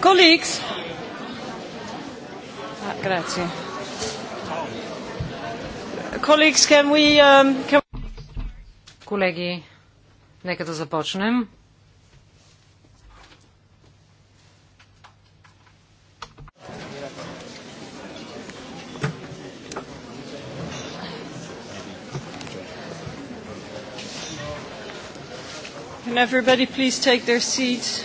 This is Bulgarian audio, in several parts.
colleagues. Ah, grazie. Colleagues, can we, um, can... Колеги, нека да започнем. Can everybody please take their seats?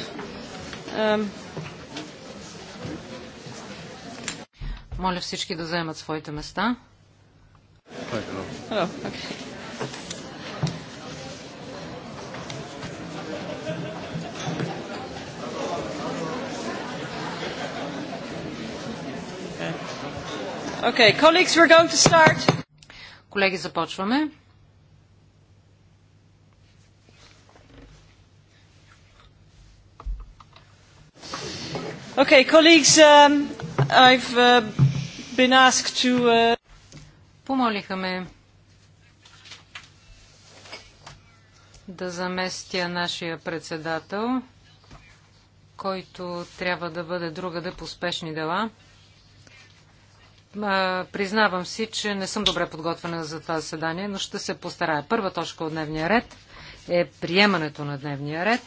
Моля всички да заемат своите места. Okay, colleagues, we're going to start. Колеги, започваме. Okay, colleagues, um, I've uh, been asked to. Uh... Помолиха ме да заместя нашия председател, който трябва да бъде другаде по спешни дела. признавам си, че не съм добре подготвена за това заседание, но ще се постарая. Първа точка от дневния ред е приемането на дневния ред.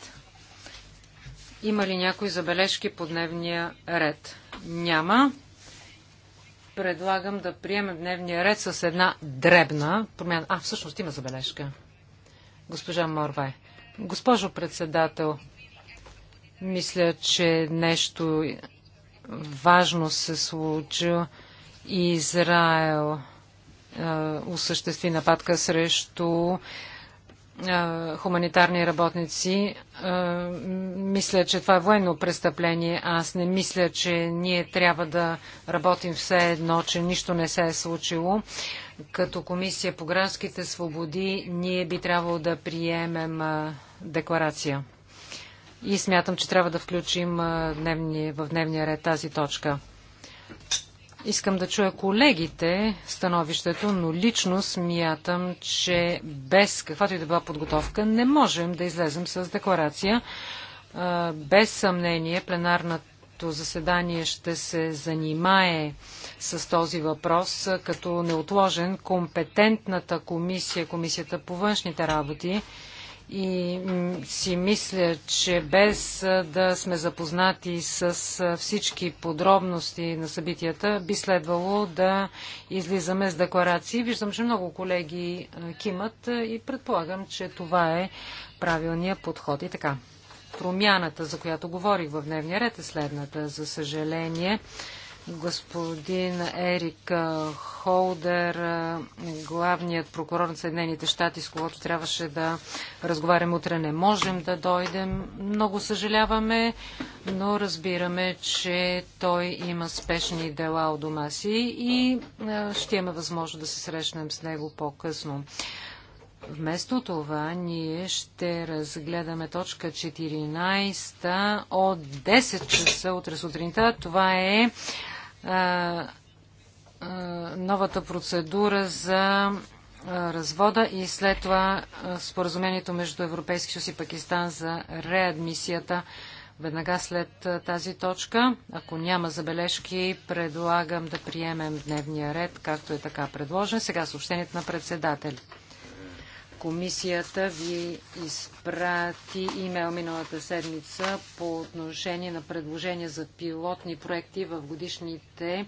Има ли някои забележки по дневния ред? Няма. Предлагам да приемем дневния ред с една дребна промяна. А, всъщност има забележка. Госпожа Морвай. Госпожо председател, мисля, че нещо важно се случи. Израел е, осъществи нападка срещу хуманитарни работници. Мисля, че това е военно престъпление. Аз не мисля, че ние трябва да работим все едно, че нищо не се е случило. Като Комисия по гражданските свободи ние би трябвало да приемем декларация. И смятам, че трябва да включим в дневния ред тази точка. Искам да чуя колегите становището, но лично смятам, че без каквато и да била подготовка не можем да излезем с декларация. Без съмнение пленарното заседание ще се занимае с този въпрос като неотложен. Компетентната комисия, комисията по външните работи, и си мисля, че без да сме запознати с всички подробности на събитията, би следвало да излизаме с декларации. Виждам, че много колеги кимат и предполагам, че това е правилният подход. И така, промяната, за която говорих в дневния ред е следната. За съжаление, господин Ерик Холдер, главният прокурор на Съединените щати, с когото трябваше да разговарям утре. Не можем да дойдем. Много съжаляваме, но разбираме, че той има спешни дела у дома си и ще имаме възможност да се срещнем с него по-късно. Вместо това ние ще разгледаме точка 14 от 10 часа утре сутринта. Това е новата процедура за развода и след това споразумението между Европейски съюз и Пакистан за реадмисията веднага след тази точка. Ако няма забележки, предлагам да приемем дневния ред, както е така предложен. Сега съобщението на председателя. Комисията ви изпрати имейл миналата седмица по отношение на предложения за пилотни проекти в годишните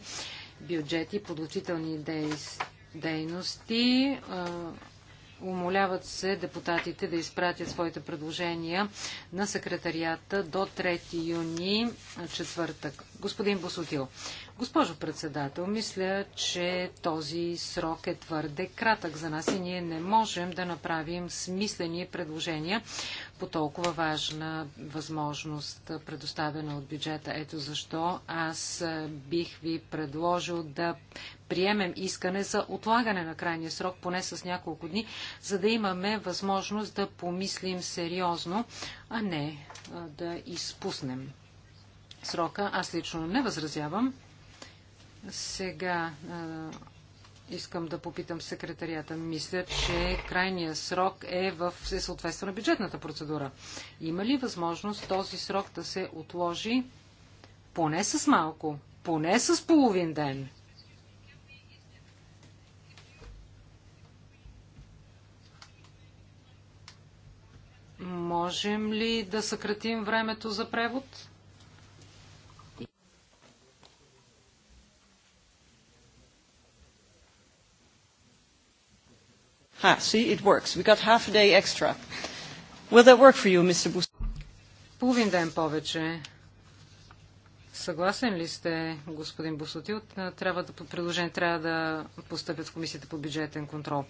бюджети, подготвителни дейности. Умоляват се депутатите да изпратят своите предложения на секретарията до 3 юни четвъртък. Господин Босотил, Госпожо председател, мисля, че този срок е твърде кратък за нас и ние не можем да направим смислени предложения по толкова важна възможност, предоставена от бюджета. Ето защо аз бих ви предложил да приемем искане за отлагане на крайния срок, поне с няколко дни, за да имаме възможност да помислим сериозно, а не да изпуснем срока. Аз лично не възразявам. Сега а, искам да попитам секретарията. Мисля, че крайният срок е в е на бюджетната процедура. Има ли възможност този срок да се отложи поне с малко, поне с половин ден? Можем ли да съкратим времето за превод? Ah, see, it works. We got half a day extra. Will that work for you, Mr. Bus- Половин ден повече. Съгласен ли сте, господин Бусотил? Трябва да, предложение трябва да постъпят в Комисията по бюджетен контрол.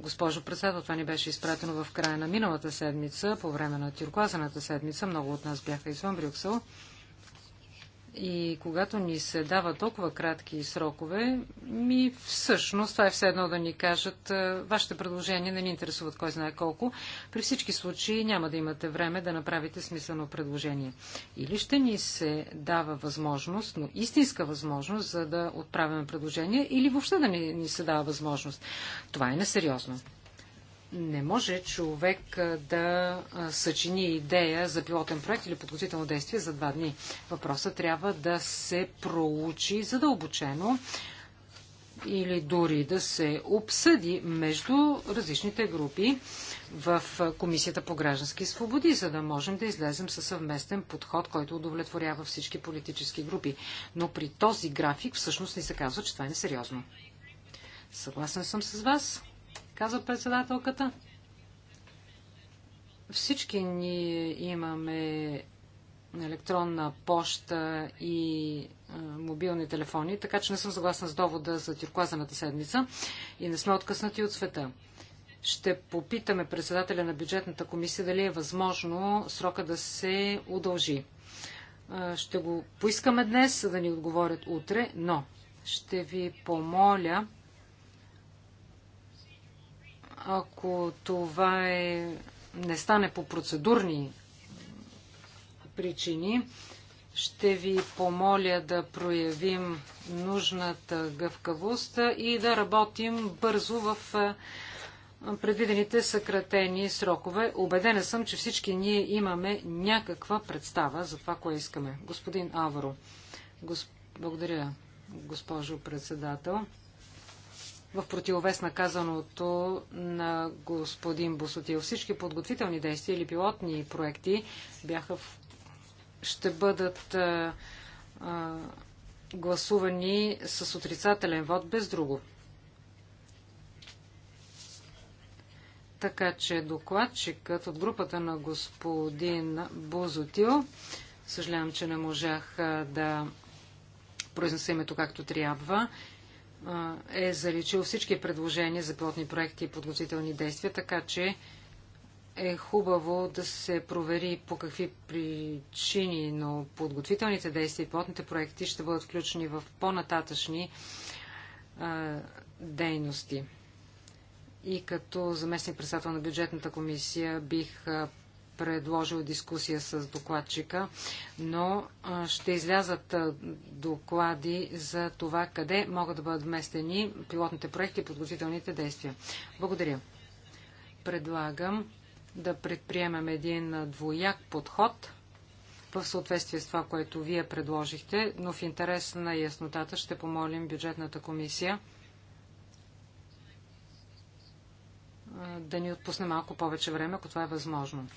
Госпожо председател, това ни беше изпратено в края на миналата седмица, по време на тюркуазаната седмица. Много от нас бяха извън Брюксел. И когато ни се дава толкова кратки срокове, ми всъщност това е все едно да ни кажат, вашите предложения не ни интересуват кой знае колко. При всички случаи няма да имате време да направите смислено предложение. Или ще ни се дава възможност, но истинска възможност, за да отправяме предложение, или въобще да ни, ни се дава възможност. Това е несериозно. Не може човек да съчини идея за пилотен проект или подготвително действие за два дни. Въпросът трябва да се проучи задълбочено или дори да се обсъди между различните групи в Комисията по граждански свободи, за да можем да излезем със съвместен подход, който удовлетворява всички политически групи. Но при този график всъщност ни се казва, че това е несериозно. Съгласен съм с вас казва председателката. Всички ние имаме електронна поща и а, мобилни телефони, така че не съм съгласна с довода за тиркуазаната седмица и не сме откъснати от света. Ще попитаме председателя на бюджетната комисия дали е възможно срока да се удължи. А, ще го поискаме днес, за да ни отговорят утре, но ще ви помоля ако това е, не стане по процедурни причини, ще ви помоля да проявим нужната гъвкавост и да работим бързо в е, предвидените съкратени срокове. Обедена съм, че всички ние имаме някаква представа за това, кое искаме. Господин Аваро, госп... благодаря, госпожо председател в противовес на казаното на господин Босотил. Всички подготвителни действия или пилотни проекти бяха в... ще бъдат а, а, гласувани с отрицателен вод без друго. Така че докладчикът от групата на господин Бозотил, съжалявам, че не можах да произнеса името както трябва, е заличил всички предложения за пилотни проекти и подготвителни действия, така че е хубаво да се провери по какви причини, но подготвителните действия и пилотните проекти ще бъдат включени в по-нататъчни дейности. И като заместник председател на бюджетната комисия бих предложил дискусия с докладчика, но ще излязат доклади за това къде могат да бъдат вместени пилотните проекти и подготвителните действия. Благодаря. Предлагам да предприемем един двояк подход в съответствие с това, което вие предложихте, но в интерес на яснотата ще помолим бюджетната комисия да ни отпусне малко повече време, ако това е възможно.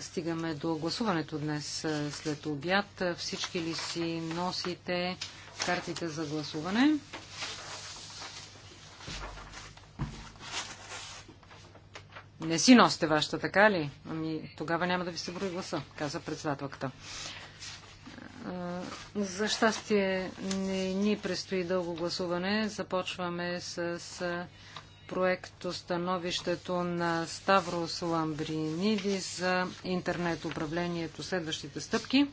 Стигаме до гласуването днес след обяд. Всички ли си носите картите за гласуване? Не си носите вашата, така ли? Ами тогава няма да ви се брои гласа, каза председателката. За щастие не ни предстои дълго гласуване. Започваме с проекто становището на Ставрос Ламбриниди за интернет управлението следващите стъпки.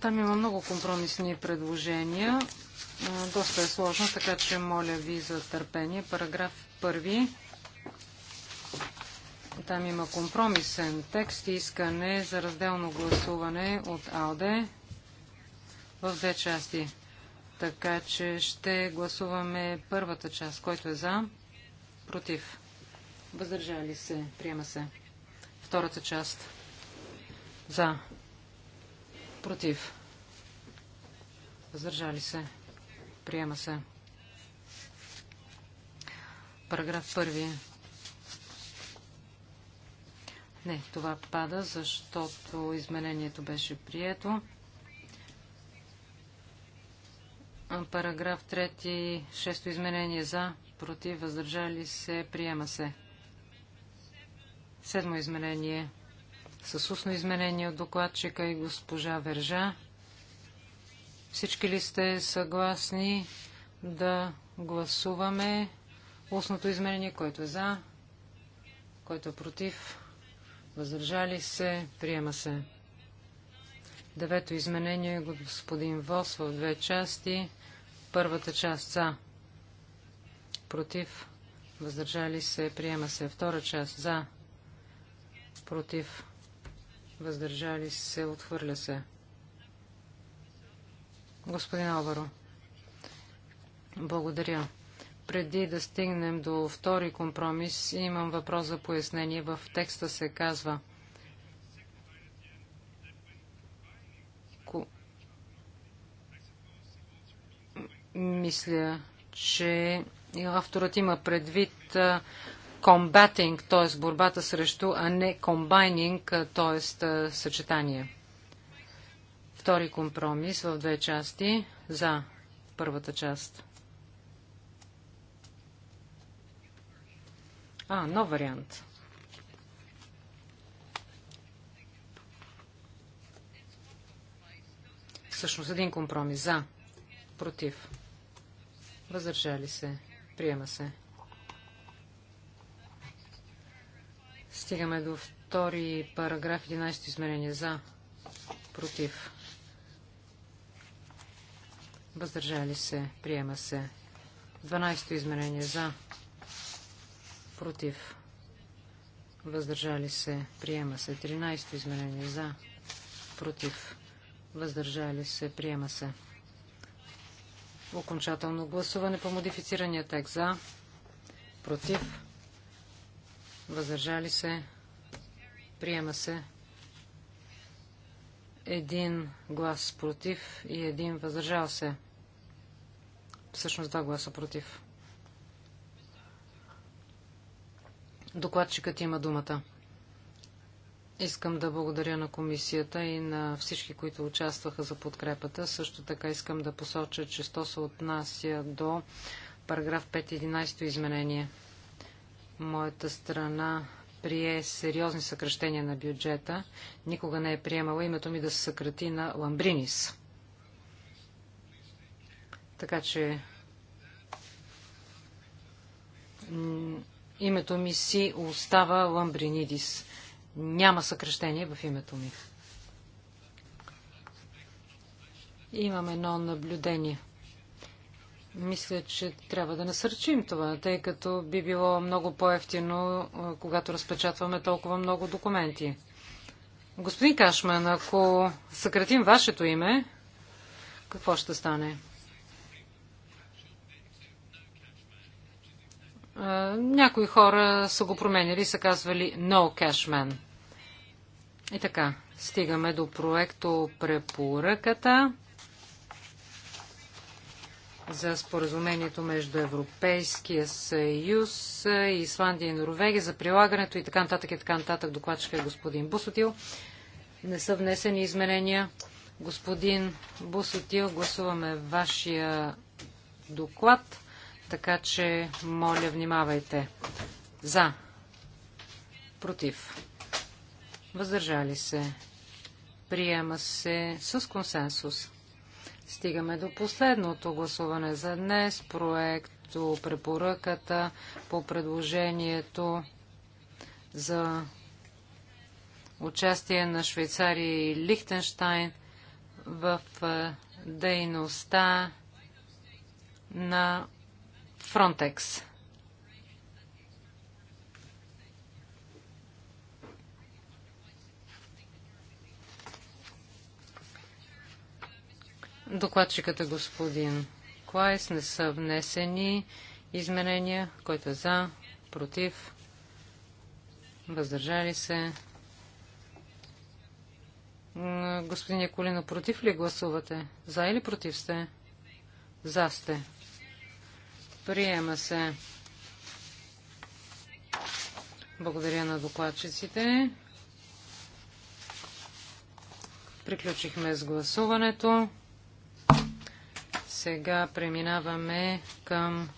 Там има много компромисни предложения. Доста е сложно, така че моля ви за търпение. Параграф първи там има компромисен текст и искане за разделно гласуване от АЛДЕ в две части. Така че ще гласуваме първата част, който е за, против. Въздържали се, приема се. Втората част. За. Против. Въздържали се. Приема се. Параграф първи. Не, това пада, защото изменението беше прието. Параграф 3, 6 изменение за, против, въздържали се, приема се. Седмо изменение с устно изменение от докладчика и госпожа Вержа. Всички ли сте съгласни да гласуваме устното изменение, който е за, който е против, Въздържали се. Приема се. Девето изменение е господин Вос в две части. Първата част за. Против. Въздържали се. Приема се. Втора част за. Против. Въздържали се. Отхвърля се. Господин Алваро. Благодаря. Преди да стигнем до втори компромис, имам въпрос за пояснение. В текста се казва Мисля, че авторът има предвид комбатинг, т.е. борбата срещу, а не комбайнинг, т.е. съчетание. Втори компромис в две части за първата част. А, нов вариант. Всъщност един компромис. За. Против. Въздържали се. Приема се. Стигаме до втори параграф 11 измерение. За. Против. Въздържали се. Приема се. 12 измерение. За против, въздържали се, приема се. 13 изменение за, против, въздържали се, приема се. Окончателно гласуване по модифицирания текст за, против, въздържали се, приема се. Един глас против и един въздържал се. Всъщност два гласа против. Докладчикът има думата. Искам да благодаря на комисията и на всички, които участваха за подкрепата. Също така искам да посоча, че то се отнася до параграф 5.11 изменение. Моята страна прие сериозни съкръщения на бюджета. Никога не е приемала името ми да се съкрати на Ламбринис. Така че името ми си остава Ламбринидис. Няма съкръщение в името ми. Имам едно наблюдение. Мисля, че трябва да насърчим това, тъй като би било много по-ефтино, когато разпечатваме толкова много документи. Господин Кашман, ако съкратим вашето име, какво ще стане? Някои хора са го променили, са казвали No Man. И така, стигаме до проекто препоръката за споразумението между Европейския съюз, Исландия и Норвегия за прилагането и така нататък и така нататък. Докладчика е господин Бусотил. Не са внесени изменения. Господин Бусотил, гласуваме вашия доклад. Така че, моля, внимавайте. За. Против. Въздържали се. Приема се с консенсус. Стигаме до последното гласуване за днес. Проекто препоръката по предложението за участие на Швейцария и Лихтенштайн в е, дейността на Фронтекс. Докладчикът е господин Клайс. Не са внесени изменения. Който е за, против, въздържали се. Господин Яколино, против ли гласувате? За или против сте? За сте. Приема се. Благодаря на докладчиците. Приключихме с гласуването. Сега преминаваме към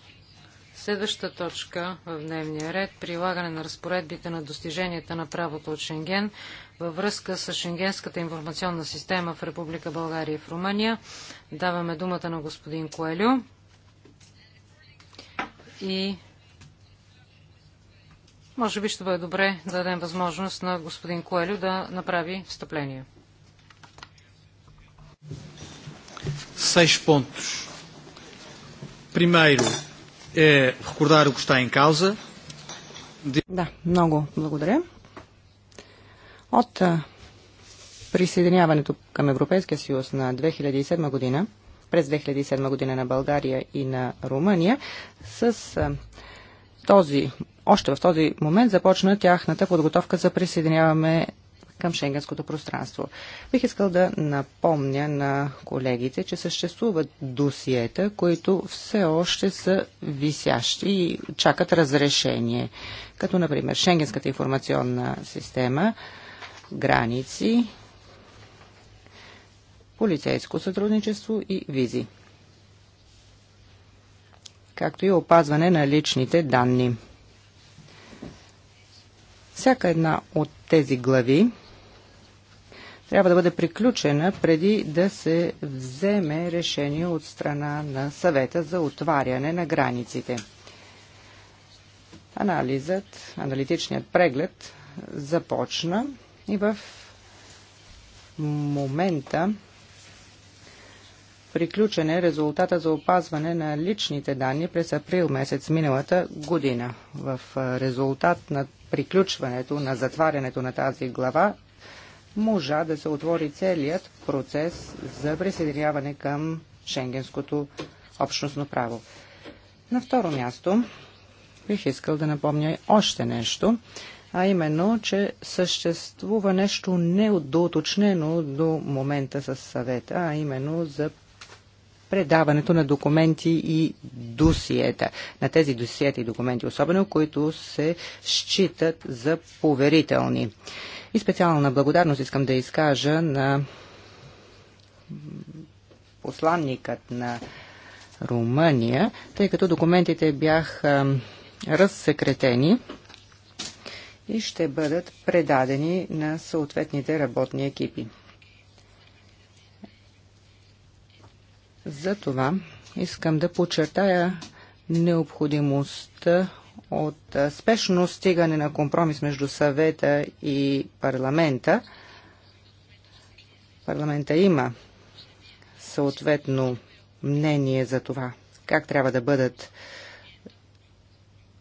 следващата точка в дневния ред – прилагане на разпоредбите на достиженията на правото от Шенген във връзка с Шенгенската информационна система в Република България и в Румъния. Даваме думата на господин Коелю и може би ще бъде добре да дадем възможност на господин Коелю да направи встъпление. Seis pontos. Primeiro é recordar o que está em causa. Да, много благодаря. От присъединяването към Европейския съюз на 2007 година през 2007 година на България и на Румъния, с този, още в този момент започна тяхната подготовка за присъединяване към шенгенското пространство. Бих искал да напомня на колегите, че съществуват досиета, които все още са висящи и чакат разрешение, като например Шенгенската информационна система, граници, полицейско сътрудничество и визи, както и опазване на личните данни. Всяка една от тези глави трябва да бъде приключена преди да се вземе решение от страна на съвета за отваряне на границите. Анализът, аналитичният преглед започна и в момента приключене резултата за опазване на личните данни през април месец миналата година. В резултат на приключването на затварянето на тази глава можа да се отвори целият процес за присъединяване към шенгенското общностно право. На второ място бих искал да напомня още нещо, а именно, че съществува нещо неудоточнено до момента с съвета, а именно за предаването на документи и досиета. На тези досиета и документи особено, които се считат за поверителни. И специална благодарност искам да изкажа на посланникът на Румъния, тъй като документите бяха разсекретени и ще бъдат предадени на съответните работни екипи. За това искам да подчертая необходимостта от спешно стигане на компромис между съвета и парламента. Парламента има съответно мнение за това как трябва да бъдат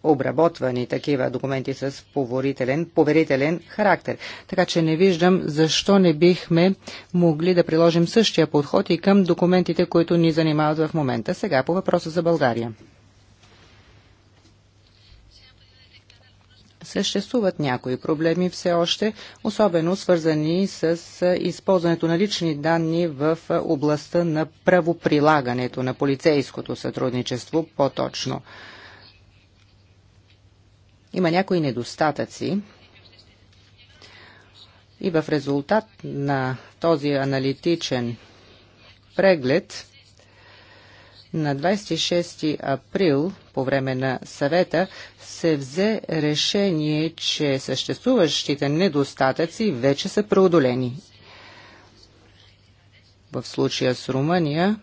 обработвани такива документи с поверителен, поверителен характер. Така че не виждам защо не бихме могли да приложим същия подход и към документите, които ни занимават в момента. Сега по въпроса за България. Съществуват някои проблеми все още, особено свързани с използването на лични данни в областта на правоприлагането, на полицейското сътрудничество по-точно. Има някои недостатъци и в резултат на този аналитичен преглед на 26 април по време на съвета се взе решение, че съществуващите недостатъци вече са преодолени. В случая с Румъния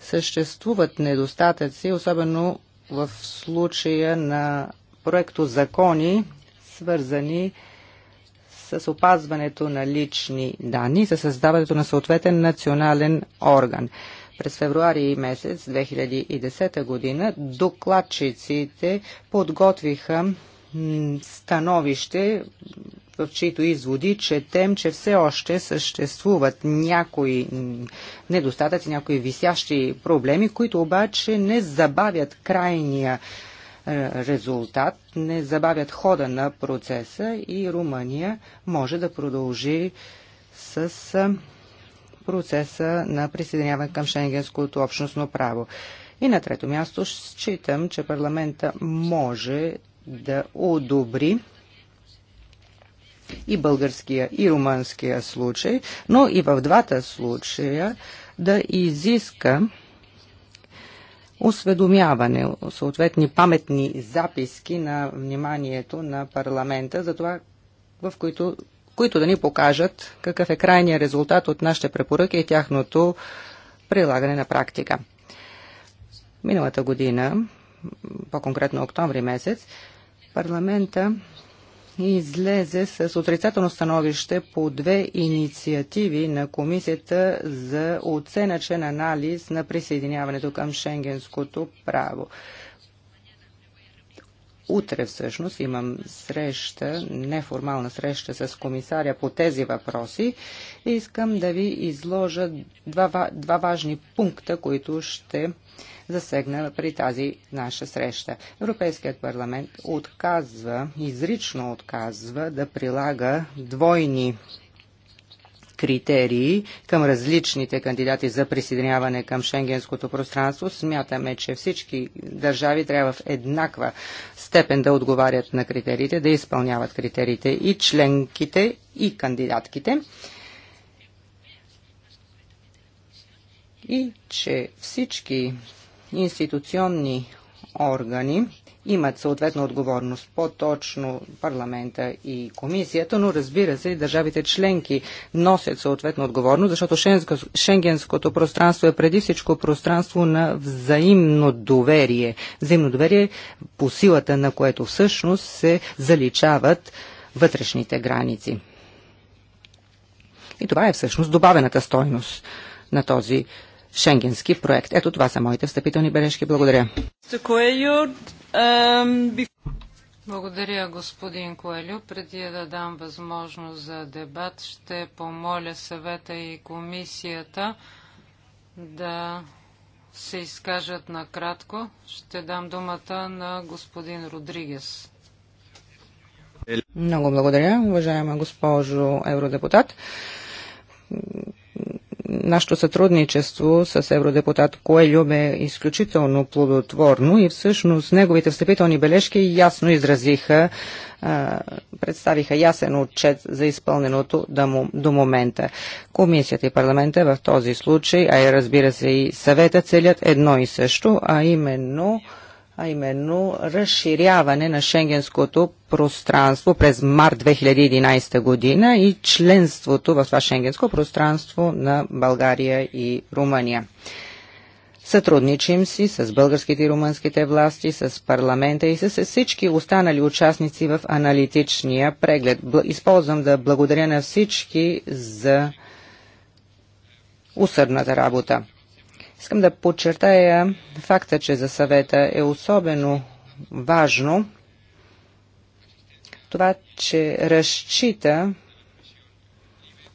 съществуват недостатъци, особено в случая на проекто закони, свързани с опазването на лични данни, за създаването на съответен национален орган. През февруари месец 2010 година докладчиците подготвиха становище, в чието изводи четем, че все още съществуват някои недостатъци, някои висящи проблеми, които обаче не забавят крайния е, резултат, не забавят хода на процеса и Румъния може да продължи с е, процеса на присъединяване към шенгенското общностно право. И на трето място считам, че парламента може да одобри и българския, и румънския случай, но и в двата случая да изиска осведомяване, съответни паметни записки на вниманието на парламента за това, в които, които да ни покажат какъв е крайният резултат от нашите препоръки и тяхното прилагане на практика. Миналата година, по-конкретно октомври месец, парламента излезе с отрицателно становище по две инициативи на Комисията за оценъчен анализ на присъединяването към шенгенското право. Утре всъщност имам среща, неформална среща с комисаря по тези въпроси и искам да ви изложа два, два важни пункта, които ще засегна при тази наша среща. Европейският парламент отказва, изрично отказва да прилага двойни критерии към различните кандидати за присъединяване към шенгенското пространство. Смятаме, че всички държави трябва в еднаква степен да отговарят на критериите, да изпълняват критериите и членките, и кандидатките. и че всички институционни органи имат съответна отговорност, по-точно парламента и комисията, но разбира се и държавите членки носят съответна отговорност, защото шенгенското пространство е преди всичко пространство на взаимно доверие. Взаимно доверие по силата на което всъщност се заличават вътрешните граници. И това е всъщност добавената стойност на този шенгенски проект. Ето това са моите встъпителни бележки. Благодаря. Благодаря, господин Коелю. Преди да дам възможност за дебат, ще помоля съвета и комисията да се изкажат накратко. Ще дам думата на господин Родригес. Много благодаря, уважаема госпожо евродепутат нашето сътрудничество с евродепутат Коелюм е изключително плодотворно и всъщност неговите встъпителни бележки ясно изразиха, представиха ясен отчет за изпълненото до момента. Комисията и парламента в този случай, а и разбира се и съвета целят едно и също, а именно – а именно разширяване на шенгенското пространство през март 2011 година и членството в това шенгенско пространство на България и Румъния. Сътрудничим си с българските и румънските власти, с парламента и с всички останали участници в аналитичния преглед. Използвам да благодаря на всички за усърдната работа. Искам да подчертая факта, че за съвета е особено важно това, че разчита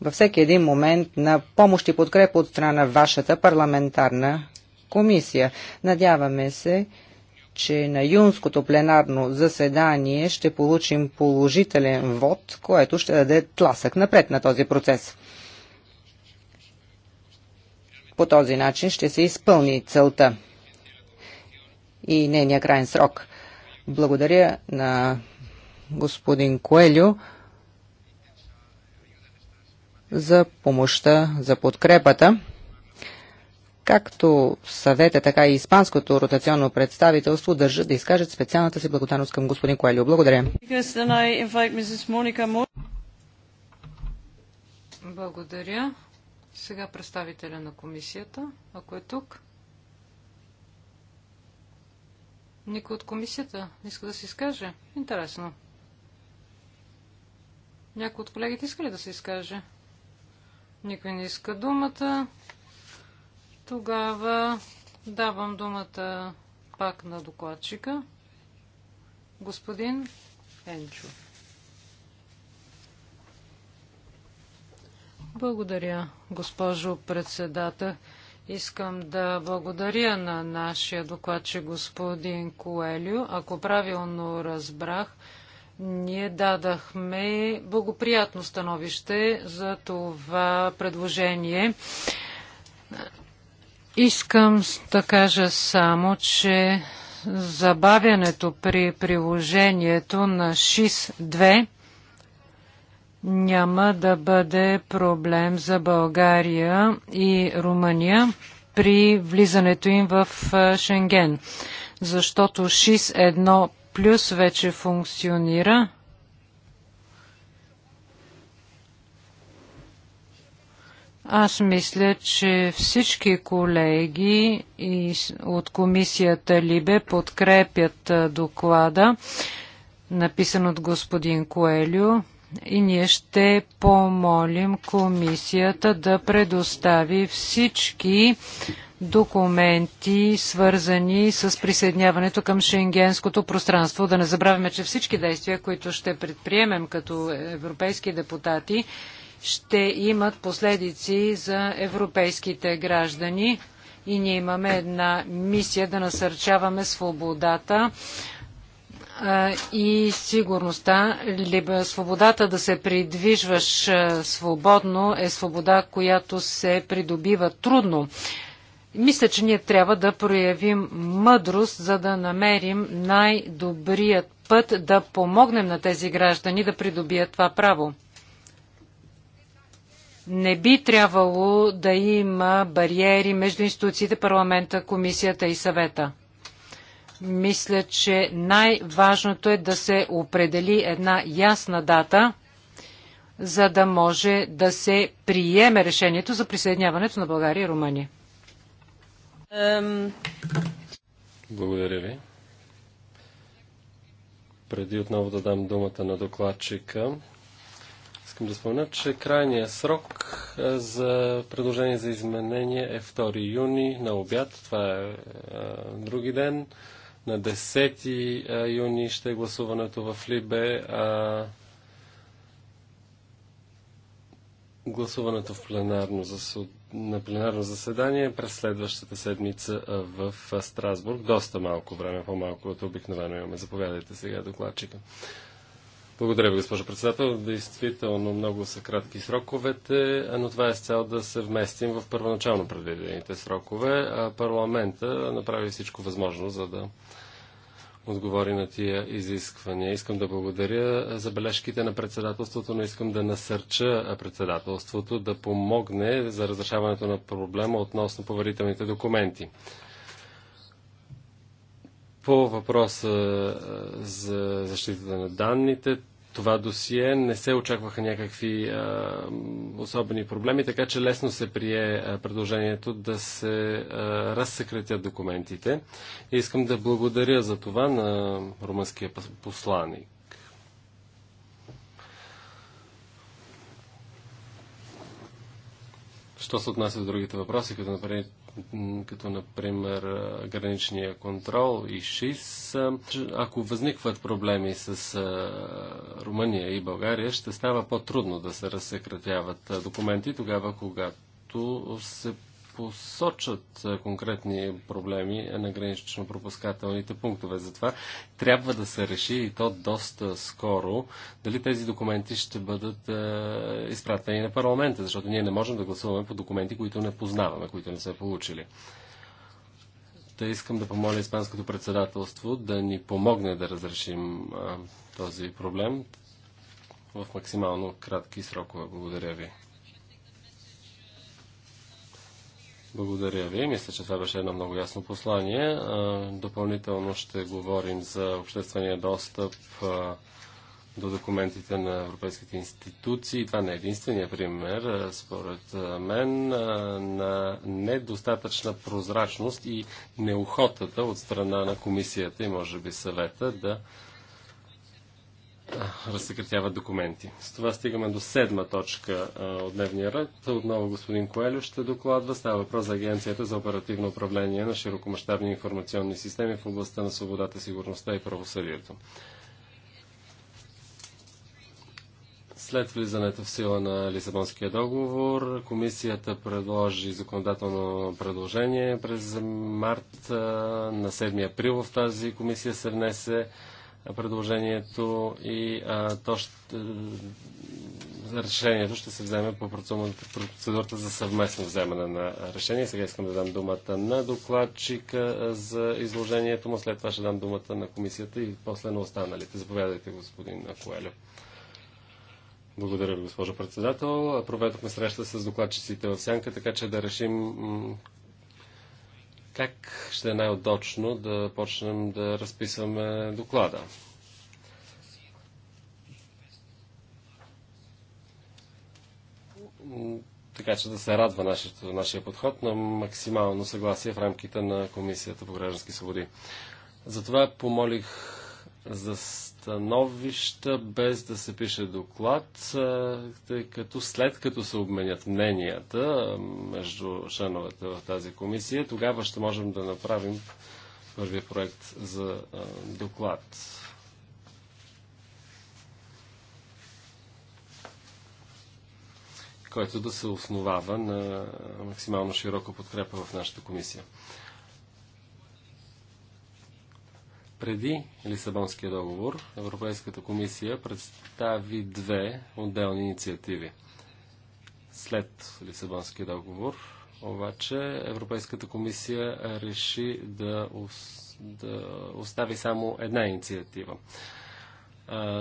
във всеки един момент на помощ и подкрепа от страна на вашата парламентарна комисия. Надяваме се, че на юнското пленарно заседание ще получим положителен вод, което ще даде тласък напред на този процес. По този начин ще се изпълни целта и нейния крайен срок. Благодаря на господин Коелю за помощта, за подкрепата. Както съвета, така и Испанското ротационно представителство държат да изкажат специалната си благодарност към господин Коелю. Благодаря. Благодаря. Сега представителя на комисията, ако е тук. Никой от комисията не иска да се изкаже? Интересно. Някой от колегите иска ли да се изкаже? Никой не иска думата. Тогава давам думата пак на докладчика. Господин Енчо. Благодаря, госпожо председател. Искам да благодаря на нашия докладче господин Коелю. Ако правилно разбрах, ние дадахме благоприятно становище за това предложение. Искам да кажа само, че забавянето при приложението на ШИС 2 няма да бъде проблем за България и Румъния при влизането им в Шенген, защото ШИС 1 плюс вече функционира. Аз мисля, че всички колеги от комисията Либе подкрепят доклада, написан от господин Коелю и ние ще помолим комисията да предостави всички документи, свързани с присъединяването към шенгенското пространство. Да не забравяме, че всички действия, които ще предприемем като европейски депутати, ще имат последици за европейските граждани и ние имаме една мисия да насърчаваме свободата, и сигурността, либо свободата да се придвижваш свободно е свобода, която се придобива трудно. Мисля, че ние трябва да проявим мъдрост, за да намерим най-добрият път да помогнем на тези граждани да придобият това право. Не би трябвало да има бариери между институциите, парламента, комисията и съвета. Мисля, че най-важното е да се определи една ясна дата, за да може да се приеме решението за присъединяването на България и Румъния. Благодаря ви. Преди отново да дам думата на докладчика, искам да спомня, че крайният срок е, за предложение за изменение е 2 юни на обяд. Това е, е други ден. На 10 юни ще е гласуването в Либе, а гласуването в пленарно засуд на пленарно заседание през следващата седмица в Страсбург. Доста малко време, по-малко от обикновено имаме. Заповядайте сега докладчика. Благодаря ви, госпожо председател. Действително много са кратки сроковете, но това е с цел да се вместим в първоначално предвидените срокове. А парламента направи всичко възможно, за да отговори на тия изисквания. Искам да благодаря за бележките на председателството, но искам да насърча председателството да помогне за разрешаването на проблема относно поверителните документи. По въпроса за защитата на данните, това досие не се очакваха някакви а, особени проблеми, така че лесно се прие предложението да се а, разсекретят документите. И искам да благодаря за това на румънския посланник. Що се отнася до другите въпроси, като например като например граничния контрол и ШИС. Ако възникват проблеми с Румъния и България, ще става по-трудно да се разсекретяват документи тогава, когато се посочат конкретни проблеми на гранично-пропускателните пунктове. Затова трябва да се реши и то доста скоро дали тези документи ще бъдат изпратени на парламента, защото ние не можем да гласуваме по документи, които не познаваме, които не сме получили. Та искам да помоля Испанското председателство да ни помогне да разрешим този проблем в максимално кратки срокове. Благодаря ви. Благодаря ви. Мисля, че това беше едно много ясно послание. Допълнително ще говорим за обществения достъп до документите на европейските институции. Това не е единствения пример, според мен, на недостатъчна прозрачност и неохотата от страна на комисията и може би съвета да разсекретяват документи. С това стигаме до седма точка от дневния ред. Отново господин Коелю ще докладва. Става въпрос за Агенцията за оперативно управление на широкомащабни информационни системи в областта на свободата, сигурността и правосъдието. След влизането в сила на Лисабонския договор, комисията предложи законодателно предложение през март. На 7 април в тази комисия се внесе предложението и а, то ще, решението ще се вземе по процедурата за съвместно вземане на решение. Сега искам да дам думата на докладчика за изложението му, след това ще дам думата на комисията и после на останалите. Заповядайте, господин Коелю. Благодаря ви, госпожо председател. Проведохме среща с докладчиците в Сянка, така че да решим как ще е най-удочно да почнем да разписваме доклада. Така че да се радва нашето, нашия подход на максимално съгласие в рамките на Комисията по граждански свободи. Затова помолих за становища, без да се пише доклад, тъй като след като се обменят мненията между членовете в тази комисия, тогава ще можем да направим първия проект за доклад. който да се основава на максимално широка подкрепа в нашата комисия. Преди Лисабонския договор Европейската комисия представи две отделни инициативи. След Лисабонския договор обаче Европейската комисия реши да, да остави само една инициатива.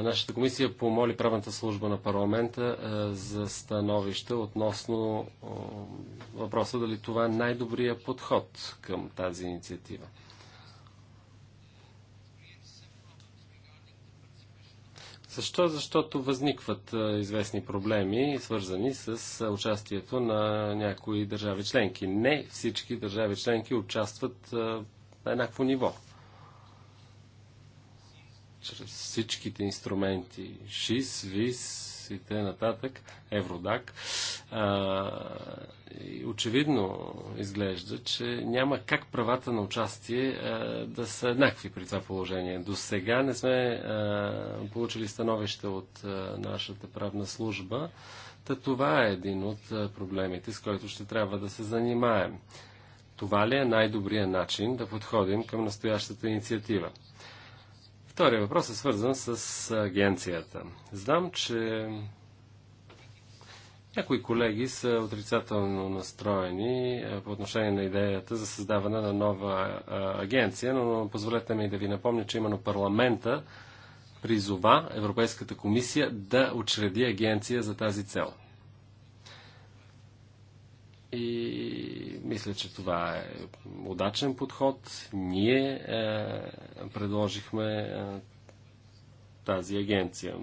нашата комисия помоли правната служба на парламента за становище относно въпроса дали това е най-добрият подход към тази инициатива. Защо? Защото възникват известни проблеми, свързани с участието на някои държави членки. Не всички държави членки участват на еднакво ниво. Чрез всичките инструменти ШИС, ВИС, и т.н. Евродак. А, и очевидно изглежда, че няма как правата на участие а, да са еднакви при това положение. До сега не сме а, получили становище от а, нашата правна служба. Та това е един от а, проблемите, с който ще трябва да се занимаем. Това ли е най-добрият начин да подходим към настоящата инициатива? Втория въпрос е свързан с агенцията. Знам, че някои колеги са отрицателно настроени е, по отношение на идеята за създаване на нова е, агенция, но позволете ми да ви напомня, че именно парламента призова Европейската комисия да учреди агенция за тази цел. И мисля, че това е удачен подход. Ние е, предложихме е, тази агенция.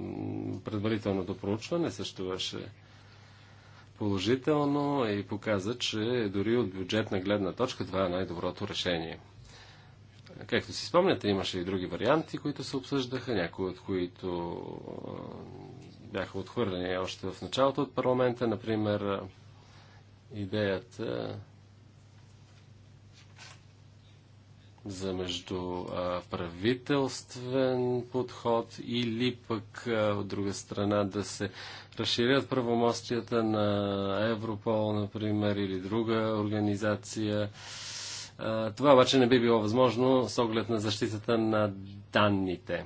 Предварителното проучване също беше положително и показа, че дори от бюджетна гледна точка това е най-доброто решение. Както си спомняте, имаше и други варианти, които се обсъждаха, някои от които е, бяха отхвърлени още в началото от парламента, например идеята за междуправителствен подход или пък от друга страна да се разширят правомощията на Европол, например, или друга организация. Това обаче не би било възможно с оглед на защитата на данните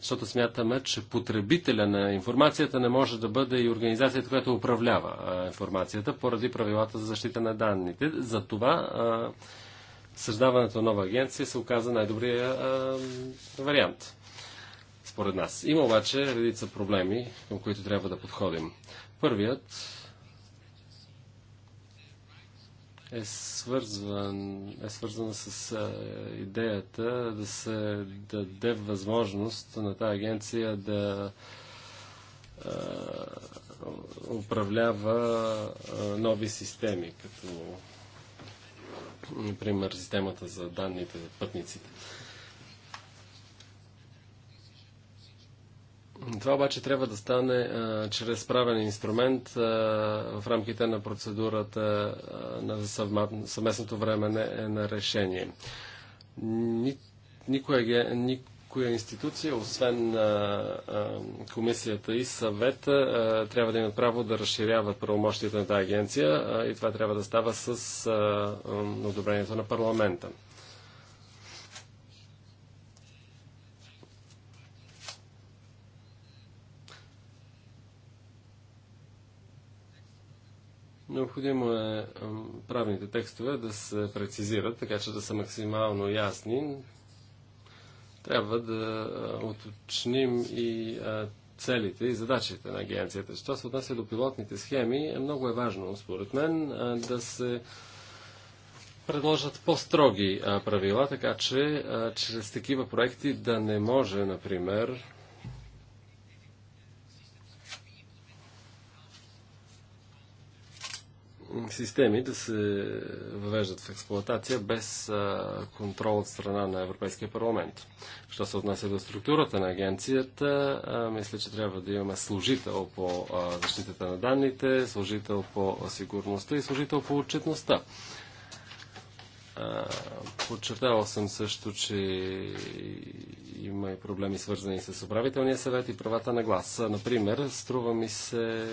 защото смятаме, че потребителя на информацията не може да бъде и организацията, която управлява информацията поради правилата за защита на данните. За това създаването на нова агенция се оказа най-добрия вариант, според нас. Има обаче редица проблеми, към които трябва да подходим. Първият е, свързван, е свързана с а, е, идеята да се даде възможност на тази агенция да а, е, управлява а, е, нови системи, като например системата за данните за пътниците. А, Това обаче трябва да стане а, чрез правен инструмент а, в рамките на процедурата а, на съвместното време на, е на решение. Ни, никоя, никоя институция, освен а, а, комисията и съвета, а, трябва да имат право да разширяват правомощите на тази агенция а, и това трябва да става с а, а, одобрението на парламента. Необходимо е правните текстове да се прецизират, така че да са максимално ясни. Трябва да уточним и целите и задачите на агенцията. Що се отнася до пилотните схеми, е много е важно, според мен, да се предложат по-строги правила, така че чрез такива проекти да не може, например, системи да се въвеждат в експлоатация без контрол от страна на Европейския парламент. Що се отнася до структурата на агенцията, мисля, че трябва да имаме служител по защитата на данните, служител по сигурността и служител по отчетността. Подчертавал съм също, че има и проблеми свързани с управителния съвет и правата на глас. Например, струва ми се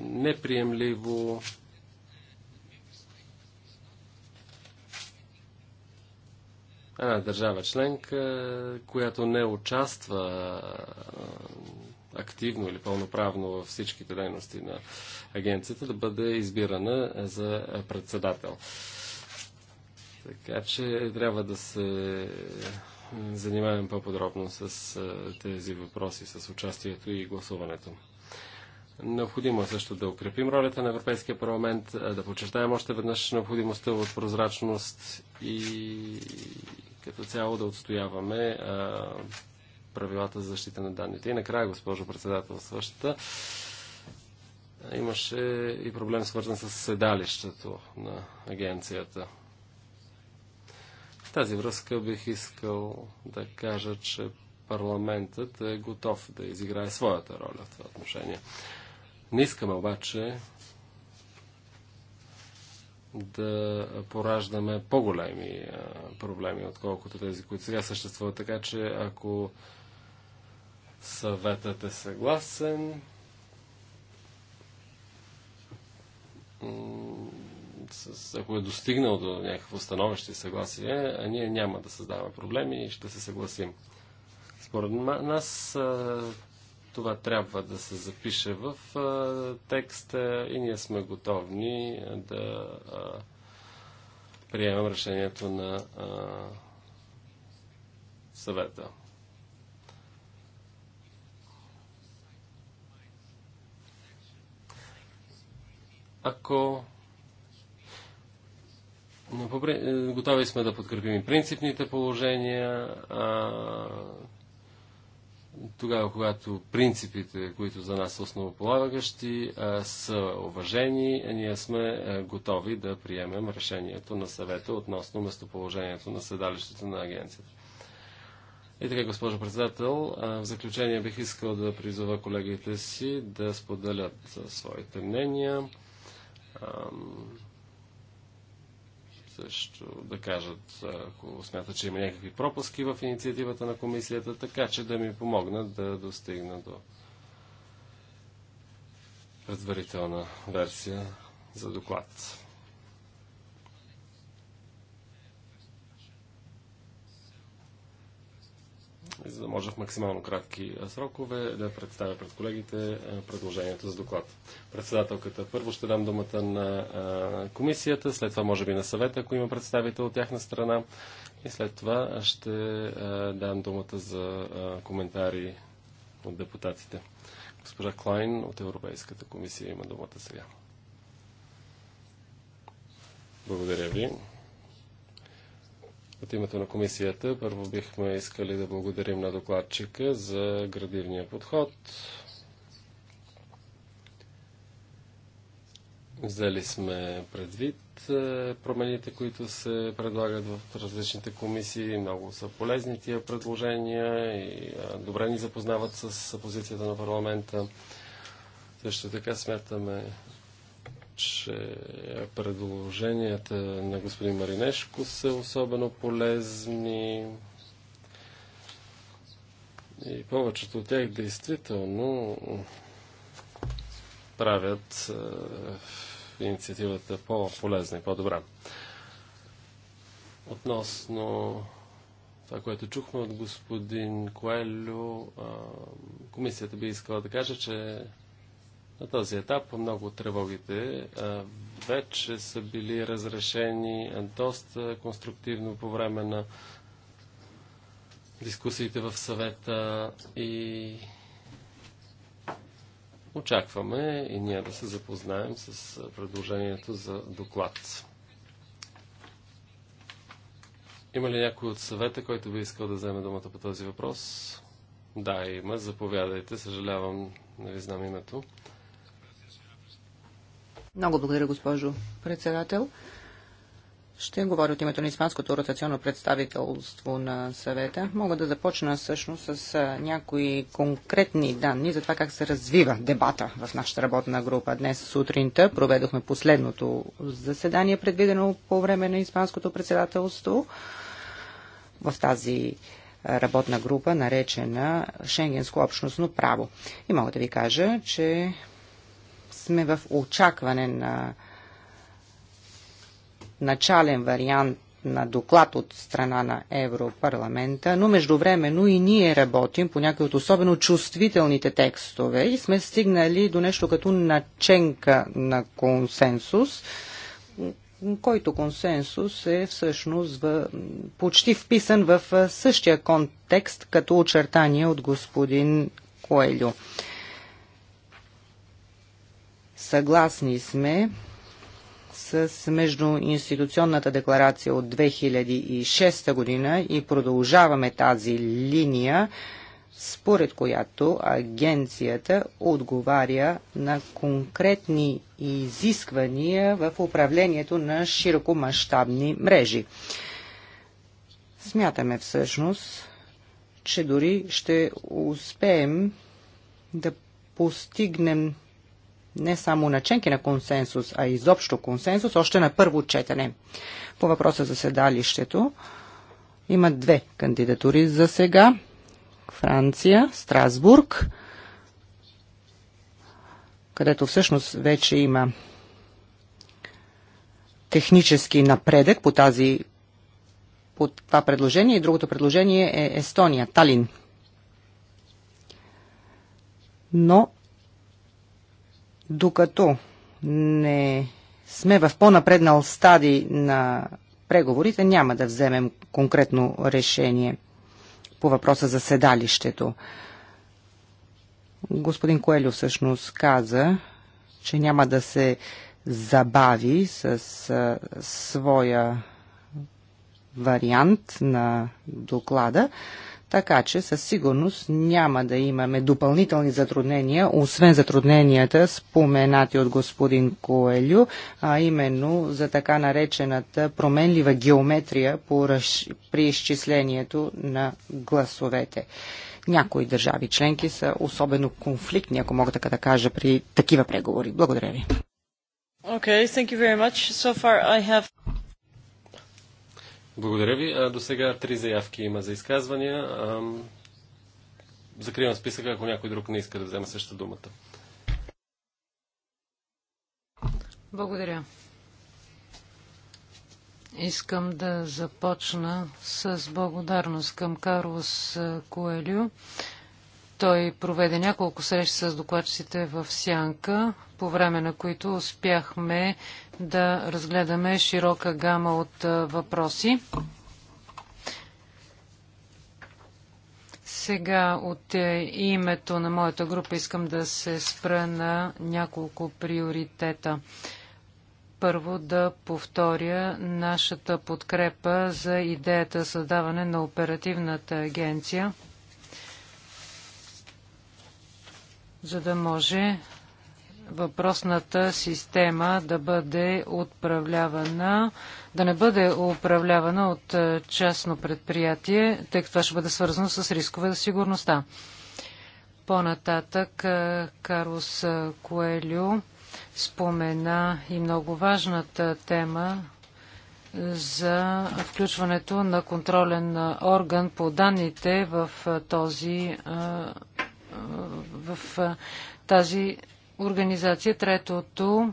неприемливо една държава членка, която не участва активно или пълноправно във всичките дейности на агенцията, да бъде избирана за председател. Така че трябва да се занимаваме по-подробно с тези въпроси, с участието и гласуването. Необходимо е също да укрепим ролята на Европейския парламент, да подчертаем още веднъж необходимостта от прозрачност и като цяло да отстояваме а, правилата за защита на данните. И накрая, госпожо председател, същата имаше и проблем свързан с седалището на агенцията. В тази връзка бих искал да кажа, че парламентът е готов да изиграе своята роля в това отношение. Не искаме обаче да пораждаме по-големи проблеми, отколкото тези, които сега съществуват. Така че ако съветът е съгласен, с, ако е достигнал до някакво становище и съгласие, а ние няма да създаваме проблеми и ще се съгласим. Според нас това трябва да се запише в а, текста и ние сме готовни да а, приемем решението на а, съвета. Ако готови сме да подкрепим и принципните положения, а, тогава, когато принципите, които за нас са основополагащи, са уважени, ние сме готови да приемем решението на съвета относно местоположението на седалището на агенцията. И така, госпожо председател, в заключение бих искал да призова колегите си да споделят своите мнения също да кажат, ако смятат, че има някакви пропуски в инициативата на комисията, така че да ми помогнат да достигна до предварителна версия за доклад. за да може в максимално кратки срокове да представя пред колегите предложението за доклад. Председателката, първо ще дам думата на комисията, след това може би на съвета, ако има представител от тяхна страна и след това ще дам думата за коментари от депутатите. Госпожа Клайн от Европейската комисия има думата сега. Благодаря ви. От името на комисията първо бихме искали да благодарим на докладчика за градивния подход. Взели сме предвид е, промените, които се предлагат в различните комисии. Много са полезни тия предложения и е, добре ни запознават с позицията на парламента. Също така смятаме, че предложенията на господин Маринешко са особено полезни. И повечето от тях действително правят е, инициативата по-полезна и по-добра. Относно това, което чухме от господин Коелю, е, комисията би искала да каже, че на този етап много от тревогите вече са били разрешени доста конструктивно по време на дискусиите в съвета и очакваме и ние да се запознаем с предложението за доклад. Има ли някой от съвета, който би искал да вземе думата по този въпрос? Да, има. Заповядайте. Съжалявам, не ви знам името. Много благодаря, госпожо председател. Ще говоря от името на Испанското ротационно представителство на съвета. Мога да започна всъщност с някои конкретни данни за това как се развива дебата в нашата работна група. Днес сутринта проведохме последното заседание, предвидено по време на Испанското председателство в тази работна група, наречена Шенгенско общностно право. И мога да ви кажа, че сме в очакване на начален вариант на доклад от страна на Европарламента, но междувременно и ние работим по някои от особено чувствителните текстове и сме стигнали до нещо като наченка на консенсус, който консенсус е всъщност в, почти вписан в същия контекст като очертания от господин Коелю. Съгласни сме с междуинституционната декларация от 2006 година и продължаваме тази линия, според която агенцията отговаря на конкретни изисквания в управлението на широкомащабни мрежи. Смятаме всъщност, че дори ще успеем да постигнем не само наченки на консенсус, а изобщо консенсус, още на първо четене. По въпроса за седалището има две кандидатури за сега. Франция, Страсбург, където всъщност вече има технически напредък по тази по това предложение и другото предложение е Естония, Талин. Но докато не сме в по-напреднал стадий на преговорите, няма да вземем конкретно решение по въпроса за седалището. Господин Коелю всъщност каза, че няма да се забави с а, своя вариант на доклада. Така че със сигурност няма да имаме допълнителни затруднения, освен затрудненията споменати от господин Коелю, а именно за така наречената променлива геометрия по, при изчислението на гласовете. Някои държави членки са особено конфликтни, ако мога така да кажа, при такива преговори. Благодаря ви. Okay, thank you very much. So far I have... Благодаря ви. До сега три заявки има за изказвания. Закривам списъка, ако някой друг не иска да взема същата думата. Благодаря. Искам да започна с благодарност към Карлос Коелю той проведе няколко срещи с докладчиците в Сянка, по време на които успяхме да разгледаме широка гама от въпроси. Сега от е, името на моята група искам да се спра на няколко приоритета. Първо да повторя нашата подкрепа за идеята създаване на оперативната агенция – за да може въпросната система да бъде управлявана, да не бъде управлявана от е, частно предприятие, тъй като това ще бъде свързано с рискове за сигурността. По-нататък е, Карлос е, Коелю спомена и много важната тема за включването на контролен орган по данните в този в тази организация. Третото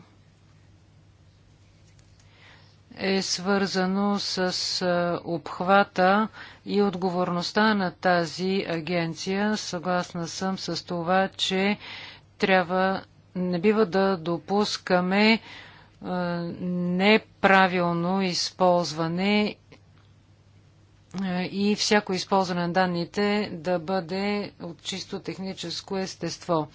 е свързано с обхвата и отговорността на тази агенция. Съгласна съм с това, че трябва не бива да допускаме неправилно използване е, и всяко използване на данните да бъде от чисто техническо естество.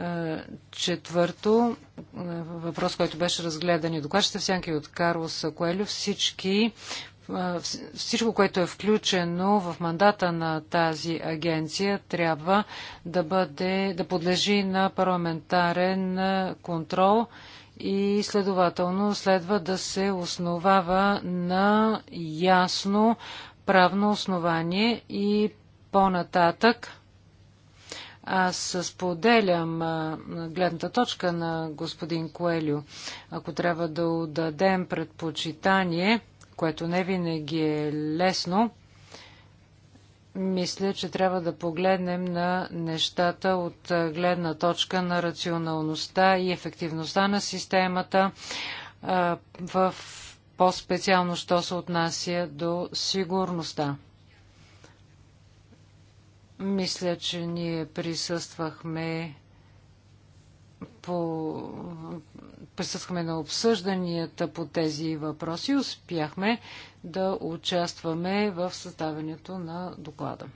Е, четвърто, е, въпрос, който беше разгледан и в сянки от Карлос Коелю, всички всичко, което е включено в мандата на тази агенция, трябва да, бъде, да подлежи на парламентарен контрол и следователно следва да се основава на ясно правно основание и по-нататък. Аз споделям гледната точка на господин Коелю. Ако трябва да отдадем предпочитание, което не винаги е лесно, мисля, че трябва да погледнем на нещата от гледна точка на рационалността и ефективността на системата в по-специално, що се отнася до сигурността. Мисля, че ние присъствахме по... присъствахме на обсъжданията по тези въпроси и успяхме да участваме в съставянето на доклада.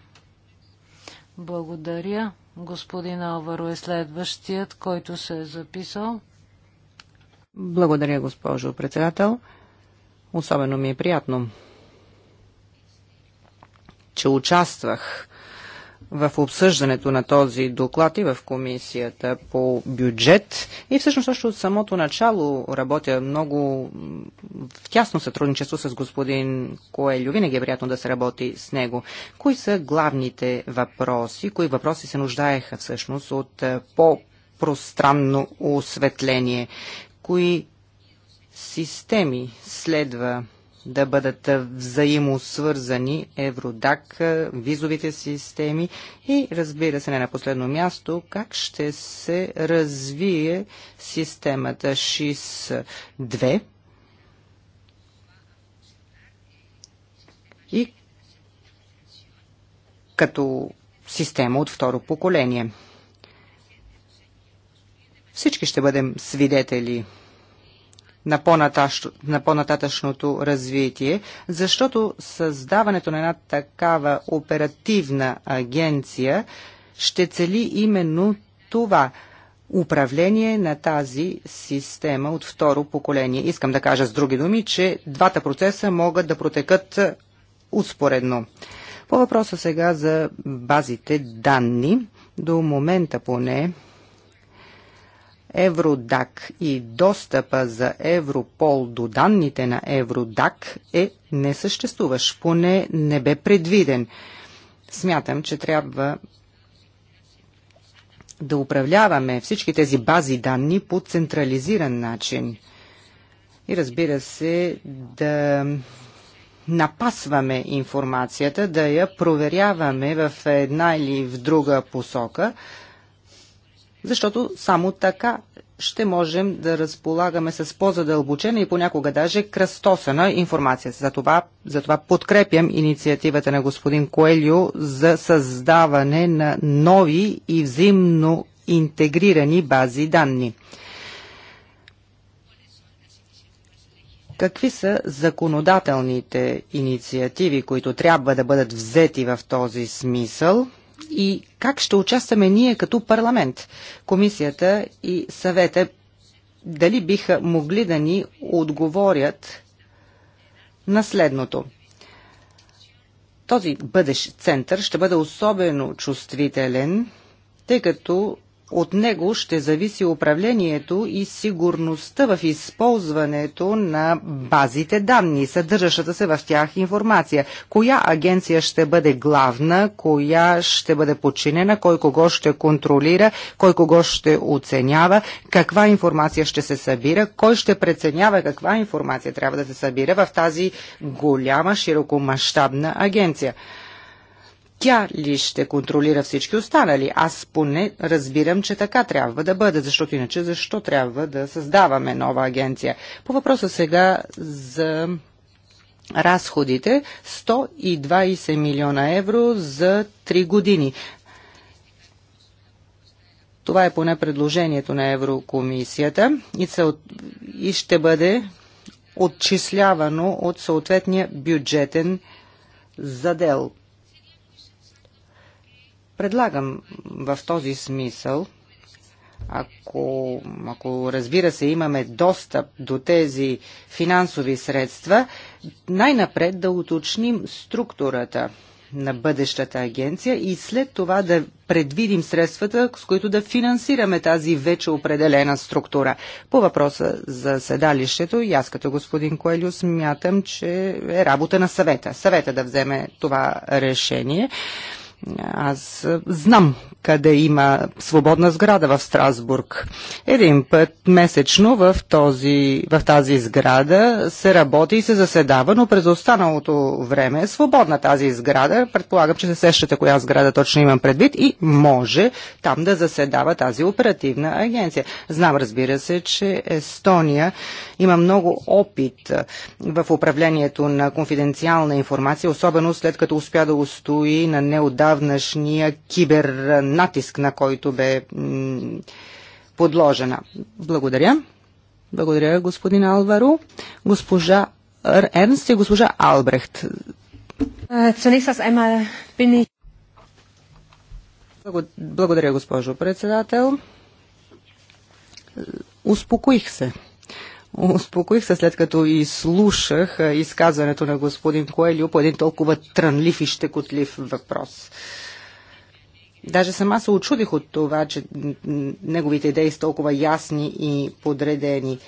Благодаря. Господин Алваро е следващият, който се е записал. Благодаря, госпожо председател. Особено ми е приятно, че участвах в обсъждането на този доклад и в комисията по бюджет. И всъщност още от самото начало работя много в тясно сътрудничество с господин Коелю. Винаги е приятно да се работи с него. Кои са главните въпроси? Кои въпроси се нуждаеха всъщност от по-пространно осветление? Кои системи следва да бъдат взаимосвързани Евродак, визовите системи и разбира се не на последно място как ще се развие системата ШИС-2 и като система от второ поколение. Всички ще бъдем свидетели на, по на по-нататъчното развитие, защото създаването на една такава оперативна агенция ще цели именно това управление на тази система от второ поколение. Искам да кажа с други думи, че двата процеса могат да протекат успоредно. По въпроса сега за базите данни, до момента поне Евродак и достъпа за Европол до данните на Евродак е несъществуващ, поне не бе предвиден. Смятам, че трябва да управляваме всички тези бази данни по централизиран начин. И разбира се, да напасваме информацията, да я проверяваме в една или в друга посока, защото само така ще можем да разполагаме с по-задълбочена и понякога даже кръстосана информация. за затова подкрепям инициативата на господин Коелио за създаване на нови и взаимно интегрирани бази данни. Какви са законодателните инициативи, които трябва да бъдат взети в този смисъл – и как ще участваме ние като парламент, комисията и съвета, дали биха могли да ни отговорят на следното. Този бъдещ център ще бъде особено чувствителен, тъй като от него ще зависи управлението и сигурността в използването на базите данни, съдържащата се в тях информация. Коя агенция ще бъде главна, коя ще бъде подчинена, кой кого ще контролира, кой кого ще оценява, каква информация ще се събира, кой ще преценява каква информация трябва да се събира в тази голяма широкомащабна агенция тя ли ще контролира всички останали? Аз поне разбирам, че така трябва да бъде, защото иначе защо трябва да създаваме нова агенция? По въпроса сега за разходите 120 милиона евро за 3 години. Това е поне предложението на Еврокомисията и, и ще бъде отчислявано от съответния бюджетен задел. Предлагам в този смисъл, ако, ако разбира се имаме достъп до тези финансови средства, най-напред да уточним структурата на бъдещата агенция и след това да предвидим средствата, с които да финансираме тази вече определена структура. По въпроса за седалището, и аз като господин Коелю смятам, че е работа на съвета. Съвета да вземе това решение. Аз е, знам къде има свободна сграда в Страсбург. Един път месечно в, този, в тази сграда се работи и се заседава, но през останалото време е свободна тази сграда. Предполагам, че се сещате коя сграда точно имам предвид и може там да заседава тази оперативна агенция. Знам, разбира се, че Естония има много опит е, в управлението на конфиденциална информация, особено след като успя да устои на неудача отдавнашния кибернатиск, на който бе подложена. Благодаря. Благодаря, господин Алваро. Госпожа Ернст и госпожа Албрехт. Е, благодаря, госпожо председател. Е, успокоих се. Успокоих се след като и слушах изказването на господин Коелио по един толкова трънлив и щекотлив въпрос. Даже сама се очудих от това, че неговите идеи са толкова ясни и подредени.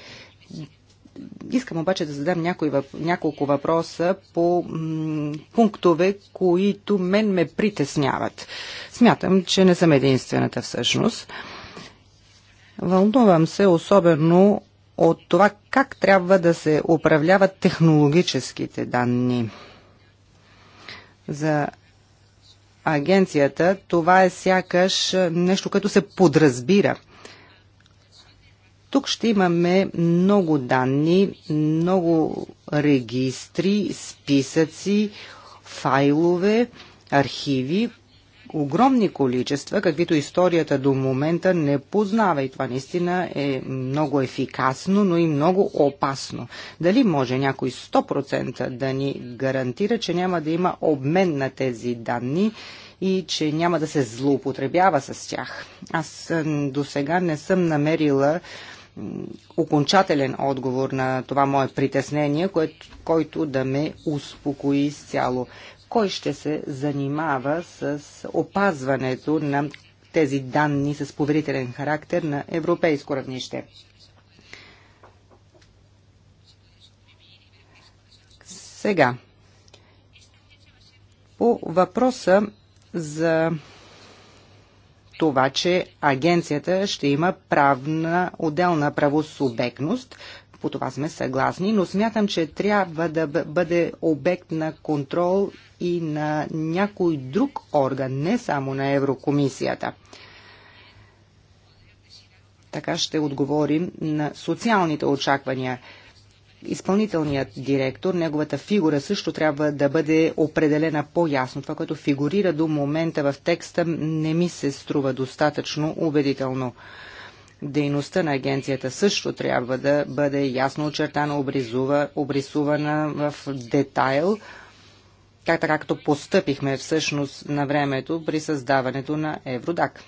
Искам обаче да задам някои, няколко въпроса по пунктове, които мен ме притесняват. Смятам, че не съм единствената всъщност. Вълнувам се особено от това как трябва да се управляват технологическите данни. За агенцията това е сякаш нещо, като се подразбира. Тук ще имаме много данни, много регистри, списъци, файлове, архиви, огромни количества, каквито историята до момента не познава и това наистина е много ефикасно, но и много опасно. Дали може някой 100% да ни гарантира, че няма да има обмен на тези данни и че няма да се злоупотребява с тях? Аз е, до сега не съм намерила окончателен отговор на това мое притеснение, което, който да ме успокои изцяло кой ще се занимава с опазването на тези данни с поверителен характер на европейско равнище. Сега, по въпроса за това, че агенцията ще има правна, отделна правосубектност, по това сме съгласни, но смятам, че трябва да бъде обект на контрол и на някой друг орган, не само на Еврокомисията. Така ще отговорим на социалните очаквания. Изпълнителният директор, неговата фигура също трябва да бъде определена по-ясно. Това, което фигурира до момента в текста, не ми се струва достатъчно убедително. Дейността на агенцията също трябва да бъде ясно очертана, обрисува, обрисувана в детайл, как така както постъпихме всъщност на времето при създаването на Евродак.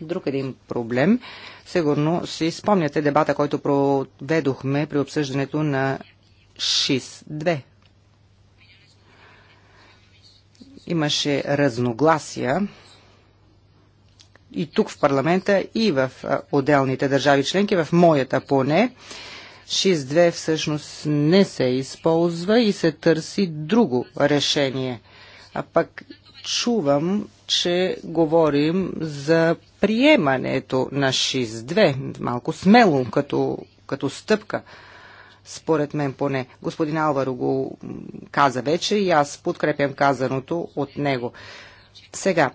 Друг един проблем. Сигурно си спомняте дебата, който проведохме при обсъждането на ШИС-2. Имаше разногласия и тук в парламента, и в отделните държави членки, в моята поне. 6.2 всъщност не се използва и се търси друго решение. А пък чувам, че говорим за приемането на 6.2, малко смело като, като стъпка според мен поне. Господин Алваро го каза вече и аз подкрепям казаното от него. Сега,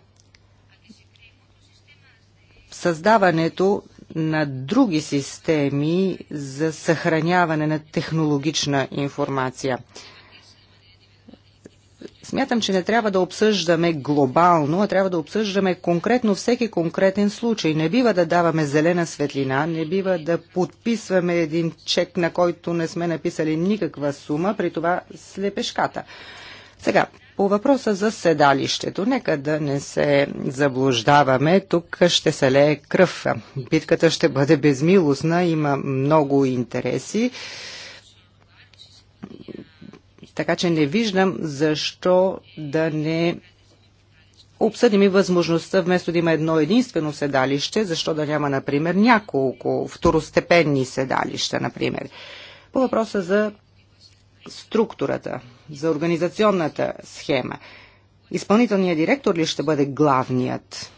създаването на други системи за съхраняване на технологична информация. Смятам, че не трябва да обсъждаме глобално, а трябва да обсъждаме конкретно всеки конкретен случай. Не бива да даваме зелена светлина, не бива да подписваме един чек, на който не сме написали никаква сума, при това слепешката. Сега, по въпроса за седалището, нека да не се заблуждаваме, тук ще се лее кръв. Битката ще бъде безмилостна, има много интереси. Така че не виждам защо да не Обсъдим и възможността, вместо да има едно единствено седалище, защо да няма, например, няколко второстепенни седалища, например. По въпроса за структурата за организационната схема. Изпълнителният директор ли ще бъде главният?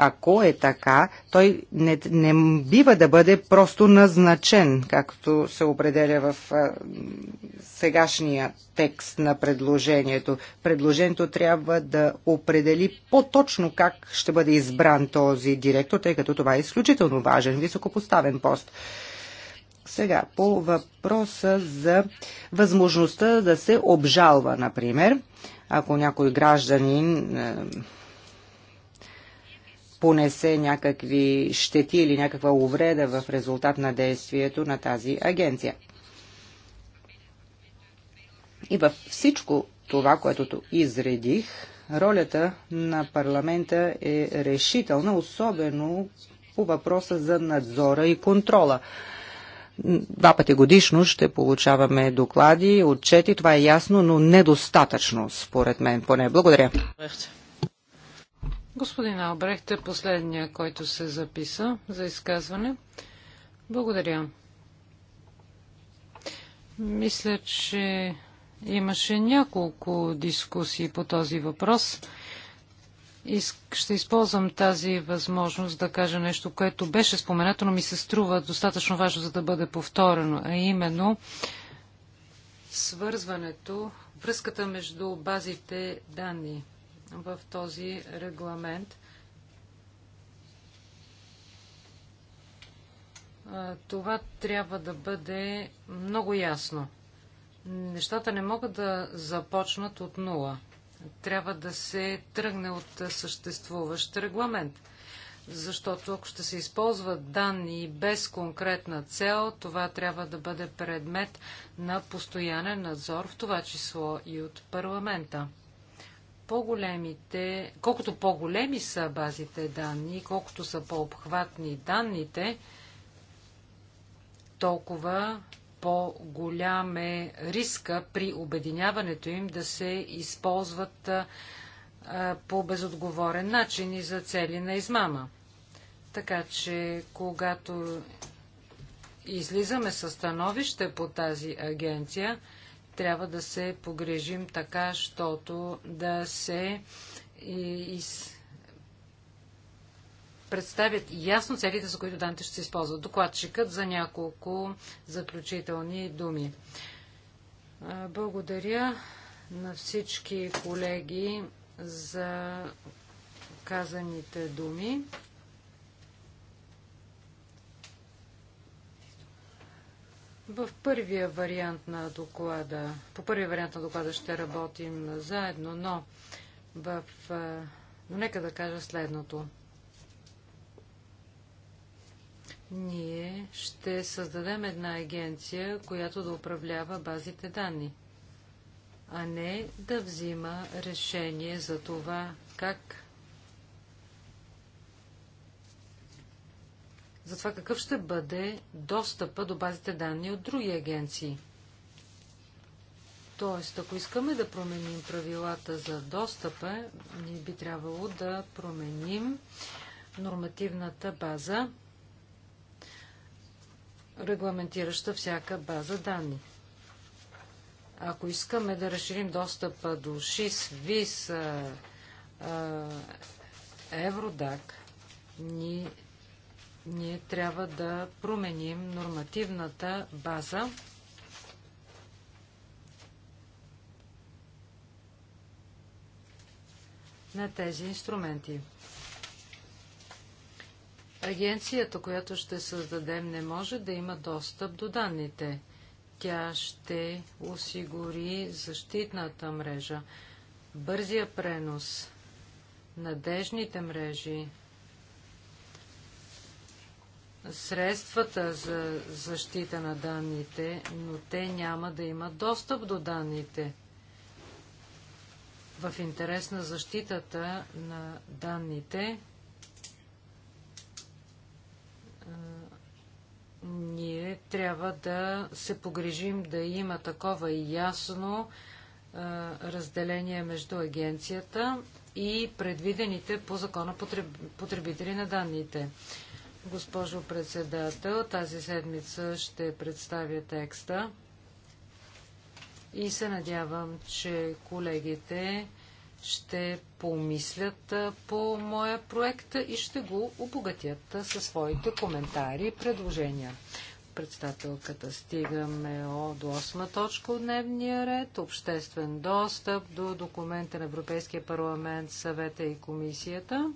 Ако е така, той не, не бива да бъде просто назначен, както се определя в а, сегашния текст на предложението. Предложението трябва да определи по-точно как ще бъде избран този директор, тъй като това е изключително важен, високопоставен пост. Сега, по въпроса за възможността да се обжалва, например, ако някой гражданин е, понесе някакви щети или някаква увреда в резултат на действието на тази агенция. И във всичко това, което изредих, ролята на парламента е решителна, особено по въпроса за надзора и контрола. Два пъти годишно ще получаваме доклади, отчети, това е ясно, но недостатъчно, според мен поне. Благодаря. Господин Албрехт е последния, който се записа за изказване. Благодаря. Мисля, че имаше няколко дискусии по този въпрос ще използвам тази възможност да кажа нещо, което беше споменато, но ми се струва достатъчно важно, за да бъде повторено, а именно свързването, връзката между базите данни в този регламент. Това трябва да бъде много ясно. Нещата не могат да започнат от нула. Трябва да се тръгне от съществуващ регламент. Защото ако ще се използват данни без конкретна цел, това трябва да бъде предмет на постоянен надзор, в това число и от парламента по-големите, колкото по-големи са базите данни, колкото са по-обхватни данните, толкова по-голям е риска при обединяването им да се използват по безотговорен начин и за цели на измама. Така че, когато излизаме със становище по тази агенция, трябва да се погрежим така, щото да се представят ясно целите, за които данните ще се използват. Докладчикът за няколко заключителни думи. Благодаря на всички колеги за казаните думи. В първия вариант на доклада, по първия вариант на доклада ще работим заедно, но в, но нека да кажа следното. Ние ще създадем една агенция, която да управлява базите данни, а не да взима решение за това как за това какъв ще бъде достъпа до базите данни от други агенции. Тоест, ако искаме да променим правилата за достъпа, ние би трябвало да променим нормативната база регламентираща всяка база данни. Ако искаме да разширим достъпа до ШИС, ВИС, Евродак, ние, ние трябва да променим нормативната база. на тези инструменти. Агенцията, която ще създадем, не може да има достъп до данните. Тя ще осигури защитната мрежа, бързия пренос, надежните мрежи, средствата за защита на данните, но те няма да имат достъп до данните. В интерес на защитата на данните, ние трябва да се погрежим да има такова ясно разделение между агенцията и предвидените по закона потребители на данните. Госпожо председател, тази седмица ще представя текста и се надявам, че колегите ще помислят по моя проект и ще го обогатят със своите коментари и предложения. Председателката стигаме до осма точка от дневния ред. Обществен достъп до документа на Европейския парламент, съвета и комисията.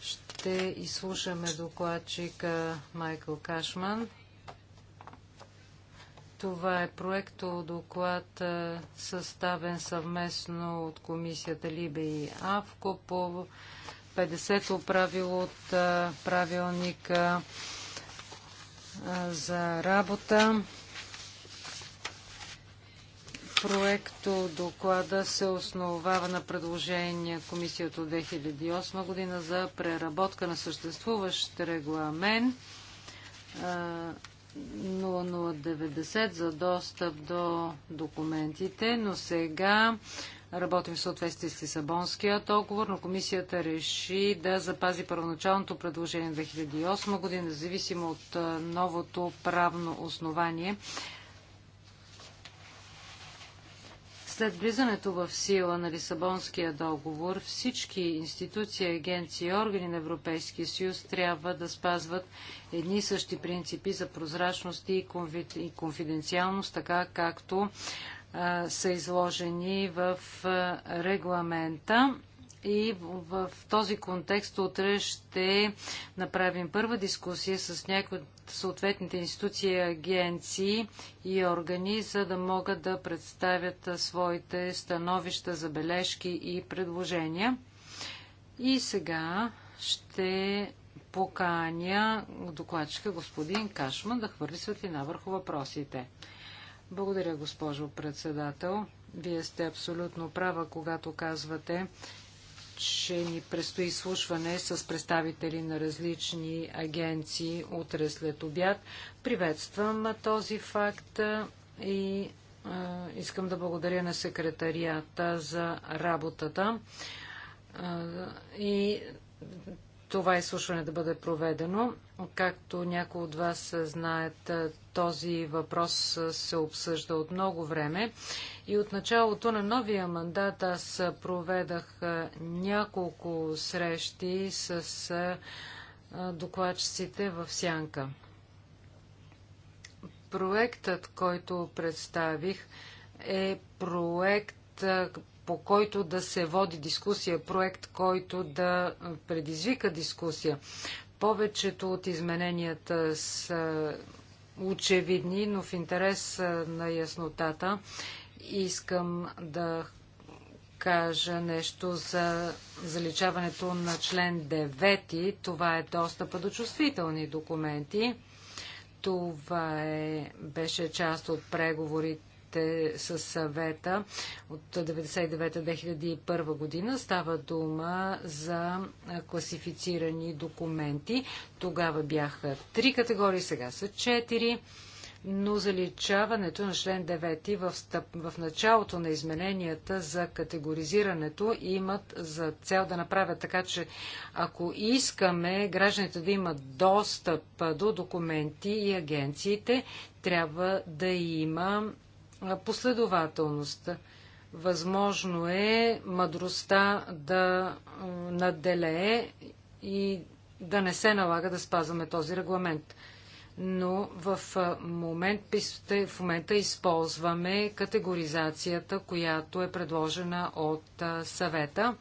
Ще изслушаме докладчика Майкъл Кашман това е проекто доклад, съставен съвместно от комисията Либе и АВКО по 50-то правило от правилника за работа. Проекто доклада се основава на предложение комисията от 2008 година за преработка на съществуващ регламент 0090 за достъп до документите, но сега работим в съответствие с Лисабонския договор, но комисията реши да запази първоначалното предложение 2008 година, зависимо от новото правно основание След влизането в сила на Лисабонския договор, всички институции, агенции и органи на Европейския съюз трябва да спазват едни и същи принципи за прозрачност и конфиденциалност, така както а, са изложени в а, регламента и в този контекст утре ще направим първа дискусия с някои от съответните институции, агенции и органи, за да могат да представят своите становища, забележки и предложения. И сега ще поканя докладчика господин Кашман да хвърли светлина върху въпросите. Благодаря, госпожо председател. Вие сте абсолютно права, когато казвате, че ни предстои изслушване с представители на различни агенции утре след обяд. Приветствам този факт и искам да благодаря на секретарията за работата и това изслушване да бъде проведено. Както някои от вас знаят, този въпрос се обсъжда от много време и от началото на новия мандат аз проведах няколко срещи с докладчиците в Сянка. Проектът, който представих, е проект, по който да се води дискусия, проект, който да предизвика дискусия. Повечето от измененията са очевидни, но в интерес на яснотата искам да кажа нещо за заличаването на член 9. Това е достъпа до чувствителни документи. Това е, беше част от преговорите приехте с съвета от 1999-2001 година. Става дума за класифицирани документи. Тогава бяха три категории, сега са четири но заличаването на член 9 в, стъп, в началото на измененията за категоризирането имат за цел да направят така, че ако искаме гражданите да имат достъп до документи и агенциите, трябва да има последователност. Възможно е мъдростта да надделее и да не се налага да спазваме този регламент. Но в, момент, в момента използваме категоризацията, която е предложена от съвета.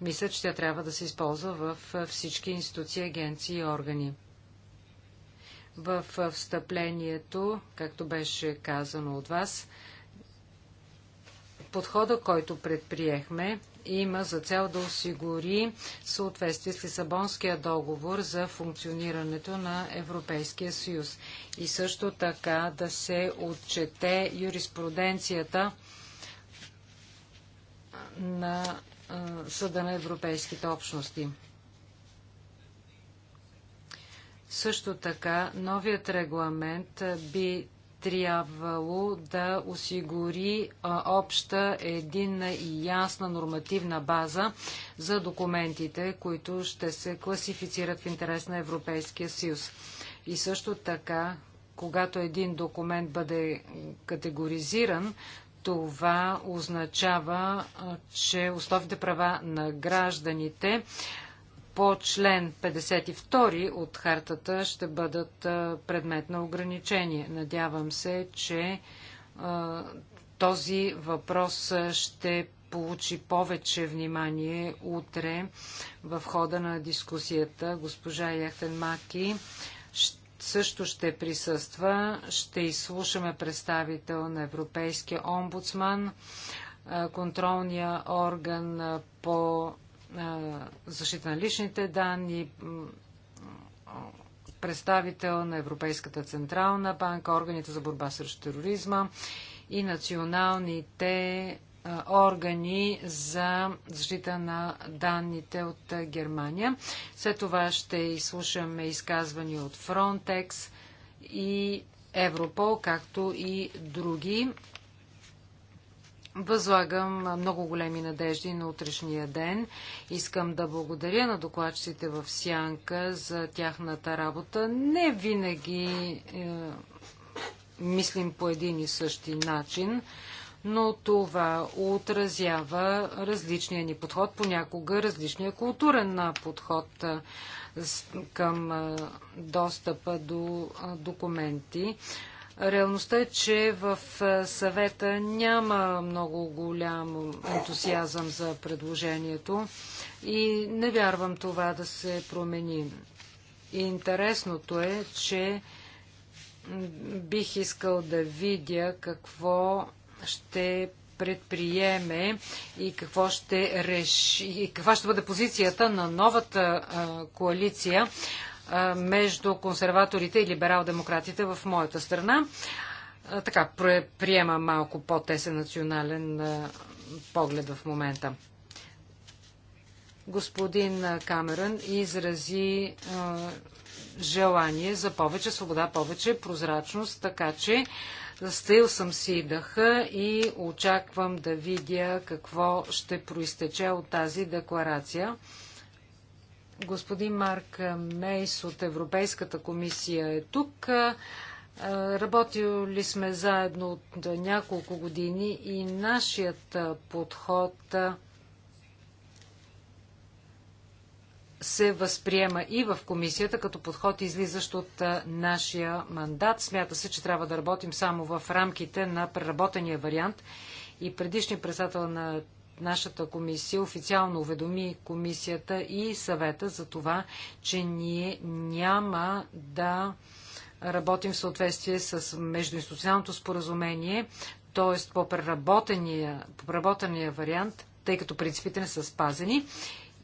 Мисля, че тя трябва да се използва в всички институции, агенции и органи. В встъплението, както беше казано от вас, подхода, който предприехме, има за цел да осигури съответствие с Лисабонския договор за функционирането на Европейския съюз и също така да се отчете юриспруденцията на Съда на Европейските общности. Също така, новият регламент би трябвало да осигури обща, единна и ясна нормативна база за документите, които ще се класифицират в интерес на Европейския съюз. И също така, когато един документ бъде категоризиран, това означава, че основните права на гражданите по член 52 от хартата ще бъдат предмет на ограничение. Надявам се, че този въпрос ще получи повече внимание утре в хода на дискусията. Госпожа Яхтенмаки също ще присъства. Ще изслушаме представител на Европейския омбудсман, контролния орган по защита на личните данни, представител на Европейската централна банка, органите за борба срещу тероризма и националните органи за защита на данните от Германия. След това ще изслушаме изказвания от Frontex и Европол, както и други Възлагам много големи надежди на утрешния ден. Искам да благодаря на докладчиците в Сянка за тяхната работа. Не винаги е, мислим по един и същи начин, но това отразява различния ни подход, понякога различния културен подход е, към е, достъпа до е, документи. Реалността е, че в съвета няма много голям ентусиазъм за предложението и не вярвам това да се промени. И интересното е, че бих искал да видя какво ще предприеме и какво ще реши, и каква ще бъде позицията на новата а, коалиция между консерваторите и либерал-демократите в моята страна. Така, приема малко по-тесен национален поглед в момента. Господин Камерън изрази желание за повече свобода, повече прозрачност, така че Стил съм си дъха и очаквам да видя какво ще проистече от тази декларация. Господин Марк Мейс от Европейската комисия е тук. Работили сме заедно от няколко години и нашият подход се възприема и в комисията като подход излизащ от нашия мандат. Смята се, че трябва да работим само в рамките на преработения вариант и предишният председател на нашата комисия официално уведоми комисията и съвета за това, че ние няма да работим в съответствие с междуинституционалното споразумение, т.е. по преработения, вариант, тъй като принципите не са спазени.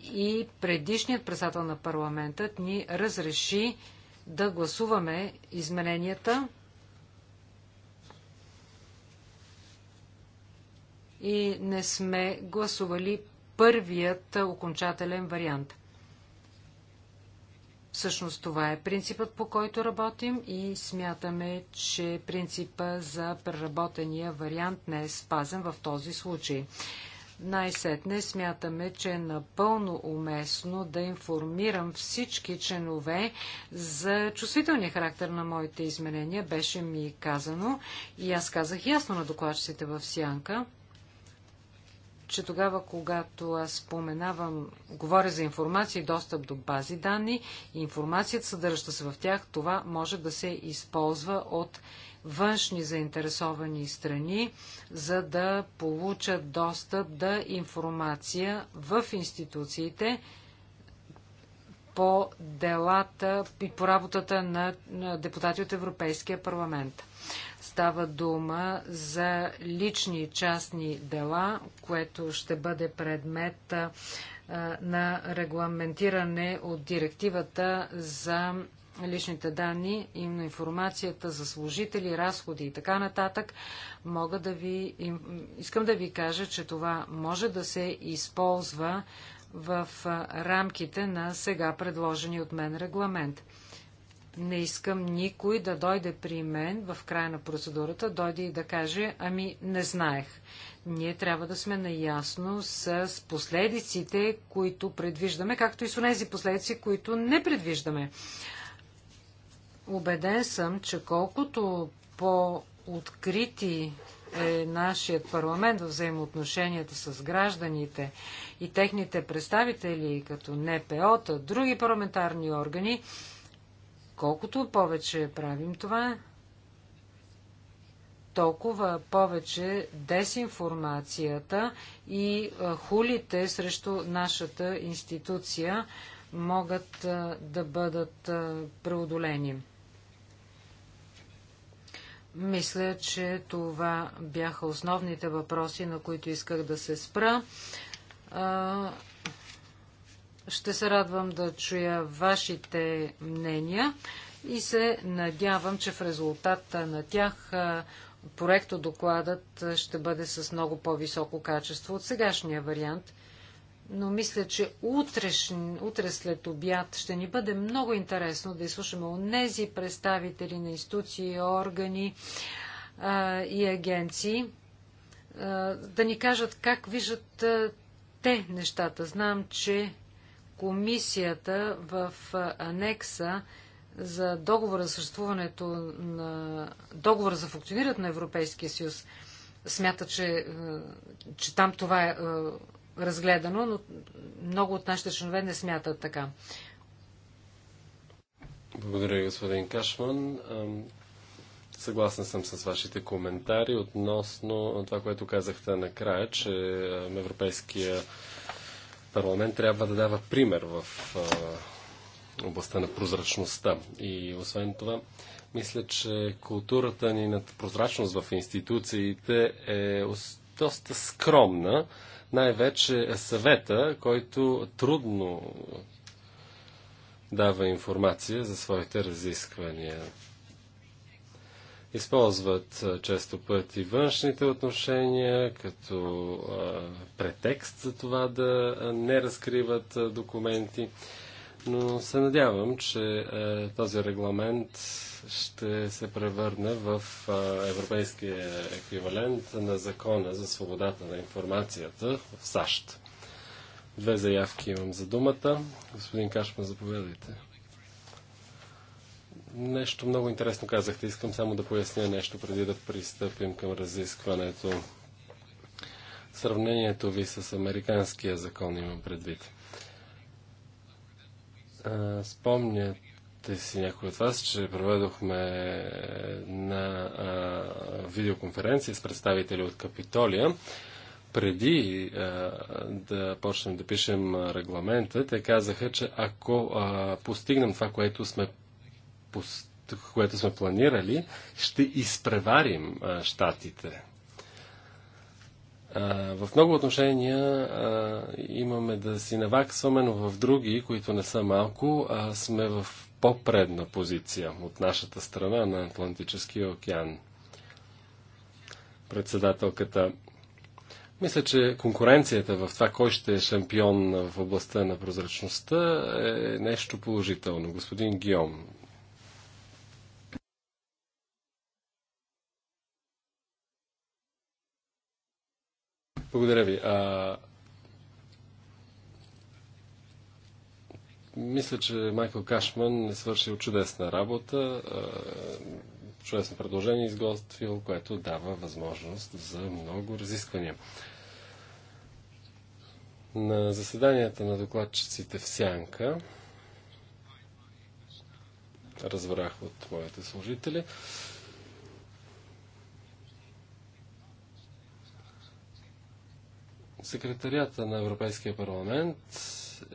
И предишният председател на парламентът ни разреши да гласуваме измененията и не сме гласували първият окончателен вариант. Всъщност това е принципът, по който работим и смятаме, че принципа за преработения вариант не е спазен в този случай. Най-сетне смятаме, че е напълно уместно да информирам всички членове за чувствителния характер на моите изменения. Беше ми казано и аз казах ясно на докладчиците в Сянка – че тогава, когато аз споменавам, говоря за информация и достъп до бази данни, информацията, съдържаща се в тях, това може да се използва от външни заинтересовани страни, за да получат достъп до информация в институциите по делата и по работата на депутати от Европейския парламент. Става дума за лични и частни дела, което ще бъде предмет на регламентиране от директивата за личните данни, именно информацията за служители, разходи и така нататък, мога да ви, искам да ви кажа, че това може да се използва в рамките на сега предложени от мен регламент. Не искам никой да дойде при мен в края на процедурата, дойде и да каже, ами не знаех. Ние трябва да сме наясно с последиците, които предвиждаме, както и с тези последици, които не предвиждаме. Обеден съм, че колкото по-открити е нашият парламент в взаимоотношенията с гражданите и техните представители, като НПО-та, други парламентарни органи, Колкото повече правим това, толкова повече дезинформацията и хулите срещу нашата институция могат да бъдат преодолени. Мисля, че това бяха основните въпроси, на които исках да се спра. Ще се радвам да чуя вашите мнения и се надявам, че в резултат на тях проекто докладът ще бъде с много по-високо качество от сегашния вариант. Но мисля, че утре, утре след обяд ще ни бъде много интересно да изслушаме тези представители на институции, органи а, и агенции, а, да ни кажат как виждат те нещата. Знам, че комисията в анекса за договора за съществуването на договора за функционирането на Европейския съюз смята, че, че там това е разгледано, но много от нашите членове не смятат така. Благодаря, господин Кашман. Съгласен съм с вашите коментари относно това, което казахте накрая, че Европейския парламент трябва да дава пример в областта на прозрачността. И освен това, мисля, че културата ни над прозрачност в институциите е доста скромна. Най-вече е съвета, който трудно дава информация за своите разисквания използват често пъти външните отношения като претекст за това да не разкриват документи. Но се надявам, че този регламент ще се превърне в европейския еквивалент на закона за свободата на информацията в САЩ. Две заявки имам за думата. Господин Кашма, заповядайте. Нещо много интересно казахте. Искам само да поясня нещо преди да пристъпим към разискването. Сравнението ви с американския закон имам предвид. Спомняте си някои от вас, че проведохме на видеоконференция с представители от Капитолия. Преди а, да почнем да пишем регламента, те казаха, че ако а, постигнем това, което сме което сме планирали, ще изпреварим а, щатите. А, в много отношения а, имаме да си наваксваме, но в други, които не са малко, а, сме в по-предна позиция от нашата страна на Атлантическия океан. Председателката мисля, че конкуренцията в това кой ще е шампион в областта на прозрачността е нещо положително. Господин Гиом Благодаря ви. А, мисля, че Майкъл Кашман е свършил чудесна работа, чудесно предложение изготвил, което дава възможност за много разисквания. На заседанията на докладчиците в Сянка разбрах от моите служители, Секретарията на Европейския парламент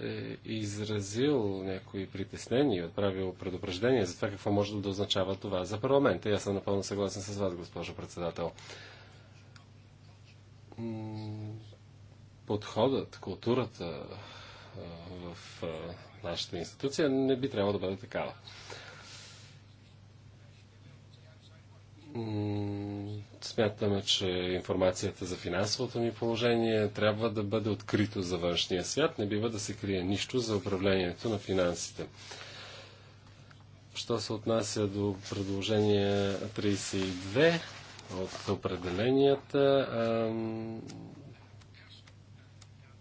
е изразил някои притеснения, и отправил предупреждение за това какво може да означава това за парламента. И аз съм напълно съгласен с вас, госпожо председател. Подходът, културата в нашата институция не би трябвало да бъде такава. смятаме, че информацията за финансовото ни положение трябва да бъде открито за външния свят. Не бива да се крие нищо за управлението на финансите. Що се отнася до предложение 32 от определенията,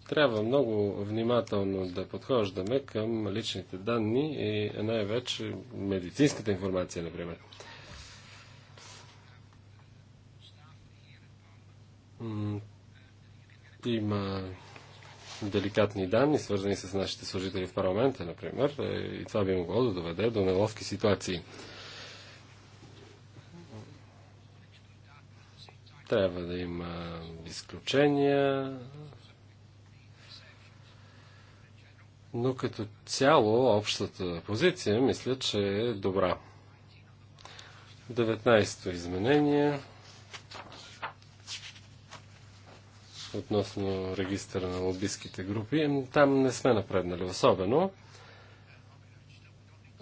трябва много внимателно да подхождаме към личните данни и най-вече медицинската информация, например. Има деликатни данни, свързани с нашите служители в парламента, например, е, и това би могло да доведе до неловки ситуации. Трябва да има изключения, но като цяло общата позиция мисля, че е добра. 19-то изменение. относно регистъра на лобистските групи. Там не сме напреднали особено.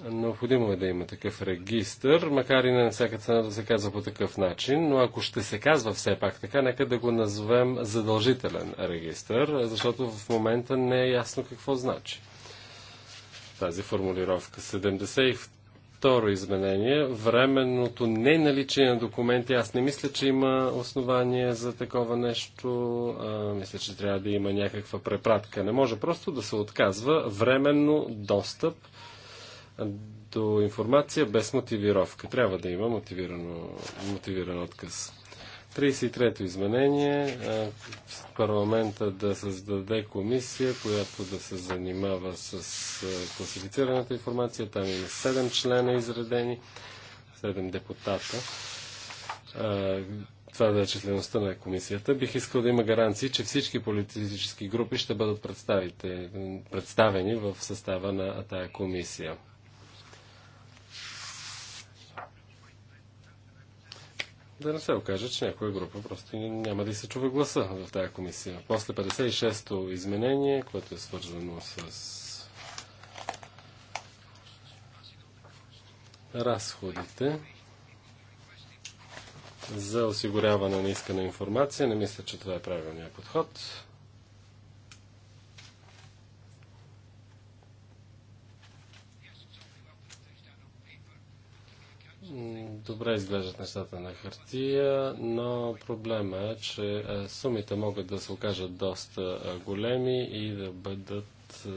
Необходимо е да има такъв регистр, макар и не на всяка цена да се казва по такъв начин, но ако ще се казва все пак така, нека да го назовем задължителен регистр, защото в момента не е ясно какво значи тази формулировка. Второ изменение. Временното неналичие на документи. Аз не мисля, че има основание за такова нещо. А, мисля, че трябва да има някаква препратка. Не може просто да се отказва временно достъп до информация без мотивировка. Трябва да има мотивирано, мотивиран отказ. 33-то изменение. Парламента да създаде комисия, която да се занимава с класифицираната информация. Там има 7 члена изредени, 7 депутата. Това да е числеността на комисията. Бих искал да има гаранции, че всички политически групи ще бъдат представени в състава на тая комисия. да не се окаже, че някоя група просто няма да и се чува гласа в тази комисия. После 56-то изменение, което е свързано с разходите за осигуряване на искана информация. Не мисля, че това е правилният подход. добре изглеждат нещата на хартия, но проблема е, че е, сумите могат да се окажат доста е, големи и да бъдат е,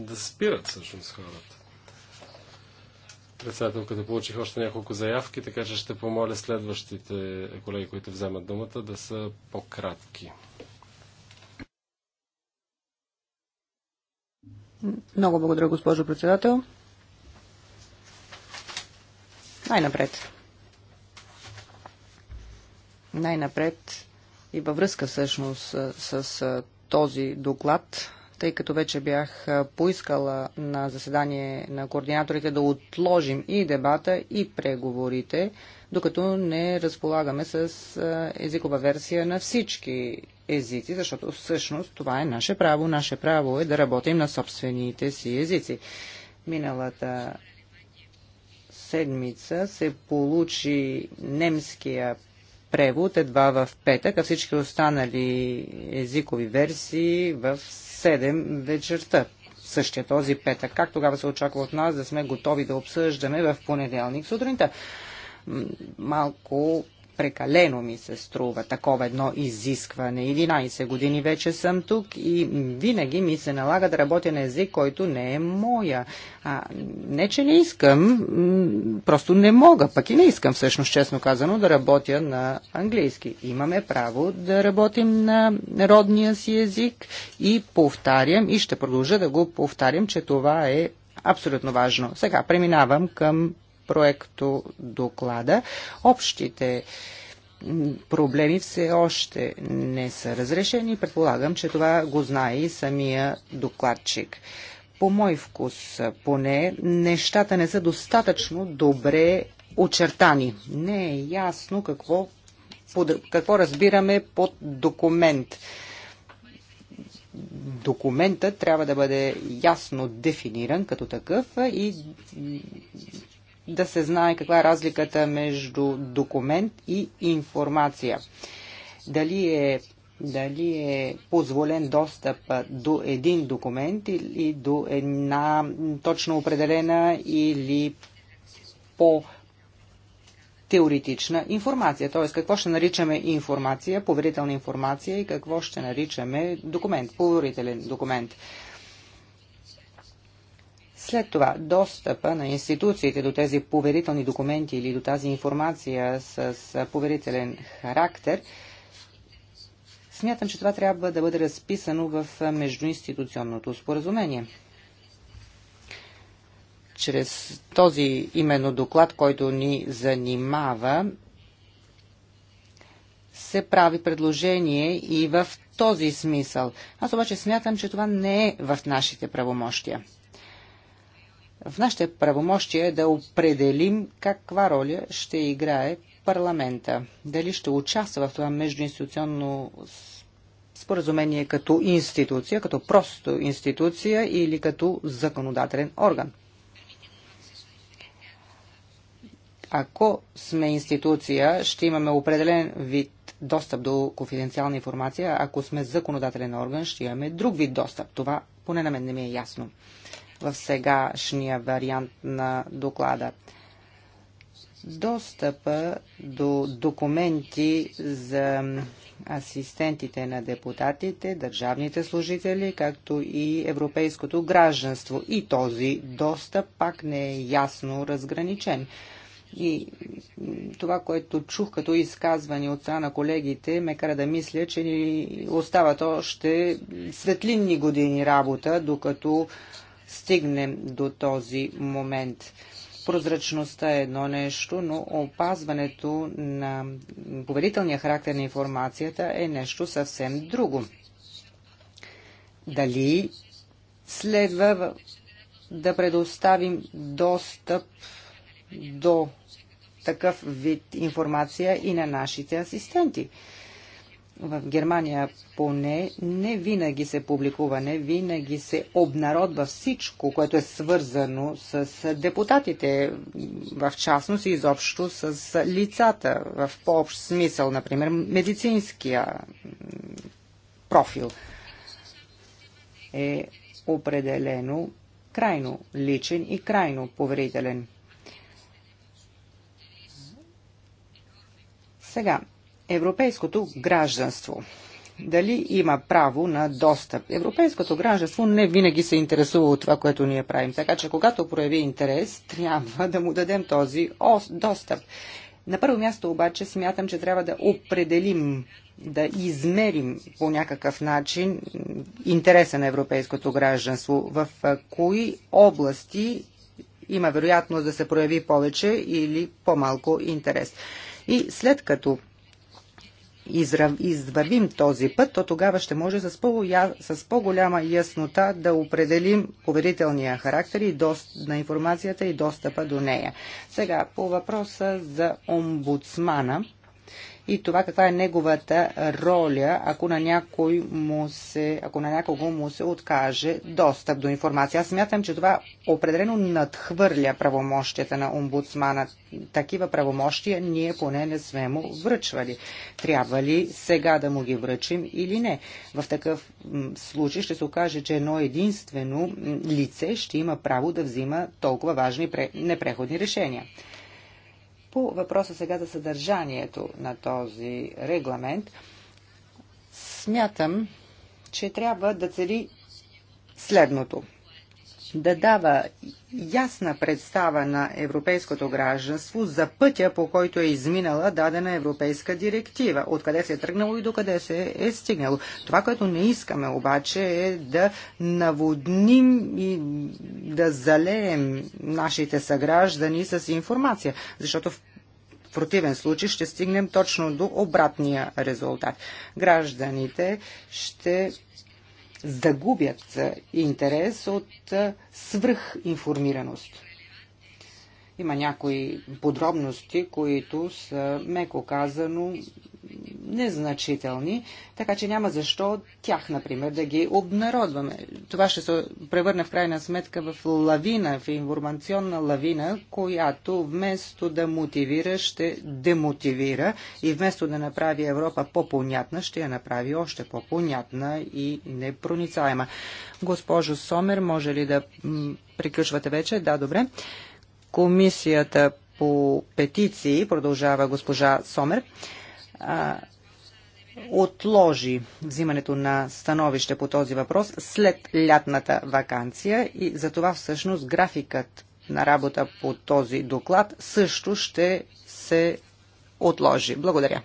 да спират всъщност хората. като получих още няколко заявки, така че ще помоля следващите колеги, които вземат думата, да са по-кратки. Много благодаря, госпожо председател. Най-напред. Най-напред и във връзка всъщност с, с, този доклад, тъй като вече бях поискала на заседание на координаторите да отложим и дебата, и преговорите, докато не разполагаме с езикова версия на всички езици, защото всъщност това е наше право. Наше право е да работим на собствените си езици. Миналата седмица се получи немския превод едва в петък, а всички останали езикови версии в 7 вечерта. Същия този петък. Как тогава се очаква от нас да сме готови да обсъждаме в понеделник сутринта? Малко прекалено ми се струва такова едно изискване. 11 години вече съм тук и винаги ми се налага да работя на език, който не е моя. А, не, че не искам, просто не мога, пък и не искам всъщност, честно казано, да работя на английски. Имаме право да работим на родния си език и повтарям и ще продължа да го повтарям, че това е абсолютно важно. Сега преминавам към проекто доклада. Общите проблеми все още не са разрешени. Предполагам, че това го знае и самия докладчик. По мой вкус поне нещата не са достатъчно добре очертани. Не е ясно какво, под, какво разбираме под документ. Документът трябва да бъде ясно дефиниран като такъв и да се знае каква е разликата между документ и информация. Дали е, дали е позволен достъп до един документ или до една точно определена или по теоретична информация, т.е. какво ще наричаме информация, поверителна информация и какво ще наричаме документ, поверителен документ. След това, достъпа на институциите до тези поверителни документи или до тази информация с поверителен характер, смятам, че това трябва да бъде разписано в междуинституционното споразумение. Чрез този именно доклад, който ни занимава, се прави предложение и в този смисъл. Аз обаче смятам, че това не е в нашите правомощия. В нашите правомощия е да определим каква роля ще играе парламента. Дали ще участва в това междуинституционно споразумение като институция, като просто институция или като законодателен орган. Ако сме институция, ще имаме определен вид достъп до конфиденциална информация, ако сме законодателен орган, ще имаме друг вид достъп. Това поне на мен не ми е ясно в сегашния вариант на доклада. Достъпа до документи за асистентите на депутатите, държавните служители, както и европейското гражданство. И този достъп пак не е ясно разграничен. И това, което чух като изказване от страна на колегите, ме кара да мисля, че ни остават още светлинни години работа, докато стигнем до този момент. Прозрачността е едно нещо, но опазването на поверителния характер на информацията е нещо съвсем друго. Дали следва да предоставим достъп до такъв вид информация и на нашите асистенти? в Германия поне не винаги се публикува, не винаги се обнародва всичко, което е свързано с депутатите, в частност и изобщо с лицата, в по-общ смисъл, например, медицинския профил е определено крайно личен и крайно поверителен. Сега, европейското гражданство. Дали има право на достъп? Европейското гражданство не винаги се интересува от това, което ние правим. Така че, когато прояви интерес, трябва да му дадем този достъп. На първо място обаче смятам, че трябва да определим, да измерим по някакъв начин интереса на европейското гражданство. В кои области има вероятност да се прояви повече или по-малко интерес. И след като извървим този път, то тогава ще може с, по- с по-голяма яснота да определим поверителния характер и дост... на информацията и достъпа до нея. Сега по въпроса за омбудсмана и това каква е неговата роля, ако на, някой му се, ако на някого му се откаже достъп до информация. Аз смятам, че това определено надхвърля правомощията на омбудсмана. Такива правомощия ние поне не сме му връчвали. Трябва ли сега да му ги връчим или не? В такъв случай ще се окаже, че едно единствено лице ще има право да взима толкова важни непреходни решения. По въпроса сега за съдържанието на този регламент, смятам, че трябва да цели следното – да дава ясна представа на европейското гражданство за пътя, по който е изминала дадена европейска директива, откъде се е тръгнало и докъде се е стигнало. Това, което не искаме обаче е да наводним и да залеем нашите съграждани с информация, защото в противен случай ще стигнем точно до обратния резултат. Гражданите ще загубят интерес от свръхинформираност. Има някои подробности, които са, меко казано, незначителни, така че няма защо тях, например, да ги обнародваме. Това ще се превърне в крайна сметка в лавина, в информационна лавина, която вместо да мотивира, ще демотивира и вместо да направи Европа по-понятна, ще я направи още по-понятна и непроницаема. Госпожо Сомер, може ли да приключвате вече? Да, добре. Комисията по петиции, продължава госпожа Сомер, отложи взимането на становище по този въпрос след лятната вакансия и за това всъщност графикът на работа по този доклад също ще се отложи. Благодаря.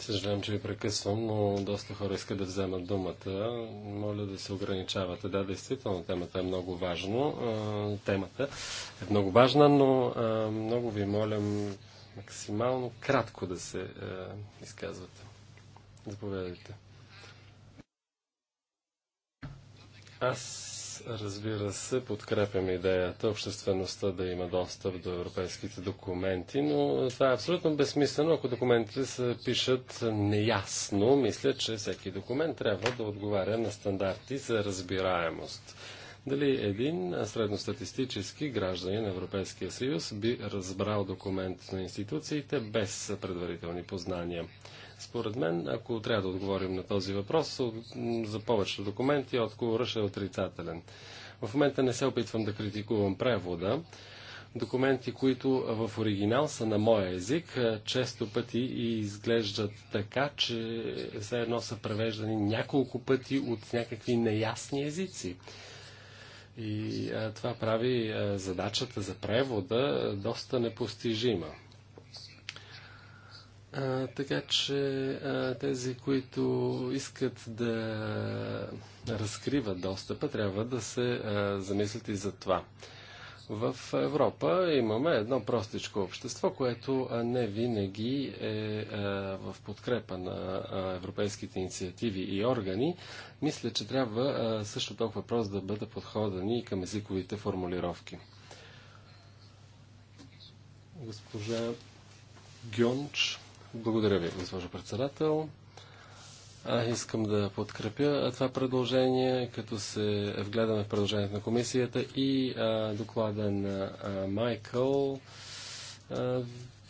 Съжалявам, че ви прекъсвам, но доста хора искат да вземат думата. Моля да се ограничавате. Да, действително, темата е много важна. Темата е много важна, но много ви моля максимално кратко да се е, изказвате. Заповядайте. Аз разбира се, подкрепям идеята обществеността да има достъп до европейските документи, но това е абсолютно безсмислено, ако документите се пишат неясно. Мисля, че всеки документ трябва да отговаря на стандарти за разбираемост дали един средностатистически гражданин на Европейския съюз би разбрал документ на институциите без предварителни познания. Според мен, ако трябва да отговорим на този въпрос, за повечето документи отговорът ще е отрицателен. В момента не се опитвам да критикувам превода. Документи, които в оригинал са на моя език, е, често пъти и изглеждат така, че все едно са превеждани няколко пъти от някакви неясни езици. И а, това прави а, задачата за превода доста непостижима. А, така че а, тези, които искат да разкриват достъпа, трябва да се а, замислят и за това. В Европа имаме едно простичко общество, което не винаги е в подкрепа на европейските инициативи и органи. Мисля, че трябва също толкова просто да бъде подходени и към езиковите формулировки. Госпожа Гьонч, благодаря ви, госпожо председател. Аз искам да подкрепя това предложение, като се вгледаме в предложението на комисията и а, доклада на а, Майкъл. А,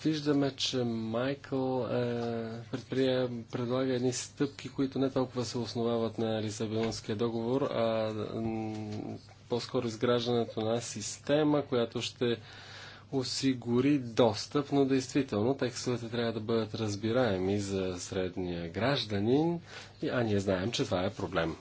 виждаме, че Майкъл е, предлага едни стъпки, които не толкова се основават на Лисабонския договор, а по-скоро изграждането на система, която ще осигури достъп, но действително текстовете трябва да бъдат разбираеми за средния гражданин, а ние знаем, че това е проблем.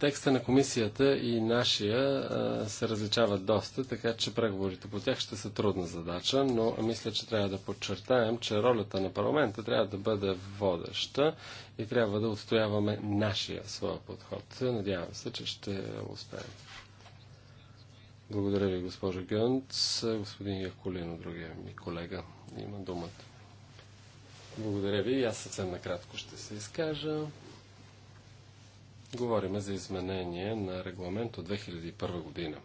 Текста на комисията и нашия се различават доста, така че преговорите по тях ще са трудна задача, но мисля, че трябва да подчертаем, че ролята на парламента трябва да бъде водеща и трябва да отстояваме нашия своя подход. Надявам се, че ще успеем. Благодаря ви, госпожо Гънц. Господин Яколино, другия ми колега, има думата. Благодаря ви. Аз съвсем накратко ще се изкажа. Говориме за изменение на регламент от 2001 година.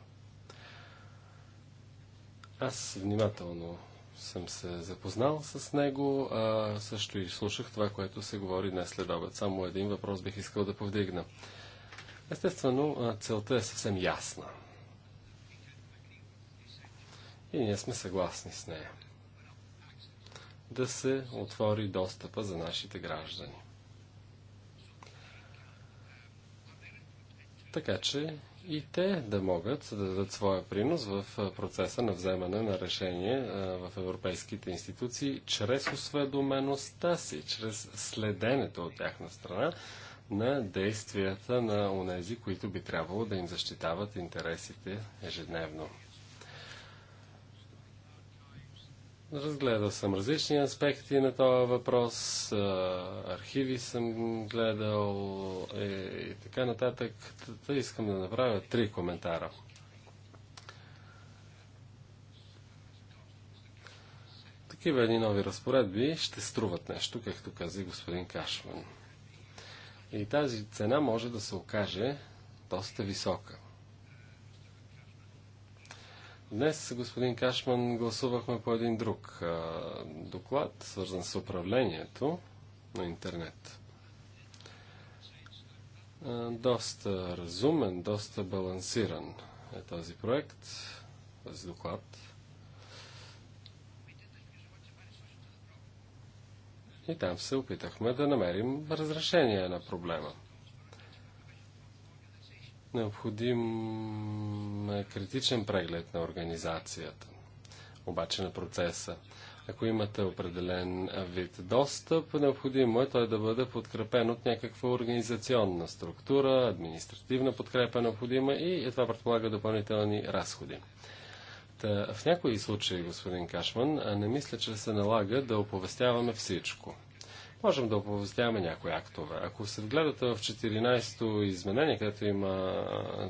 Аз внимателно съм се запознал с него, а също и слушах това, което се говори днес след обед. Само един въпрос бих искал да повдигна. Естествено, целта е съвсем ясна – и ние сме съгласни с нея. Да се отвори достъпа за нашите граждани. Така че и те да могат да дадат своя принос в процеса на вземане на решение в европейските институции, чрез осведомеността си, чрез следенето от тяхна страна на действията на онези, които би трябвало да им защитават интересите ежедневно. Разгледал съм различни аспекти на този въпрос, архиви съм гледал и, така нататък. Та искам да направя три коментара. Такива едни нови разпоредби ще струват нещо, както каза и господин Кашман. И тази цена може да се окаже доста висока. Днес, господин Кашман, гласувахме по един друг а, доклад, свързан с управлението на интернет. А, доста разумен, доста балансиран е този проект, този доклад. И там се опитахме да намерим разрешение на проблема необходим е, критичен преглед на организацията, обаче на процеса. Ако имате определен вид достъп, необходимо е той да бъде подкрепен от някаква организационна структура, административна подкрепа е необходима и това предполага допълнителни разходи. Та, в някои случаи, господин Кашман, не мисля, че се налага да оповестяваме всичко можем да оповестяваме някои актове. Ако се вгледате в 14-то изменение, където има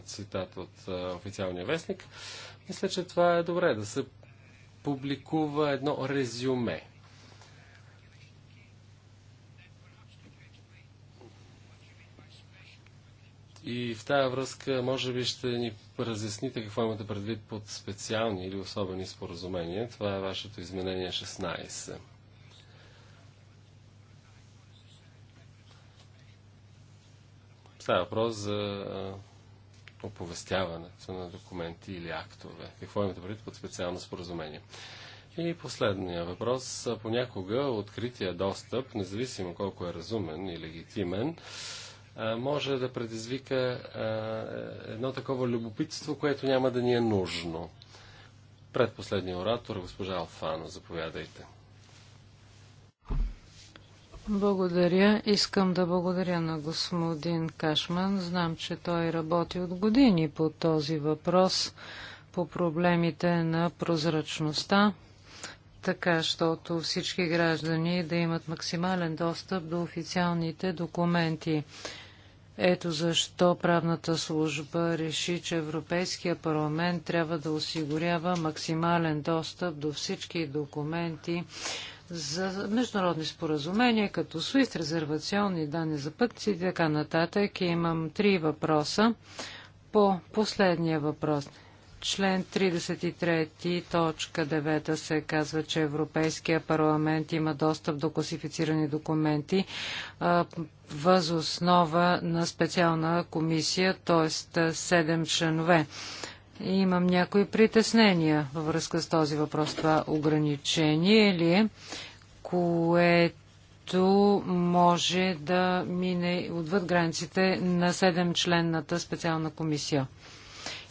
цитат от официалния вестник, мисля, че това е добре да се публикува едно резюме. И в тая връзка, може би ще ни разясните какво имате предвид под специални или особени споразумения. Това е вашето изменение 16. Става въпрос за оповестяването на документи или актове. Какво имате предвид под специално споразумение? И последния въпрос. Понякога открития достъп, независимо колко е разумен и легитимен, може да предизвика едно такова любопитство, което няма да ни е нужно. Предпоследния оратор, госпожа Алфано, заповядайте. Благодаря. Искам да благодаря на господин Кашман. Знам, че той работи от години по този въпрос, по проблемите на прозрачността, така, щото всички граждани да имат максимален достъп до официалните документи. Ето защо правната служба реши, че Европейския парламент трябва да осигурява максимален достъп до всички документи, за международни споразумения, като SWIFT, резервационни данни за пътци и така нататък. И имам три въпроса. По последния въпрос. Член 33, точка 9 се казва, че Европейския парламент има достъп до класифицирани документи въз основа на специална комисия, т.е. 7 членове. Имам някои притеснения във връзка с този въпрос. Това ограничение ли е, което може да мине отвъд границите на 7-членната специална комисия?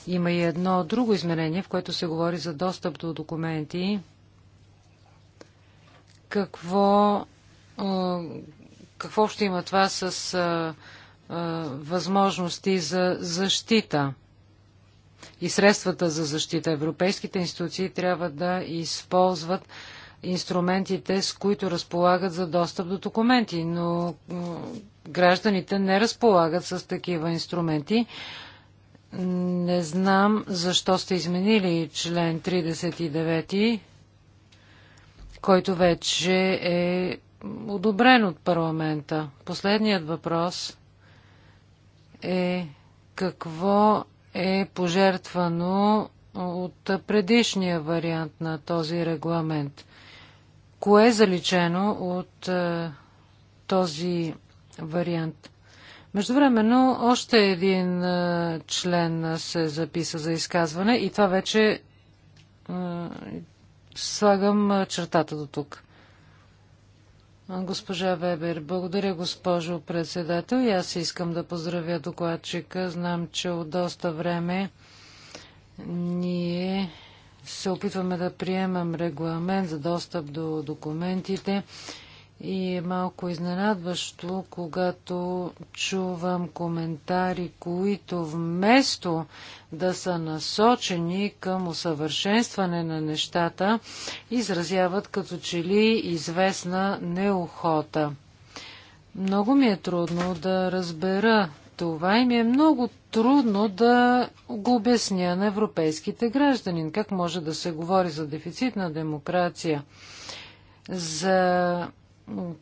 Има и едно друго измерение, в което се говори за достъп до документи. Какво, какво ще има това с възможности за защита? и средствата за защита. Европейските институции трябва да използват инструментите, с които разполагат за достъп до документи, но гражданите не разполагат с такива инструменти. Не знам защо сте изменили член 39, който вече е одобрен от парламента. Последният въпрос е какво е пожертвано от предишния вариант на този регламент. Кое е заличено от е, този вариант? Междувременно още един е, член се записа за изказване и това вече е, слагам чертата до тук. Госпожа Вебер, благодаря госпожо председател и аз искам да поздравя докладчика. Знам, че от доста време ние се опитваме да приемам регламент за достъп до документите и е малко изненадващо, когато чувам коментари, които вместо да са насочени към усъвършенстване на нещата, изразяват като че ли известна неохота. Много ми е трудно да разбера това и ми е много трудно да го обясня на европейските граждани. Как може да се говори за дефицит на демокрация, за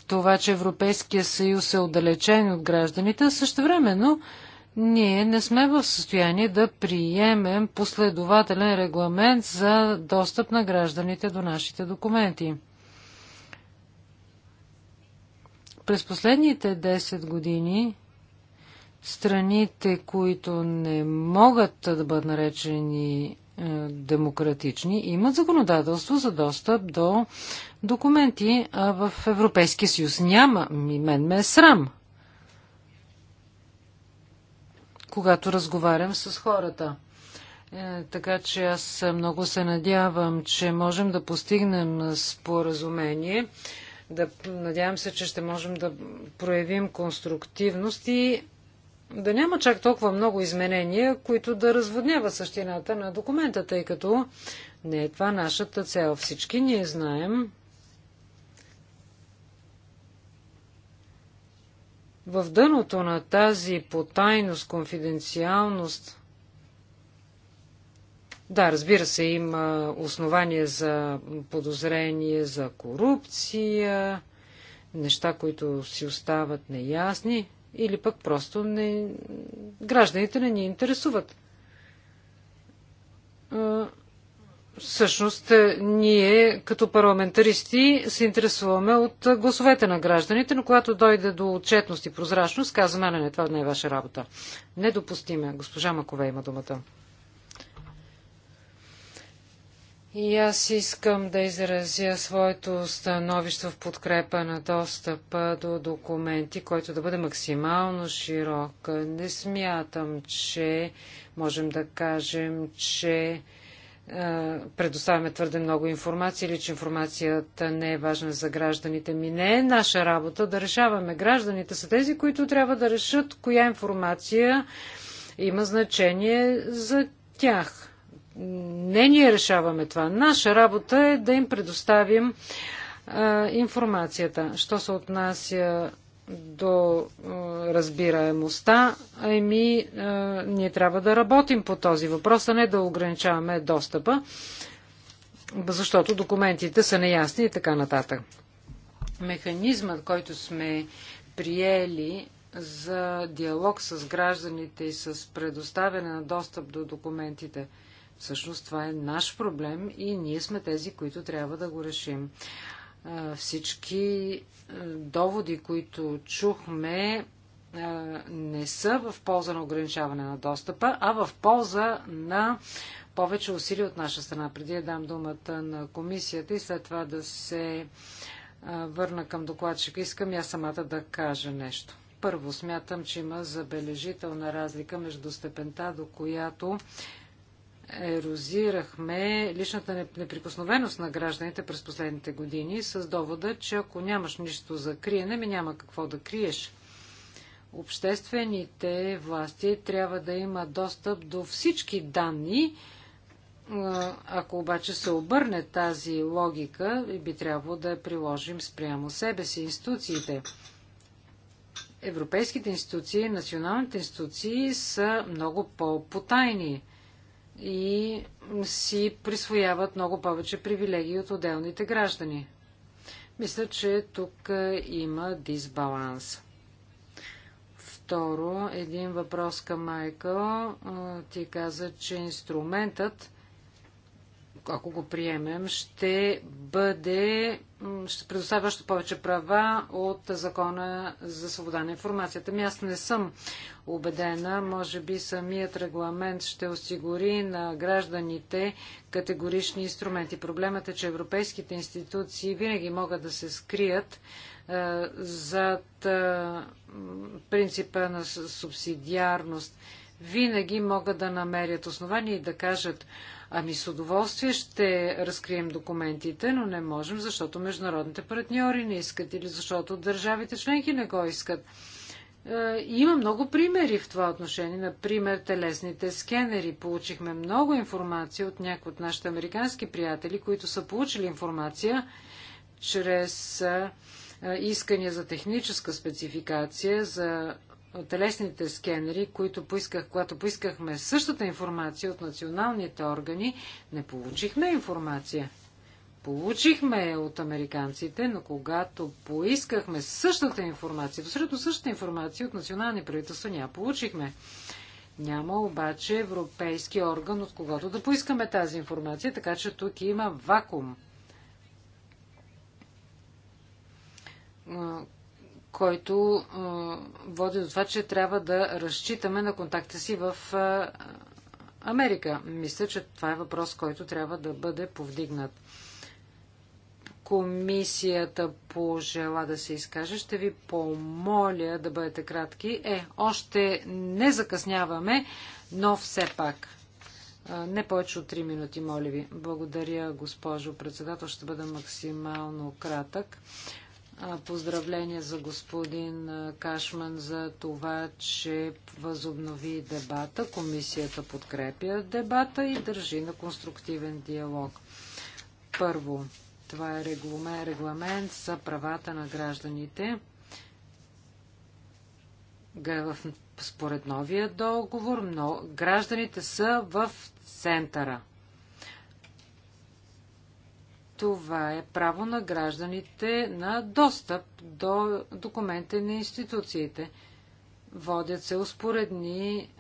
това, че Европейския съюз е отдалечен от гражданите, също времено ние не сме в състояние да приемем последователен регламент за достъп на гражданите до нашите документи. През последните 10 години страните, които не могат да бъдат наречени е, демократични, имат законодателство за достъп до документи а в Европейския съюз. Няма. Ми мен ме е срам. Когато разговарям с хората. Е, така че аз много се надявам, че можем да постигнем споразумение. Да, надявам се, че ще можем да проявим конструктивност и да няма чак толкова много изменения, които да разводнява същината на документа, тъй като не е това нашата цел. Всички ние знаем, В дъното на тази потайност, конфиденциалност, да, разбира се, има основания за подозрение за корупция, неща, които си остават неясни, или пък просто не... гражданите не ни интересуват всъщност е, ние като парламентаристи се интересуваме от е, гласовете на гражданите, но когато дойде до отчетност и прозрачност, казваме, не, не, това не е ваша работа. Недопустиме. Госпожа Макове има думата. И аз искам да изразя своето становище в подкрепа на достъпа до документи, който да бъде максимално широк. Не смятам, че можем да кажем, че е, предоставяме твърде много информация или че информацията не е важна за гражданите ми. Не е наша работа да решаваме. Гражданите са тези, които трябва да решат коя информация има значение за тях. Не ние решаваме това. Наша работа е да им предоставим а, е, информацията. Що се отнася до разбираемостта, еми ние трябва да работим по този въпрос, а не да ограничаваме достъпа, защото документите са неясни и така нататък. Механизмът, който сме приели за диалог с гражданите и с предоставяне на достъп до документите, всъщност това е наш проблем и ние сме тези, които трябва да го решим. Всички доводи, които чухме, не са в полза на ограничаване на достъпа, а в полза на повече усилия от наша страна. Преди да дам думата на комисията и след това да се върна към докладчика, искам я самата да кажа нещо. Първо, смятам, че има забележителна разлика между степента, до която ерозирахме личната неприкосновеност на гражданите през последните години с довода, че ако нямаш нищо за криене, ми няма какво да криеш. Обществените власти трябва да имат достъп до всички данни, ако обаче се обърне тази логика, би трябвало да я приложим спрямо себе си, институциите. Европейските институции, националните институции са много по-потайни и си присвояват много повече привилегии от отделните граждани. Мисля, че тук е, има дисбаланс. Второ, един въпрос към Майкъл. Ти каза, че инструментът ако го приемем, ще бъде, ще предоставя още повече права от закона за свобода на информацията. Ми аз не съм убедена, може би самият регламент ще осигури на гражданите категорични инструменти. Проблемът е, че европейските институции винаги могат да се скрият е, зад е, принципа на субсидиарност винаги могат да намерят основания и да кажат, ами с удоволствие ще разкрием документите, но не можем, защото международните партньори не искат или защото държавите членки не го искат. Е, има много примери в това отношение. Например, телесните скенери. Получихме много информация от някои от нашите американски приятели, които са получили информация чрез е, искания за техническа спецификация, за телесните скенери, които поисках, когато поискахме същата информация от националните органи, не получихме информация. Получихме от американците, но когато поискахме същата информация, посредно същата информация от национални правителства, няма получихме. Няма обаче европейски орган, от когото да поискаме тази информация, така че тук има вакуум който води до това, че трябва да разчитаме на контакта си в Америка. Мисля, че това е въпрос, който трябва да бъде повдигнат. Комисията пожела да се изкаже. Ще ви помоля да бъдете кратки. Е, още не закъсняваме, но все пак. Не повече от 3 минути, моля ви. Благодаря, госпожо председател. Ще бъда максимално кратък. Поздравления за господин Кашман за това, че възобнови дебата. Комисията подкрепя дебата и държи на конструктивен диалог. Първо, това е регламент, регламент за правата на гражданите. Според новия договор, но гражданите са в центъра. Това е право на гражданите на достъп до документите на институциите. Водят се успоредни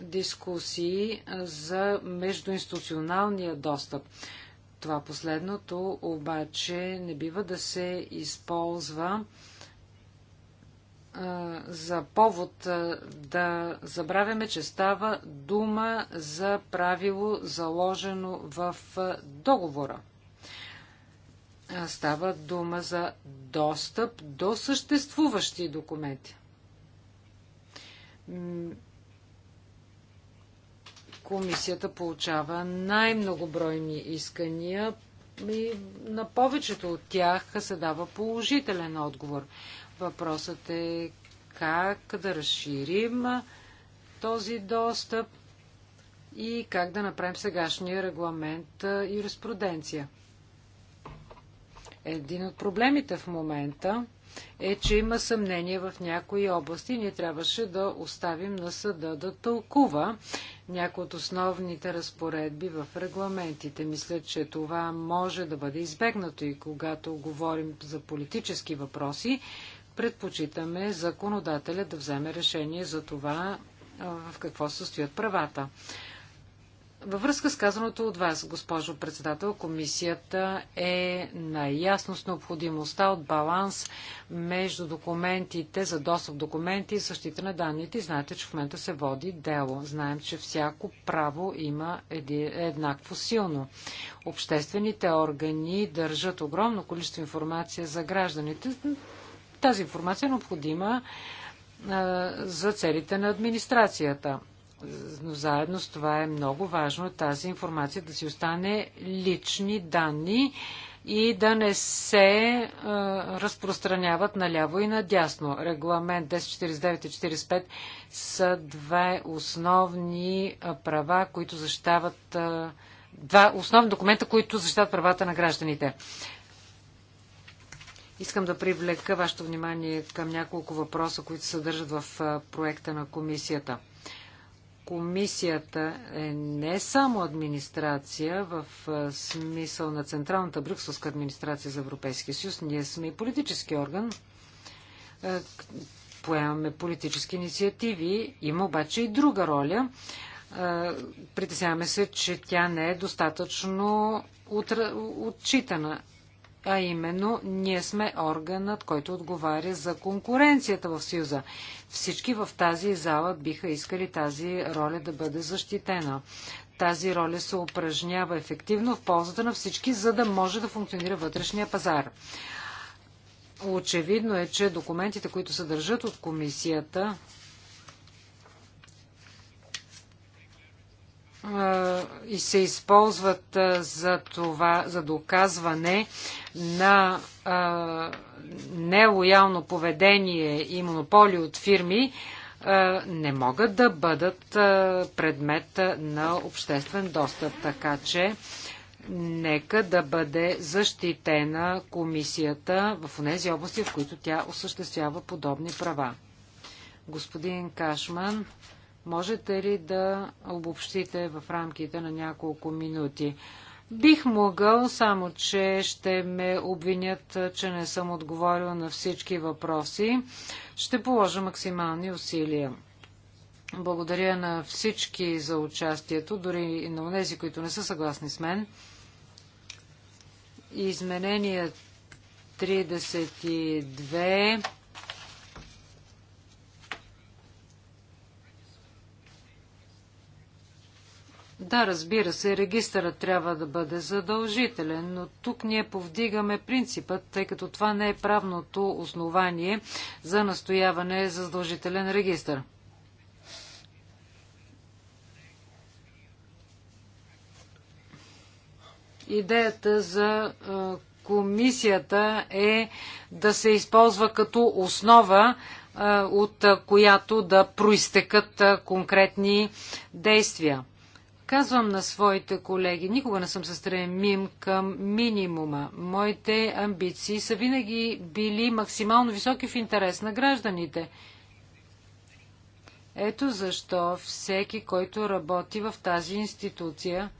дискусии за междуинституционалния достъп. Това последното обаче не бива да се използва за повод да забравяме, че става дума за правило заложено в договора. Става дума за достъп до съществуващи документи. Комисията получава най-многобройни искания и на повечето от тях се дава положителен отговор. Въпросът е как да разширим този достъп и как да направим сегашния регламент юриспруденция. Един от проблемите в момента е, че има съмнение в някои области. Ние трябваше да оставим на съда да тълкува някои от основните разпоредби в регламентите. Мисля, че това може да бъде избегнато и когато говорим за политически въпроси предпочитаме законодателя да вземе решение за това в какво състоят правата. Във връзка с казаното от вас, госпожо председател, комисията е наясно с необходимостта от баланс между документите за достъп документи и защита на данните. Знаете, че в момента се води дело. Знаем, че всяко право има еднакво силно. Обществените органи държат огромно количество информация за гражданите. Тази информация е необходима за целите на администрацията. Но заедно с това е много важно тази информация да си остане лични данни и да не се а, разпространяват наляво и надясно. Регламент 1049 и 45 са две основни права, които защитават а, два основни документа, които защитават правата на гражданите. Искам да привлека вашето внимание към няколко въпроса, които се съдържат в проекта на комисията. Комисията е не само администрация в смисъл на Централната брюкселска администрация за Европейския съюз, ние сме и политически орган, поемаме политически инициативи, има обаче и друга роля. Притесняваме се, че тя не е достатъчно отчитана а именно ние сме органът, който отговаря за конкуренцията в Съюза. Всички в тази зала биха искали тази роля да бъде защитена. Тази роля се упражнява ефективно в ползата на всички, за да може да функционира вътрешния пазар. Очевидно е, че документите, които се държат от комисията, и се използват за това, за доказване на нелоялно поведение и монополи от фирми, не могат да бъдат предмет на обществен достъп. Така че нека да бъде защитена комисията в тези области, в които тя осъществява подобни права. Господин Кашман, Можете ли да обобщите в рамките на няколко минути? Бих могъл, само че ще ме обвинят, че не съм отговорил на всички въпроси. Ще положа максимални усилия. Благодаря на всички за участието, дори и на тези, които не са съгласни с мен. Изменение 32 Да, разбира се, регистърът трябва да бъде задължителен, но тук ние повдигаме принципът, тъй като това не е правното основание за настояване за задължителен регистър. Идеята за комисията е да се използва като основа, от която да проистекат конкретни действия. Казвам на своите колеги, никога не съм се стремим към минимума. Моите амбиции са винаги били максимално високи в интерес на гражданите. Ето защо всеки, който работи в тази институция,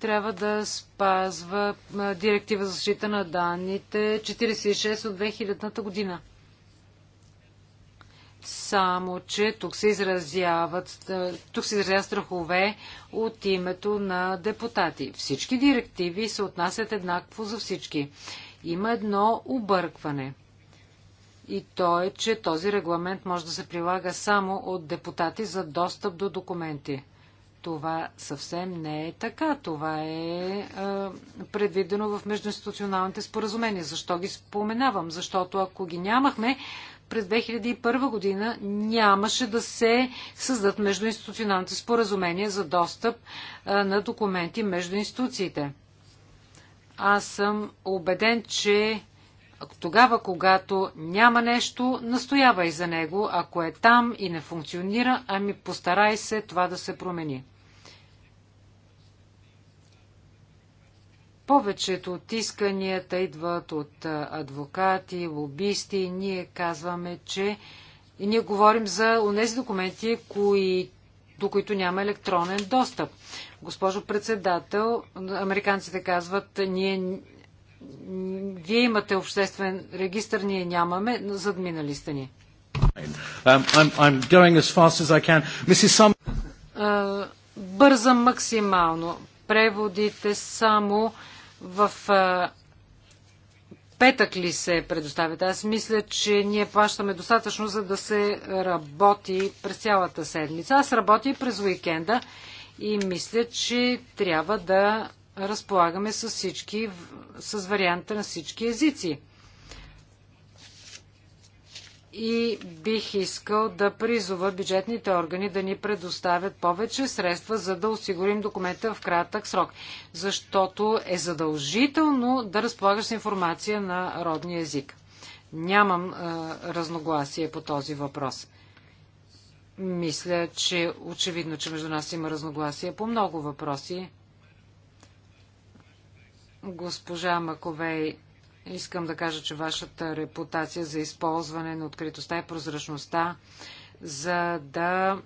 трябва да спазва директива за защита на данните 46 от 2000 година. Само, че тук се изразяват, е, тук се изразяват страхове от името на депутати. Всички директиви се отнасят еднакво за всички. Има едно объркване. И то е, че този регламент може да се прилага само от депутати за достъп до документи. Това съвсем не е така. Това е, е предвидено в междуинституционалните споразумения. Защо ги споменавам? Защото ако ги нямахме, през 2001 година нямаше да се създадат междуинституционалните споразумения за достъп на документи между институциите. Аз съм убеден, че тогава, когато няма нещо, настоявай за него. Ако е там и не функционира, ами постарай се това да се промени. Повечето от исканията идват от адвокати, лобисти ние казваме, че и ние говорим за тези документи, кои, до които няма електронен достъп. Госпожо председател, американците казват, ние, вие имате обществен регистр, ние нямаме, задминали сте ни. Um, бързам максимално. Преводите само в петък ли се предоставят? Аз мисля, че ние плащаме достатъчно, за да се работи през цялата седмица. Аз работя и през уикенда и мисля, че трябва да разполагаме с, всички, с варианта на всички езици и бих искал да призова бюджетните органи да ни предоставят повече средства, за да осигурим документа в кратък срок, защото е задължително да разполагаш с информация на родния език. Нямам а, разногласие по този въпрос. Мисля, че очевидно, че между нас има разногласие по много въпроси. Госпожа Маковей Искам да кажа, че вашата репутация за използване на откритостта и прозрачността, за да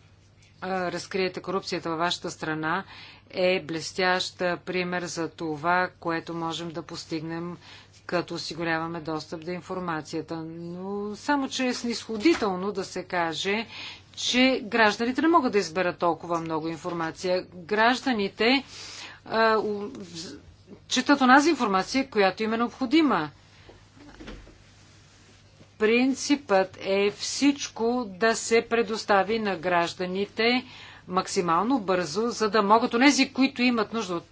разкриете корупцията във вашата страна, е блестящ пример за това, което можем да постигнем, като осигуряваме достъп до информацията. Но само, че е снисходително да се каже, че гражданите не могат да изберат толкова много информация. Гражданите четат онази информация, която им е необходима. Принципът е всичко да се предостави на гражданите максимално бързо, за да могат онези, които имат нужда от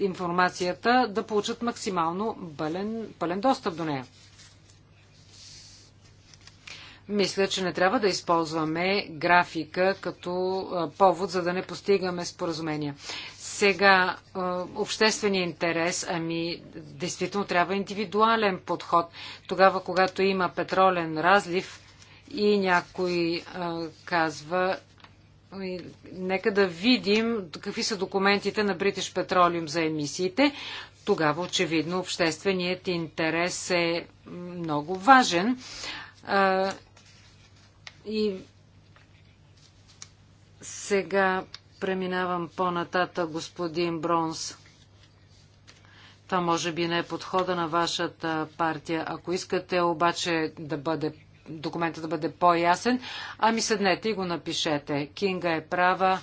информацията, да получат максимално пълен, пълен достъп до нея. Мисля, че не трябва да използваме графика като повод, за да не постигаме споразумения. Сега, обществения интерес, ами, действително трябва индивидуален подход. Тогава, когато има петролен разлив и някой казва, нека да видим какви са документите на British Petroleum за емисиите, тогава очевидно общественият интерес е много важен. и сега Преминавам по-натата, господин Бронс. Това може би не е подхода на вашата партия. Ако искате обаче да бъде документът да бъде по-ясен, ами седнете и го напишете. Кинга е права,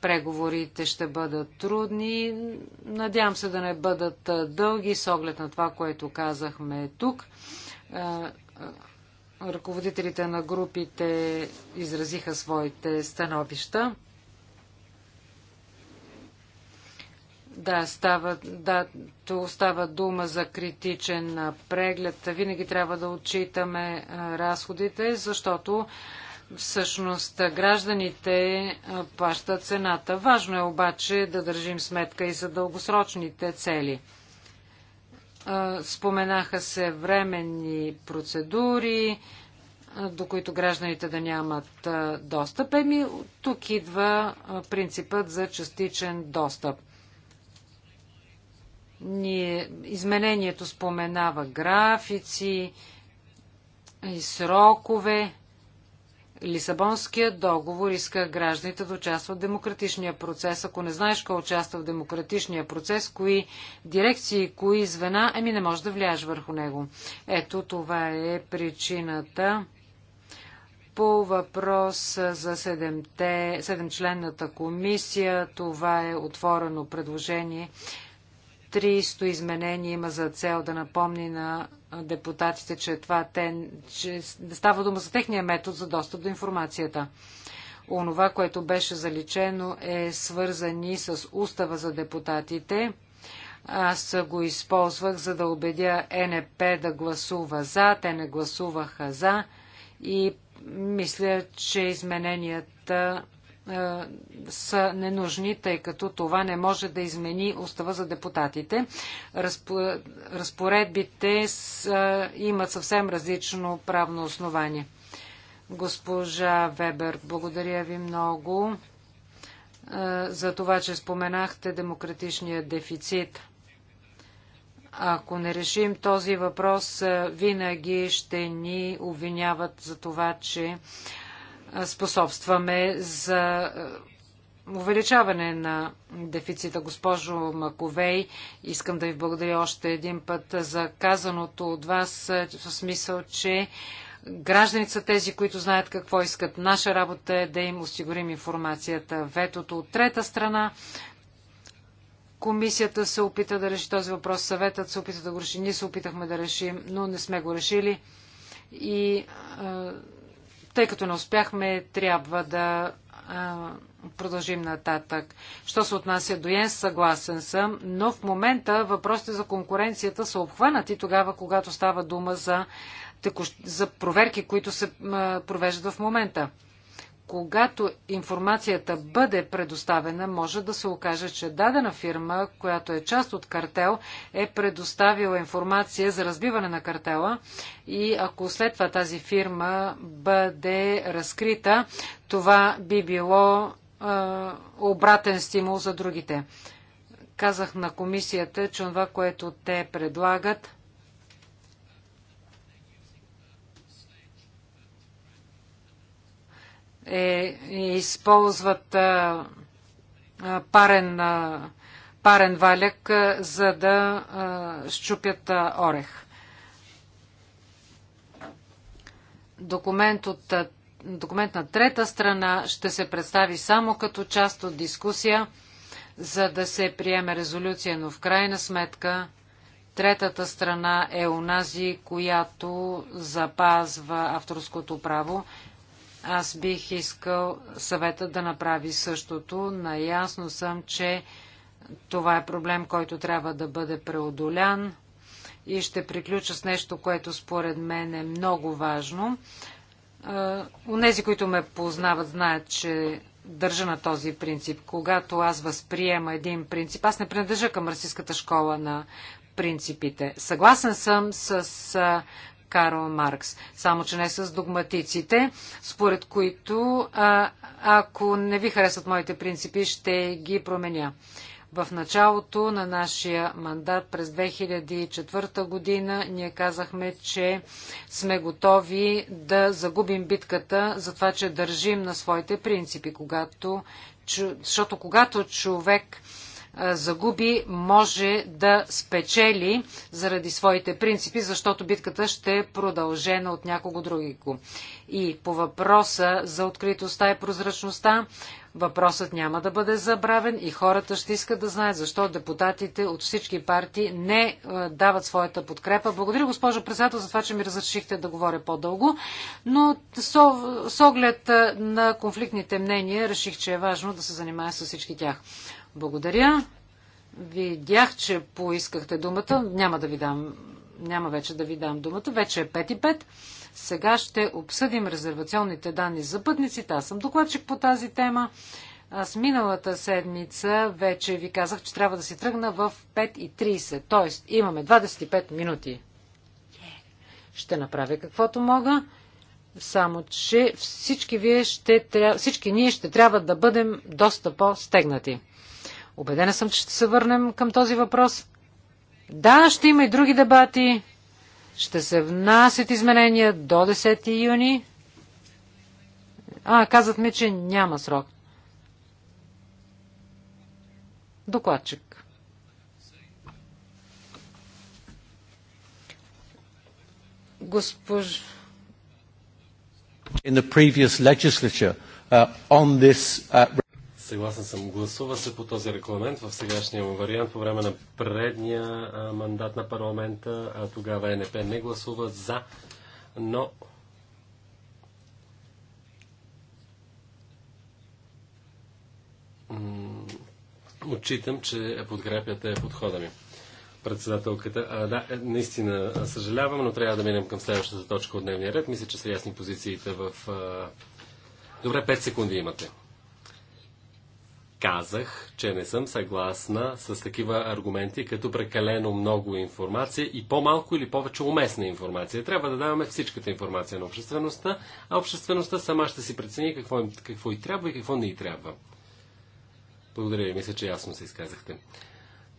преговорите ще бъдат трудни. Надявам се да не бъдат дълги с оглед на това, което казахме тук. Ръководителите на групите изразиха своите становища. Да, става, да, то става дума за критичен преглед. Винаги трябва да отчитаме разходите, защото всъщност гражданите плащат цената. Важно е обаче да държим сметка и за дългосрочните цели. Споменаха се временни процедури, до които гражданите да нямат достъп. Еми, тук идва принципът за частичен достъп. Ние, изменението споменава графици и срокове. Лисабонският договор иска гражданите да участват в демократичния процес. Ако не знаеш кой участва в демократичния процес, кои дирекции, кои звена, еми не можеш да влияеш върху него. Ето това е причината по въпрос за 7-членната комисия. Това е отворено предложение 300 изменения има за цел да напомни на депутатите, че, това те, че става дума за техния метод за достъп до информацията. Онова, което беше заличено, е свързани с устава за депутатите. Аз го използвах, за да убедя НП да гласува за. Те не гласуваха за. И мисля, че измененията е, са ненужни, тъй като това не може да измени устава за депутатите. Разпоредбите са, е, имат съвсем различно правно основание. Госпожа Вебер, благодаря ви много е, за това, че споменахте демократичния дефицит. Ако не решим този въпрос, винаги ще ни обвиняват за това, че способстваме за е, увеличаване на дефицита. Госпожо Маковей, искам да ви благодаря още един път за казаното от вас, е, в смисъл, че граждани са тези, които знаят какво искат. Наша работа е да им осигурим информацията. Ветото от трета страна. Комисията се опита да реши този въпрос, съветът се опита да го реши, ние се опитахме да решим, но не сме го решили. И е, тъй като не успяхме, трябва да а, продължим нататък. Що се отнася до Йенс, съгласен съм, но в момента въпросите за конкуренцията са обхванати тогава, когато става дума за, текущ... за проверки, които се а, провеждат в момента когато информацията бъде предоставена, може да се окаже, че дадена фирма, която е част от картел, е предоставила информация за разбиване на картела и ако след това тази фирма бъде разкрита, това би било е, обратен стимул за другите. Казах на комисията, че това, което те предлагат, е, използват а, парен, а, парен валяк, а, за да а, щупят а, орех. Документ, от, документ на трета страна ще се представи само като част от дискусия, за да се приеме резолюция, но в крайна сметка Третата страна е онази, която запазва авторското право. Аз бих искал съвета да направи същото. Наясно съм, че това е проблем, който трябва да бъде преодолян. И ще приключа с нещо, което според мен е много важно. Унези, които ме познават, знаят, че държа на този принцип. Когато аз възприема един принцип, аз не принадлежа към расистската школа на принципите. Съгласен съм с Карл Маркс. Само, че не с догматиците, според които а, ако не ви харесват моите принципи, ще ги променя. В началото на нашия мандат през 2004 година ние казахме, че сме готови да загубим битката за това, че държим на своите принципи, когато, защото когато човек загуби, може да спечели заради своите принципи, защото битката ще е продължена от някого другиго. И по въпроса за откритостта и прозрачността, въпросът няма да бъде забравен и хората ще искат да знаят защо депутатите от всички партии не дават своята подкрепа. Благодаря, госпожо председател, за това, че ми разрешихте да говоря по-дълго, но с оглед на конфликтните мнения реших, че е важно да се занимая с всички тях. Благодаря. Видях, че поискахте думата. Няма да ви дам, няма вече да ви дам думата. Вече е 5 и 5. Сега ще обсъдим резервационните данни за пътниците. Аз съм докладчик по тази тема. Аз миналата седмица вече ви казах, че трябва да си тръгна в 5.30. Тоест, имаме 25 минути. Ще направя каквото мога. Само, че всички, вие ще, всички ние ще трябва да бъдем доста по-стегнати. Обедена съм, че ще се върнем към този въпрос. Да, ще има и други дебати. Ще се внасят изменения до 10 юни. А, казват ми, че няма срок. Докладчик. Госпож... In the previous legislature uh, on this uh... Съгласен съм. Гласува се по този регламент в сегашния му вариант по време на предния мандат на парламента. А тогава е НП не гласува за, но отчитам, че подкрепяте подхода ми. Председателката, а, да, е, наистина съжалявам, но трябва да минем към следващата точка от дневния ред. Мисля, че са ясни позициите в... А... Добре, 5 секунди имате казах, че не съм съгласна с такива аргументи, като прекалено много информация и по-малко или повече уместна информация. Трябва да даваме всичката информация на обществеността, а обществеността сама ще си прецени какво, им, какво и трябва и какво не и трябва. Благодаря ви, мисля, че ясно се изказахте.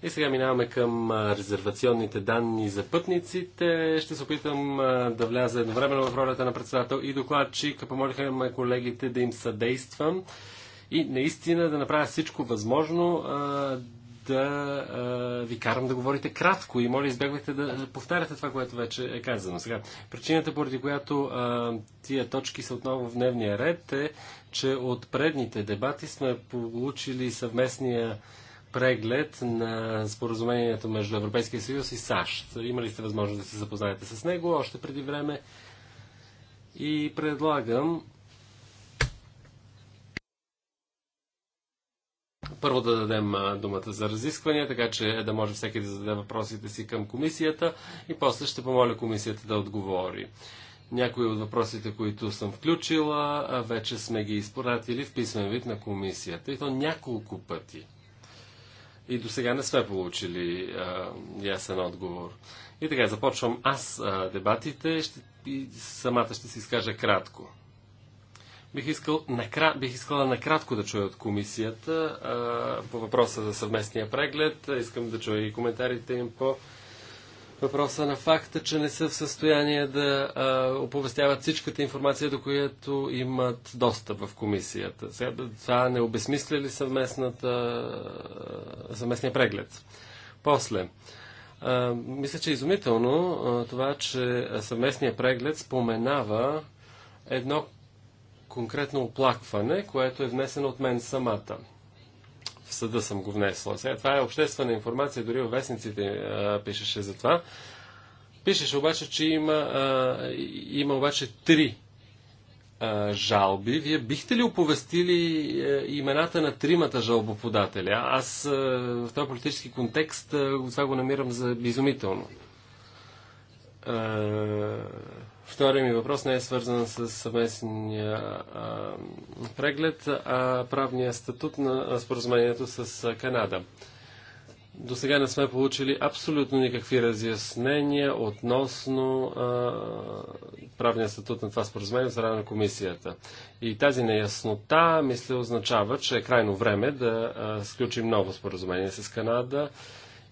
И сега минаваме към резервационните данни за пътниците. Ще се опитам да вляза едновременно в ролята на председател и докладчик. Помолиха колегите да им съдействам и наистина да направя всичко възможно а, да а, ви карам да говорите кратко и моля избягвайте да повтаряте това, което вече е казано. Сега, причината, поради която а, тия точки са отново в дневния ред е, че от предните дебати сме получили съвместния преглед на споразумението между Европейския съюз и САЩ. Имали сте възможност да се запознаете с него още преди време и предлагам Първо да дадем думата за разисквания, така че да може всеки да зададе въпросите си към комисията и после ще помоля комисията да отговори. Някои от въпросите, които съм включила, вече сме ги изпратили в писмен вид на комисията и то няколко пъти. И до сега не сме получили а, ясен отговор. И така, започвам аз а, дебатите ще, и самата ще си изкажа кратко. Бих, искал, накра... Бих искала накратко да чуя от комисията а, по въпроса за съвместния преглед. Искам да чуя и коментарите им по въпроса на факта, че не са в състояние да а, оповестяват всичката информация, до която имат достъп в комисията. Сега, това не обесмисля ли съвместната, съвместния преглед? После. А, мисля, че е изумително а, това, че съвместния преглед споменава едно конкретно оплакване, което е внесено от мен самата. В съда съм го внесла. Сега това е обществена информация, дори в вестниците а, е, пишеше за това. Пишеше обаче, че има, а, е, има обаче три а, е, жалби. Вие бихте ли оповестили а, имената на тримата жалбоподатели? аз а, в този политически контекст а, това го намирам за изумително. А, Втория ми въпрос не е свързан с съвместния преглед, а правния статут на споразумението с Канада. До сега не сме получили абсолютно никакви разяснения относно а, правния статут на това споразумение за на комисията. И тази неяснота, мисля, означава, че е крайно време да а, сключим ново споразумение с Канада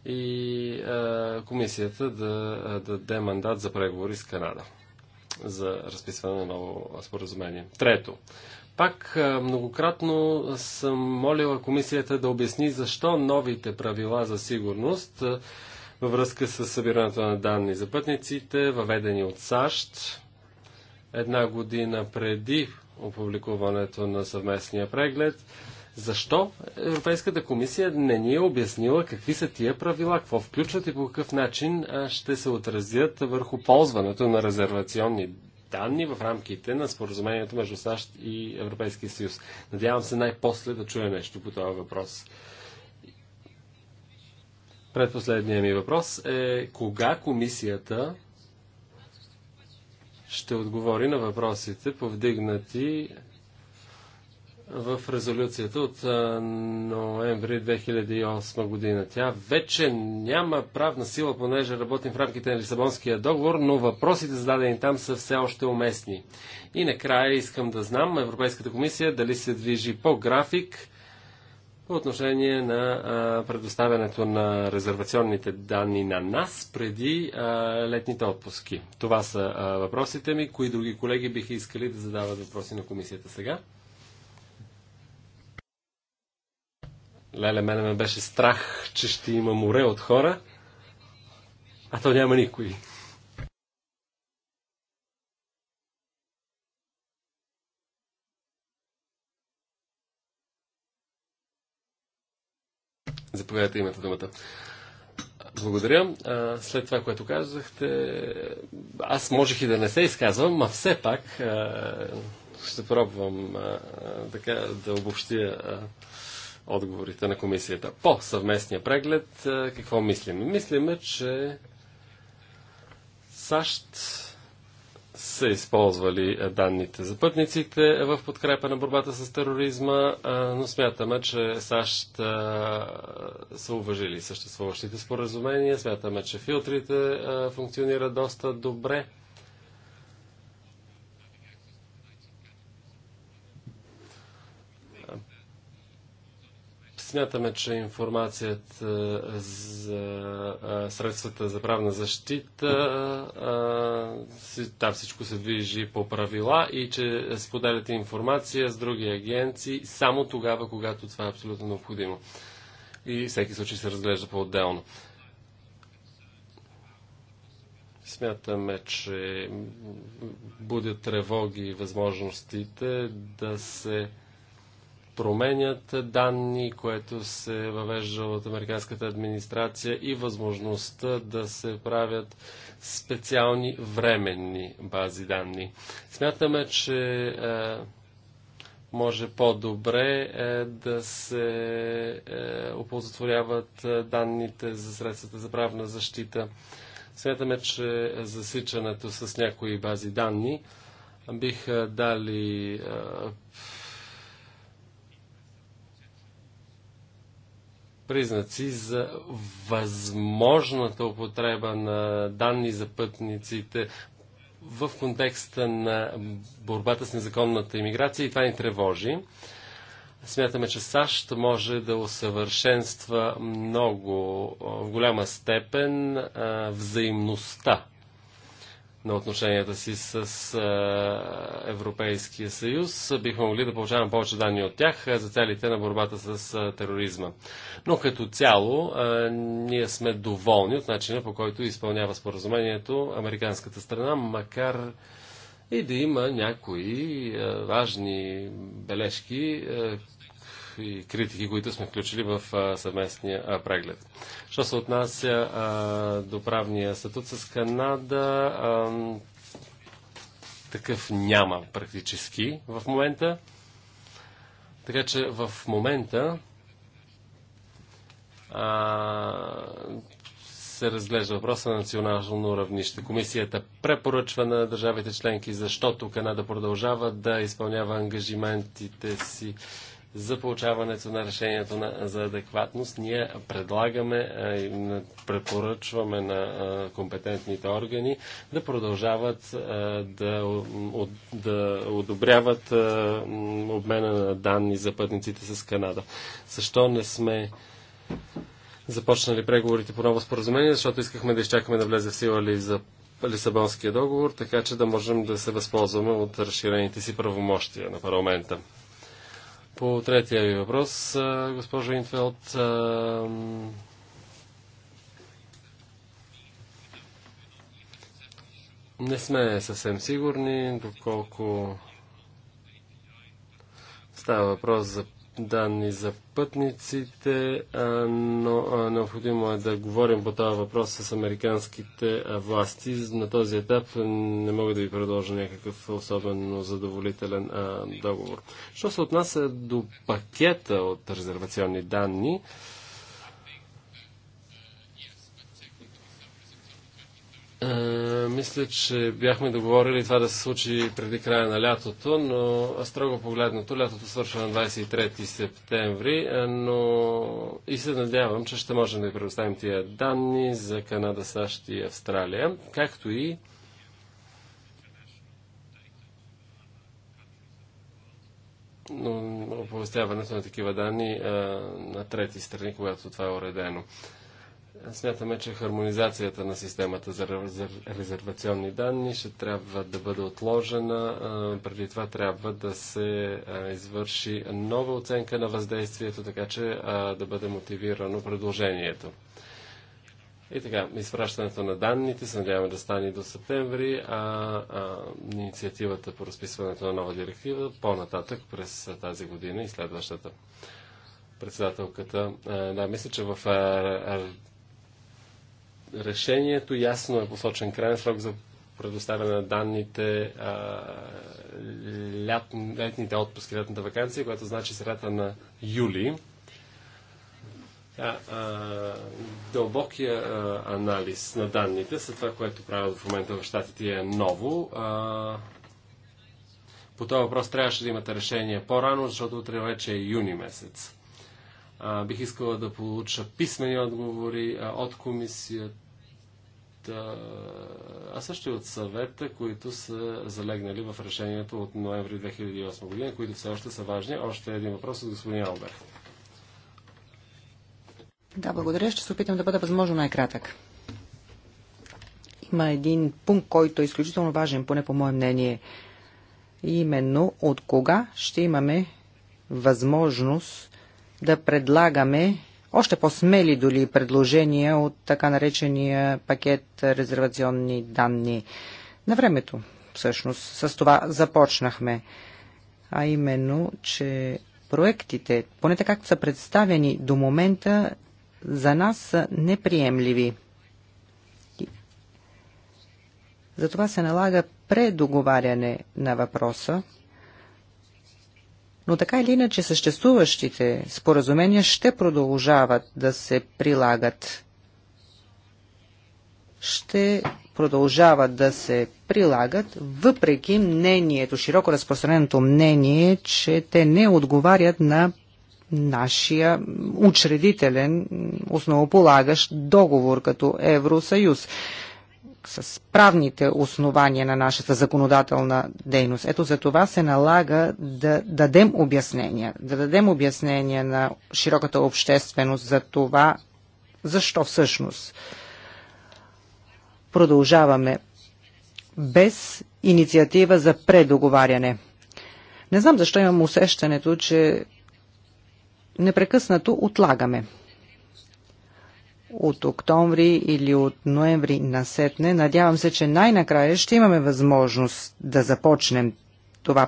и а, комисията да, да даде мандат за преговори с Канада за разписване на ново споразумение. Трето, пак е, многократно съм молила комисията да обясни защо новите правила за сигурност е, във връзка с събирането на данни за пътниците, въведени от САЩ една година преди опубликуването на съвместния преглед, защо Европейската комисия не ни е обяснила какви са тия правила, какво включват и по какъв начин ще се отразят върху ползването на резервационни данни в рамките на споразумението между САЩ и Европейския съюз? Надявам се най-после да чуя нещо по този въпрос. Предпоследният ми въпрос е кога комисията ще отговори на въпросите, повдигнати в резолюцията от ноември 2008 година. Тя вече няма правна сила, понеже работим в рамките на Лисабонския договор, но въпросите зададени там са все още уместни. И накрая искам да знам Европейската комисия дали се движи по график по отношение на а, предоставянето на резервационните данни на нас преди а, летните отпуски. Това са а, въпросите ми. Кои други колеги биха искали да задават въпроси на комисията сега? Леле, мене ме беше страх, че ще има море от хора, а то няма никой. Заповядайте, имате думата. Благодаря. след това, което казахте, аз можех и да не се изказвам, а все пак ще пробвам така да обобщя отговорите на комисията. По съвместния преглед, е, какво мислим? Мислиме, че САЩ са използвали е, данните за пътниците в подкрепа на борбата с тероризма, е, но смятаме, че САЩ са уважили съществуващите споразумения, смятаме, че филтрите функционират доста добре Смятаме, че информацията е, за е, средствата за правна защита, е, там всичко се движи по правила и че споделяте информация с други агенции само тогава, когато това е абсолютно необходимо. И всеки случай се разглежда по-отделно. Смятаме, че будят тревоги и възможностите да се променят данни, което се въвежда от американската администрация и възможността да се правят специални временни бази данни. Смятаме, че е, може по-добре е, да се е, оползотворяват е, данните за средствата за правна защита. Смятаме, че засичането с някои бази данни биха е, дали е, признаци за възможната употреба на данни за пътниците в контекста на борбата с незаконната иммиграция и това ни тревожи. Смятаме, че САЩ може да усъвършенства много, в голяма степен, взаимността на отношенията си с а, Европейския съюз. Бихме могли да получаваме повече данни от тях за целите на борбата с а, тероризма. Но като цяло а, ние сме доволни от начина по който изпълнява споразумението американската страна, макар и да има някои важни бележки, и критики, които сме включили в а, съвместния а, преглед. Що се отнася а, до правния статут с Канада, а, такъв няма практически в момента. Така че в момента а, се разглежда въпроса на национално равнище. Комисията препоръчва на държавите членки, защото Канада продължава да изпълнява ангажиментите си за получаването на решението на, за адекватност. Ние предлагаме и препоръчваме на компетентните органи да продължават да, от, да одобряват обмена на данни за пътниците с Канада. Защо не сме започнали преговорите по ново споразумение, защото искахме да изчакаме да влезе в сила ли за Лисабонския договор, така че да можем да се възползваме от разширените си правомощия на парламента. По третия ви въпрос, госпожо Инфелд, не сме съвсем сигурни, доколко става въпрос за данни за пътниците, но необходимо е да говорим по този въпрос с американските власти. На този етап не мога да ви предложа някакъв особено задоволителен договор. Що се отнася до пакета от резервационни данни, Е, мисля, че бяхме договорили това да се случи преди края на лятото, но строго погледнато лятото свършва на 23 септември, е, но и се надявам, че ще можем да ви предоставим тия данни за Канада, САЩ и Австралия, както и оповестяването на такива данни а, е, на трети страни, когато това е уредено смятаме, че хармонизацията на системата за резервационни данни ще трябва да бъде отложена. Преди това трябва да се извърши нова оценка на въздействието, така че да бъде мотивирано предложението. И така, изпращането на данните се надяваме да стане до септември, а, а инициативата по разписването на нова директива по-нататък през тази година и следващата председателката. Да, мисля, че в решението ясно е посочен крайен срок за предоставяне на данните а, лят, летните отпуски, летната вакансия, което значи средата на юли. А, а, дълбокия а, анализ на данните, след това, което правят в момента в щатите е ново. А, по този въпрос трябваше да имате решение по-рано, защото утре вече е юни месец. А, бих искала да получа писмени отговори а, от комисията а също и от съвета, които са залегнали в решението от ноември 2008 година, които все още са важни. Още един въпрос от господин Алберт. Да, благодаря. Ще се опитам да бъда възможно най-кратък. Има един пункт, който е изключително важен, поне по мое мнение. Именно от кога ще имаме възможност да предлагаме още по-смели доли предложения от така наречения пакет резервационни данни. На времето, всъщност, с това започнахме. А именно, че проектите, поне така както са представени до момента, за нас са неприемливи. Затова се налага предоговаряне на въпроса но така или иначе съществуващите споразумения ще продължават да се прилагат. Ще продължават да се прилагат, въпреки мнението, широко разпространеното мнение, че те не отговарят на нашия учредителен, основополагащ договор като Евросъюз с правните основания на нашата законодателна дейност. Ето за това се налага да дадем обяснения, да дадем обяснения на широката общественост за това, защо всъщност продължаваме без инициатива за предоговаряне. Не знам защо имам усещането, че непрекъснато отлагаме от октомври или от ноември насетне. Надявам се, че най-накрая ще имаме възможност да започнем това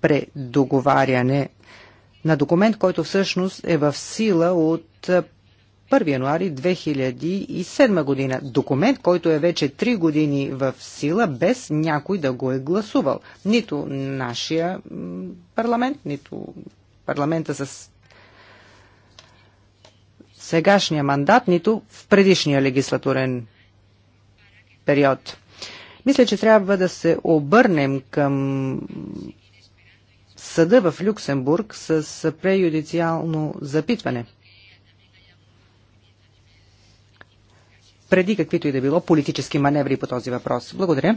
предоговаряне на документ, който всъщност е в сила от 1 януари 2007 година. Документ, който е вече 3 години в сила, без някой да го е гласувал. Нито нашия парламент, нито парламента с сегашния мандат, нито в предишния легислатурен период. Мисля, че трябва да се обърнем към съда в Люксембург с преюдициално запитване. преди каквито и да било политически маневри по този въпрос. Благодаря.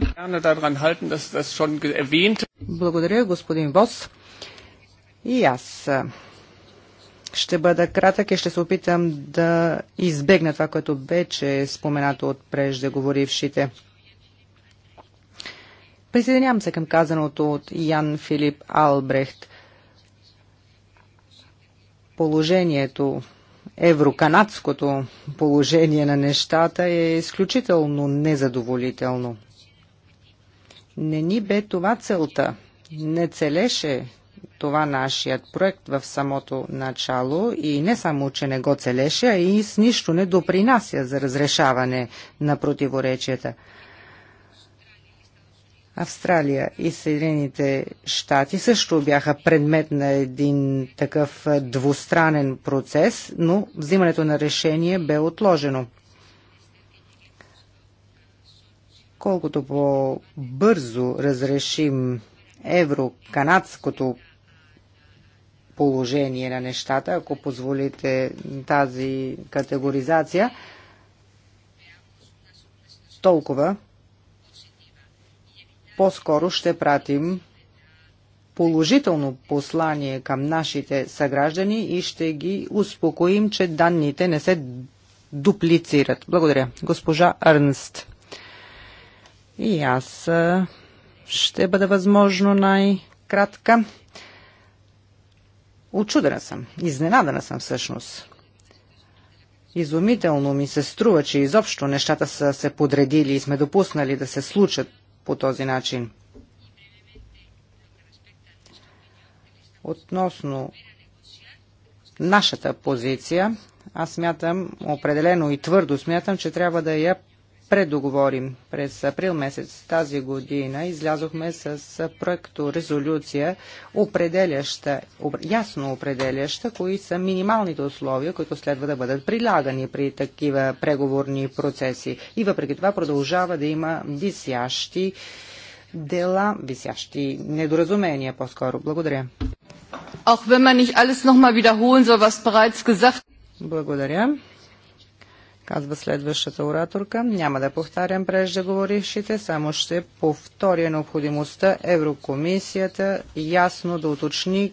Благодаря, господин Вос. И аз ще бъда кратък и ще се опитам да избегна това, което вече е споменато от преждеговорившите. Присъединявам се към казаното от Ян Филип Албрехт. Положението, евроканадското положение на нещата е изключително незадоволително. Не ни бе това целта. Не целеше това нашият проект в самото начало и не само, че не го целеше, а и с нищо не допринася за разрешаване на противоречията. Австралия и Съединените щати също бяха предмет на един такъв двустранен процес, но взимането на решение бе отложено. Колкото по-бързо разрешим евро-канадското положение на нещата, ако позволите тази категоризация, толкова по-скоро ще пратим положително послание към нашите съграждани и ще ги успокоим, че данните не се дуплицират. Благодаря. Госпожа Арнст. И аз ще бъда възможно най-кратка. Очудена съм. Изненадана съм всъщност. Изумително ми се струва, че изобщо нещата са се подредили и сме допуснали да се случат по този начин. Относно нашата позиция, аз смятам, определено и твърдо смятам, че трябва да я предоговорим. През април месец тази година излязохме с проекто резолюция, определяща, ясно определяща, кои са минималните условия, които следва да бъдат прилагани при такива преговорни процеси. И въпреки това продължава да има висящи дела, висящи недоразумения по-скоро. Благодаря. Auch wenn man nicht alles nochmal wiederholen soll, was bereits gesagt Благодаря казва следващата ораторка. Няма да повтарям преждеговорившите, само ще повторя необходимостта Еврокомисията ясно да уточни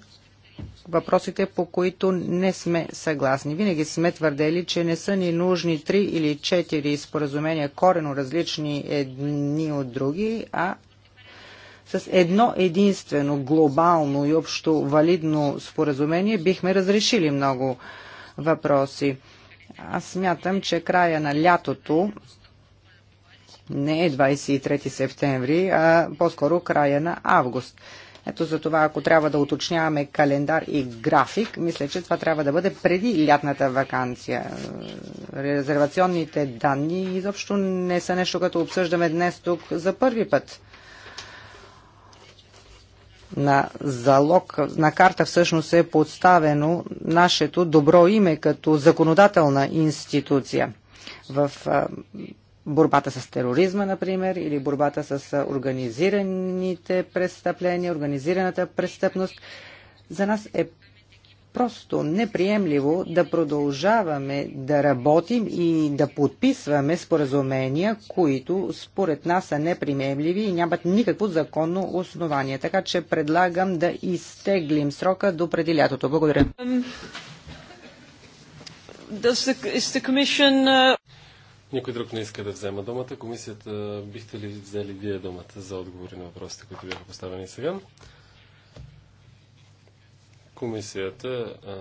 въпросите, по които не сме съгласни. Винаги сме твърдели, че не са ни нужни три или четири споразумения, корено различни едни от други, а с едно единствено глобално и общо валидно споразумение бихме разрешили много въпроси. Аз смятам, че края на лятото не е 23 септември, а по-скоро края на август. Ето за това, ако трябва да уточняваме календар и график, мисля, че това трябва да бъде преди лятната вакансия. Резервационните данни изобщо не са нещо, като обсъждаме днес тук за първи път на залог, на карта всъщност е подставено нашето добро име като законодателна институция в борбата с тероризма, например, или борбата с организираните престъпления, организираната престъпност. За нас е просто неприемливо да продължаваме да работим и да подписваме споразумения, които според нас са неприемливи и нямат никакво законно основание. Така че предлагам да изтеглим срока до преди лятото. Благодаря. Uh, Никой друг не иска да взема думата. Комисията бихте ли взели вие думата за отговори на въпросите, които бяха поставени сега? Комисията а,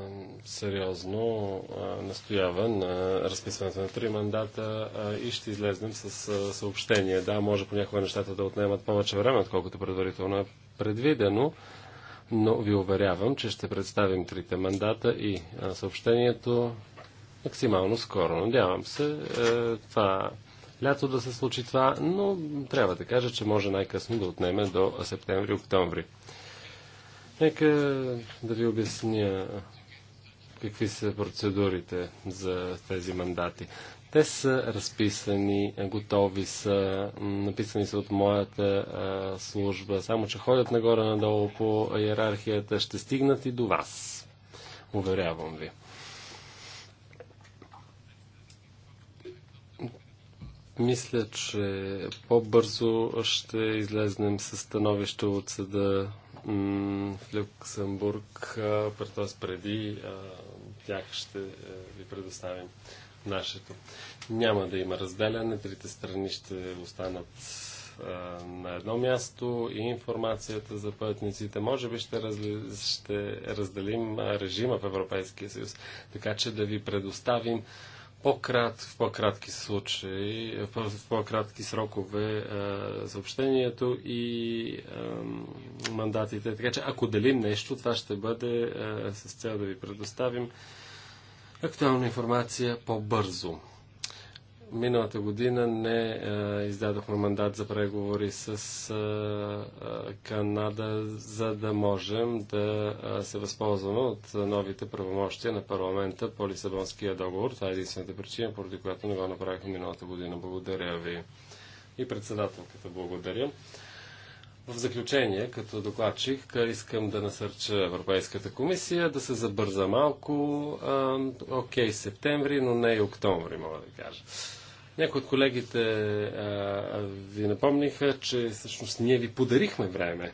сериозно а, настоява на разписването на три мандата а, и ще излезнем с а, съобщение. Да, може понякога нещата да отнемат повече време, отколкото предварително е предвидено, но ви уверявам, че ще представим трите мандата и а, съобщението максимално скоро. Надявам се е, това лято да се случи това, но трябва да кажа, че може най-късно да отнеме до септември-октомври. Нека да ви обясня какви са процедурите за тези мандати. Те са разписани, готови са, написани са от моята а, служба, само че ходят нагоре-надолу по иерархията, ще стигнат и до вас. Уверявам ви. Мисля, че по-бързо ще излезнем с становище от съда в Люксембург, т.е. преди тях ще е, ви предоставим нашето. Няма да има разделяне, трите страни ще останат на едно място и информацията за пътниците. Може би ще, разли... ще разделим режима в Европейския съюз, така че да ви предоставим по-крат, в по-кратки случаи, в по-кратки срокове съобщението и мандатите. Така че ако делим нещо, това ще бъде с цел да ви предоставим актуална информация по-бързо. Миналата година не а, издадохме мандат за преговори с а, а, Канада, за да можем да а, се възползваме от новите правомощия на парламента по Лисабонския договор. Това е единствената причина, поради която не го направихме миналата година. Благодаря ви. И председателката, благодаря. В заключение, като докладчик, искам да насърча Европейската комисия да се забърза малко. Окей, окей, септември, но не и октомври, мога да кажа. Някои от колегите а, ви напомниха, че всъщност ние ви подарихме време.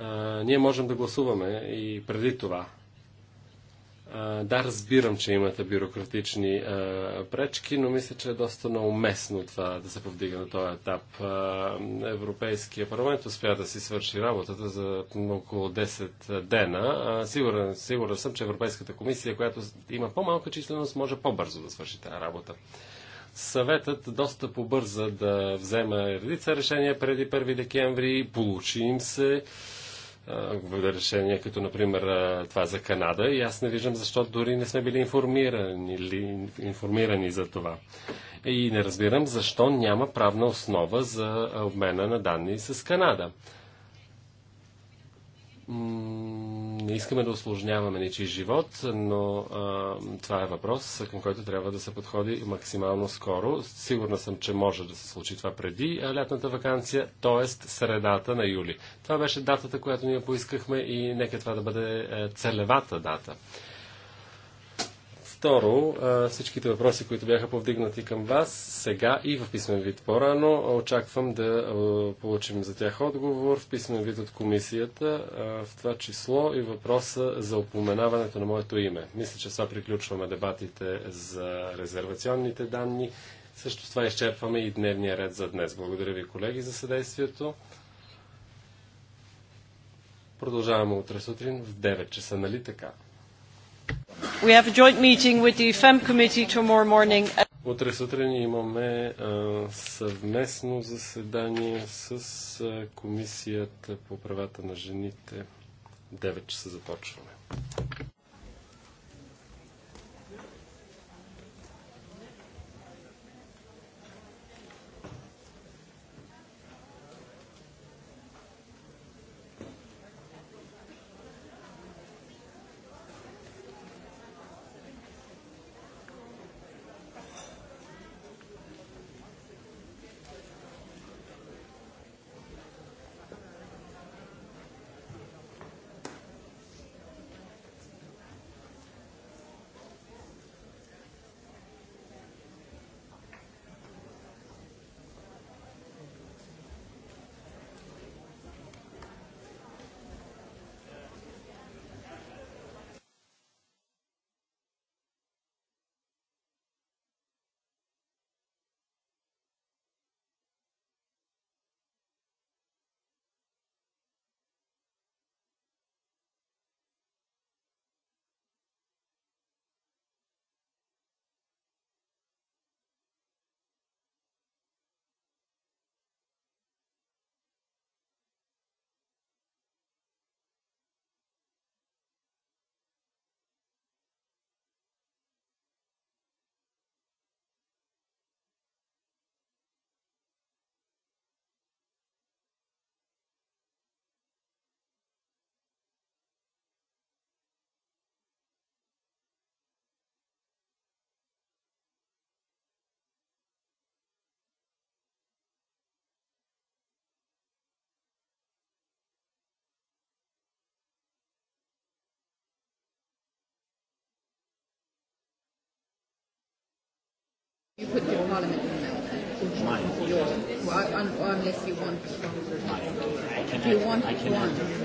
А, ние можем да гласуваме и преди това да, разбирам, че имате бюрократични пречки, но мисля, че е доста науместно това да се повдига на този етап. Европейския парламент успя да си свърши работата за около 10 дена. сигурен, сигурен съм, че Европейската комисия, която има по-малка численост, може по-бързо да свърши тази работа. Съветът доста побърза да вземе редица решения преди 1 декември. Получи им се вида решение, като например това е за Канада и аз не виждам защо дори не сме били информирани, ли, информирани за това. И не разбирам защо няма правна основа за обмена на данни с Канада не искаме да осложняваме ничи живот, но а, това е въпрос, към който трябва да се подходи максимално скоро. Сигурна съм, че може да се случи това преди лятната вакансия, т.е. средата на юли. Това беше датата, която ние поискахме и нека това да бъде е, целевата дата второ, всичките въпроси, които бяха повдигнати към вас, сега и в писмен вид по-рано, очаквам да получим за тях отговор в писмен вид от комисията, в това число и въпроса за упоменаването на моето име. Мисля, че сега приключваме дебатите за резервационните данни. Също с това изчерпваме и дневния ред за днес. Благодаря ви, колеги, за съдействието. Продължаваме утре сутрин в 9 часа, нали така? We have a joint meeting with the FEM committee tomorrow morning. Утре сутрин имаме съвместно заседание с Комисията по правата на жените. 9 часа започваме. You put your parliament in there. Mine. Yours. Well, unless you want. Mine. I You want one.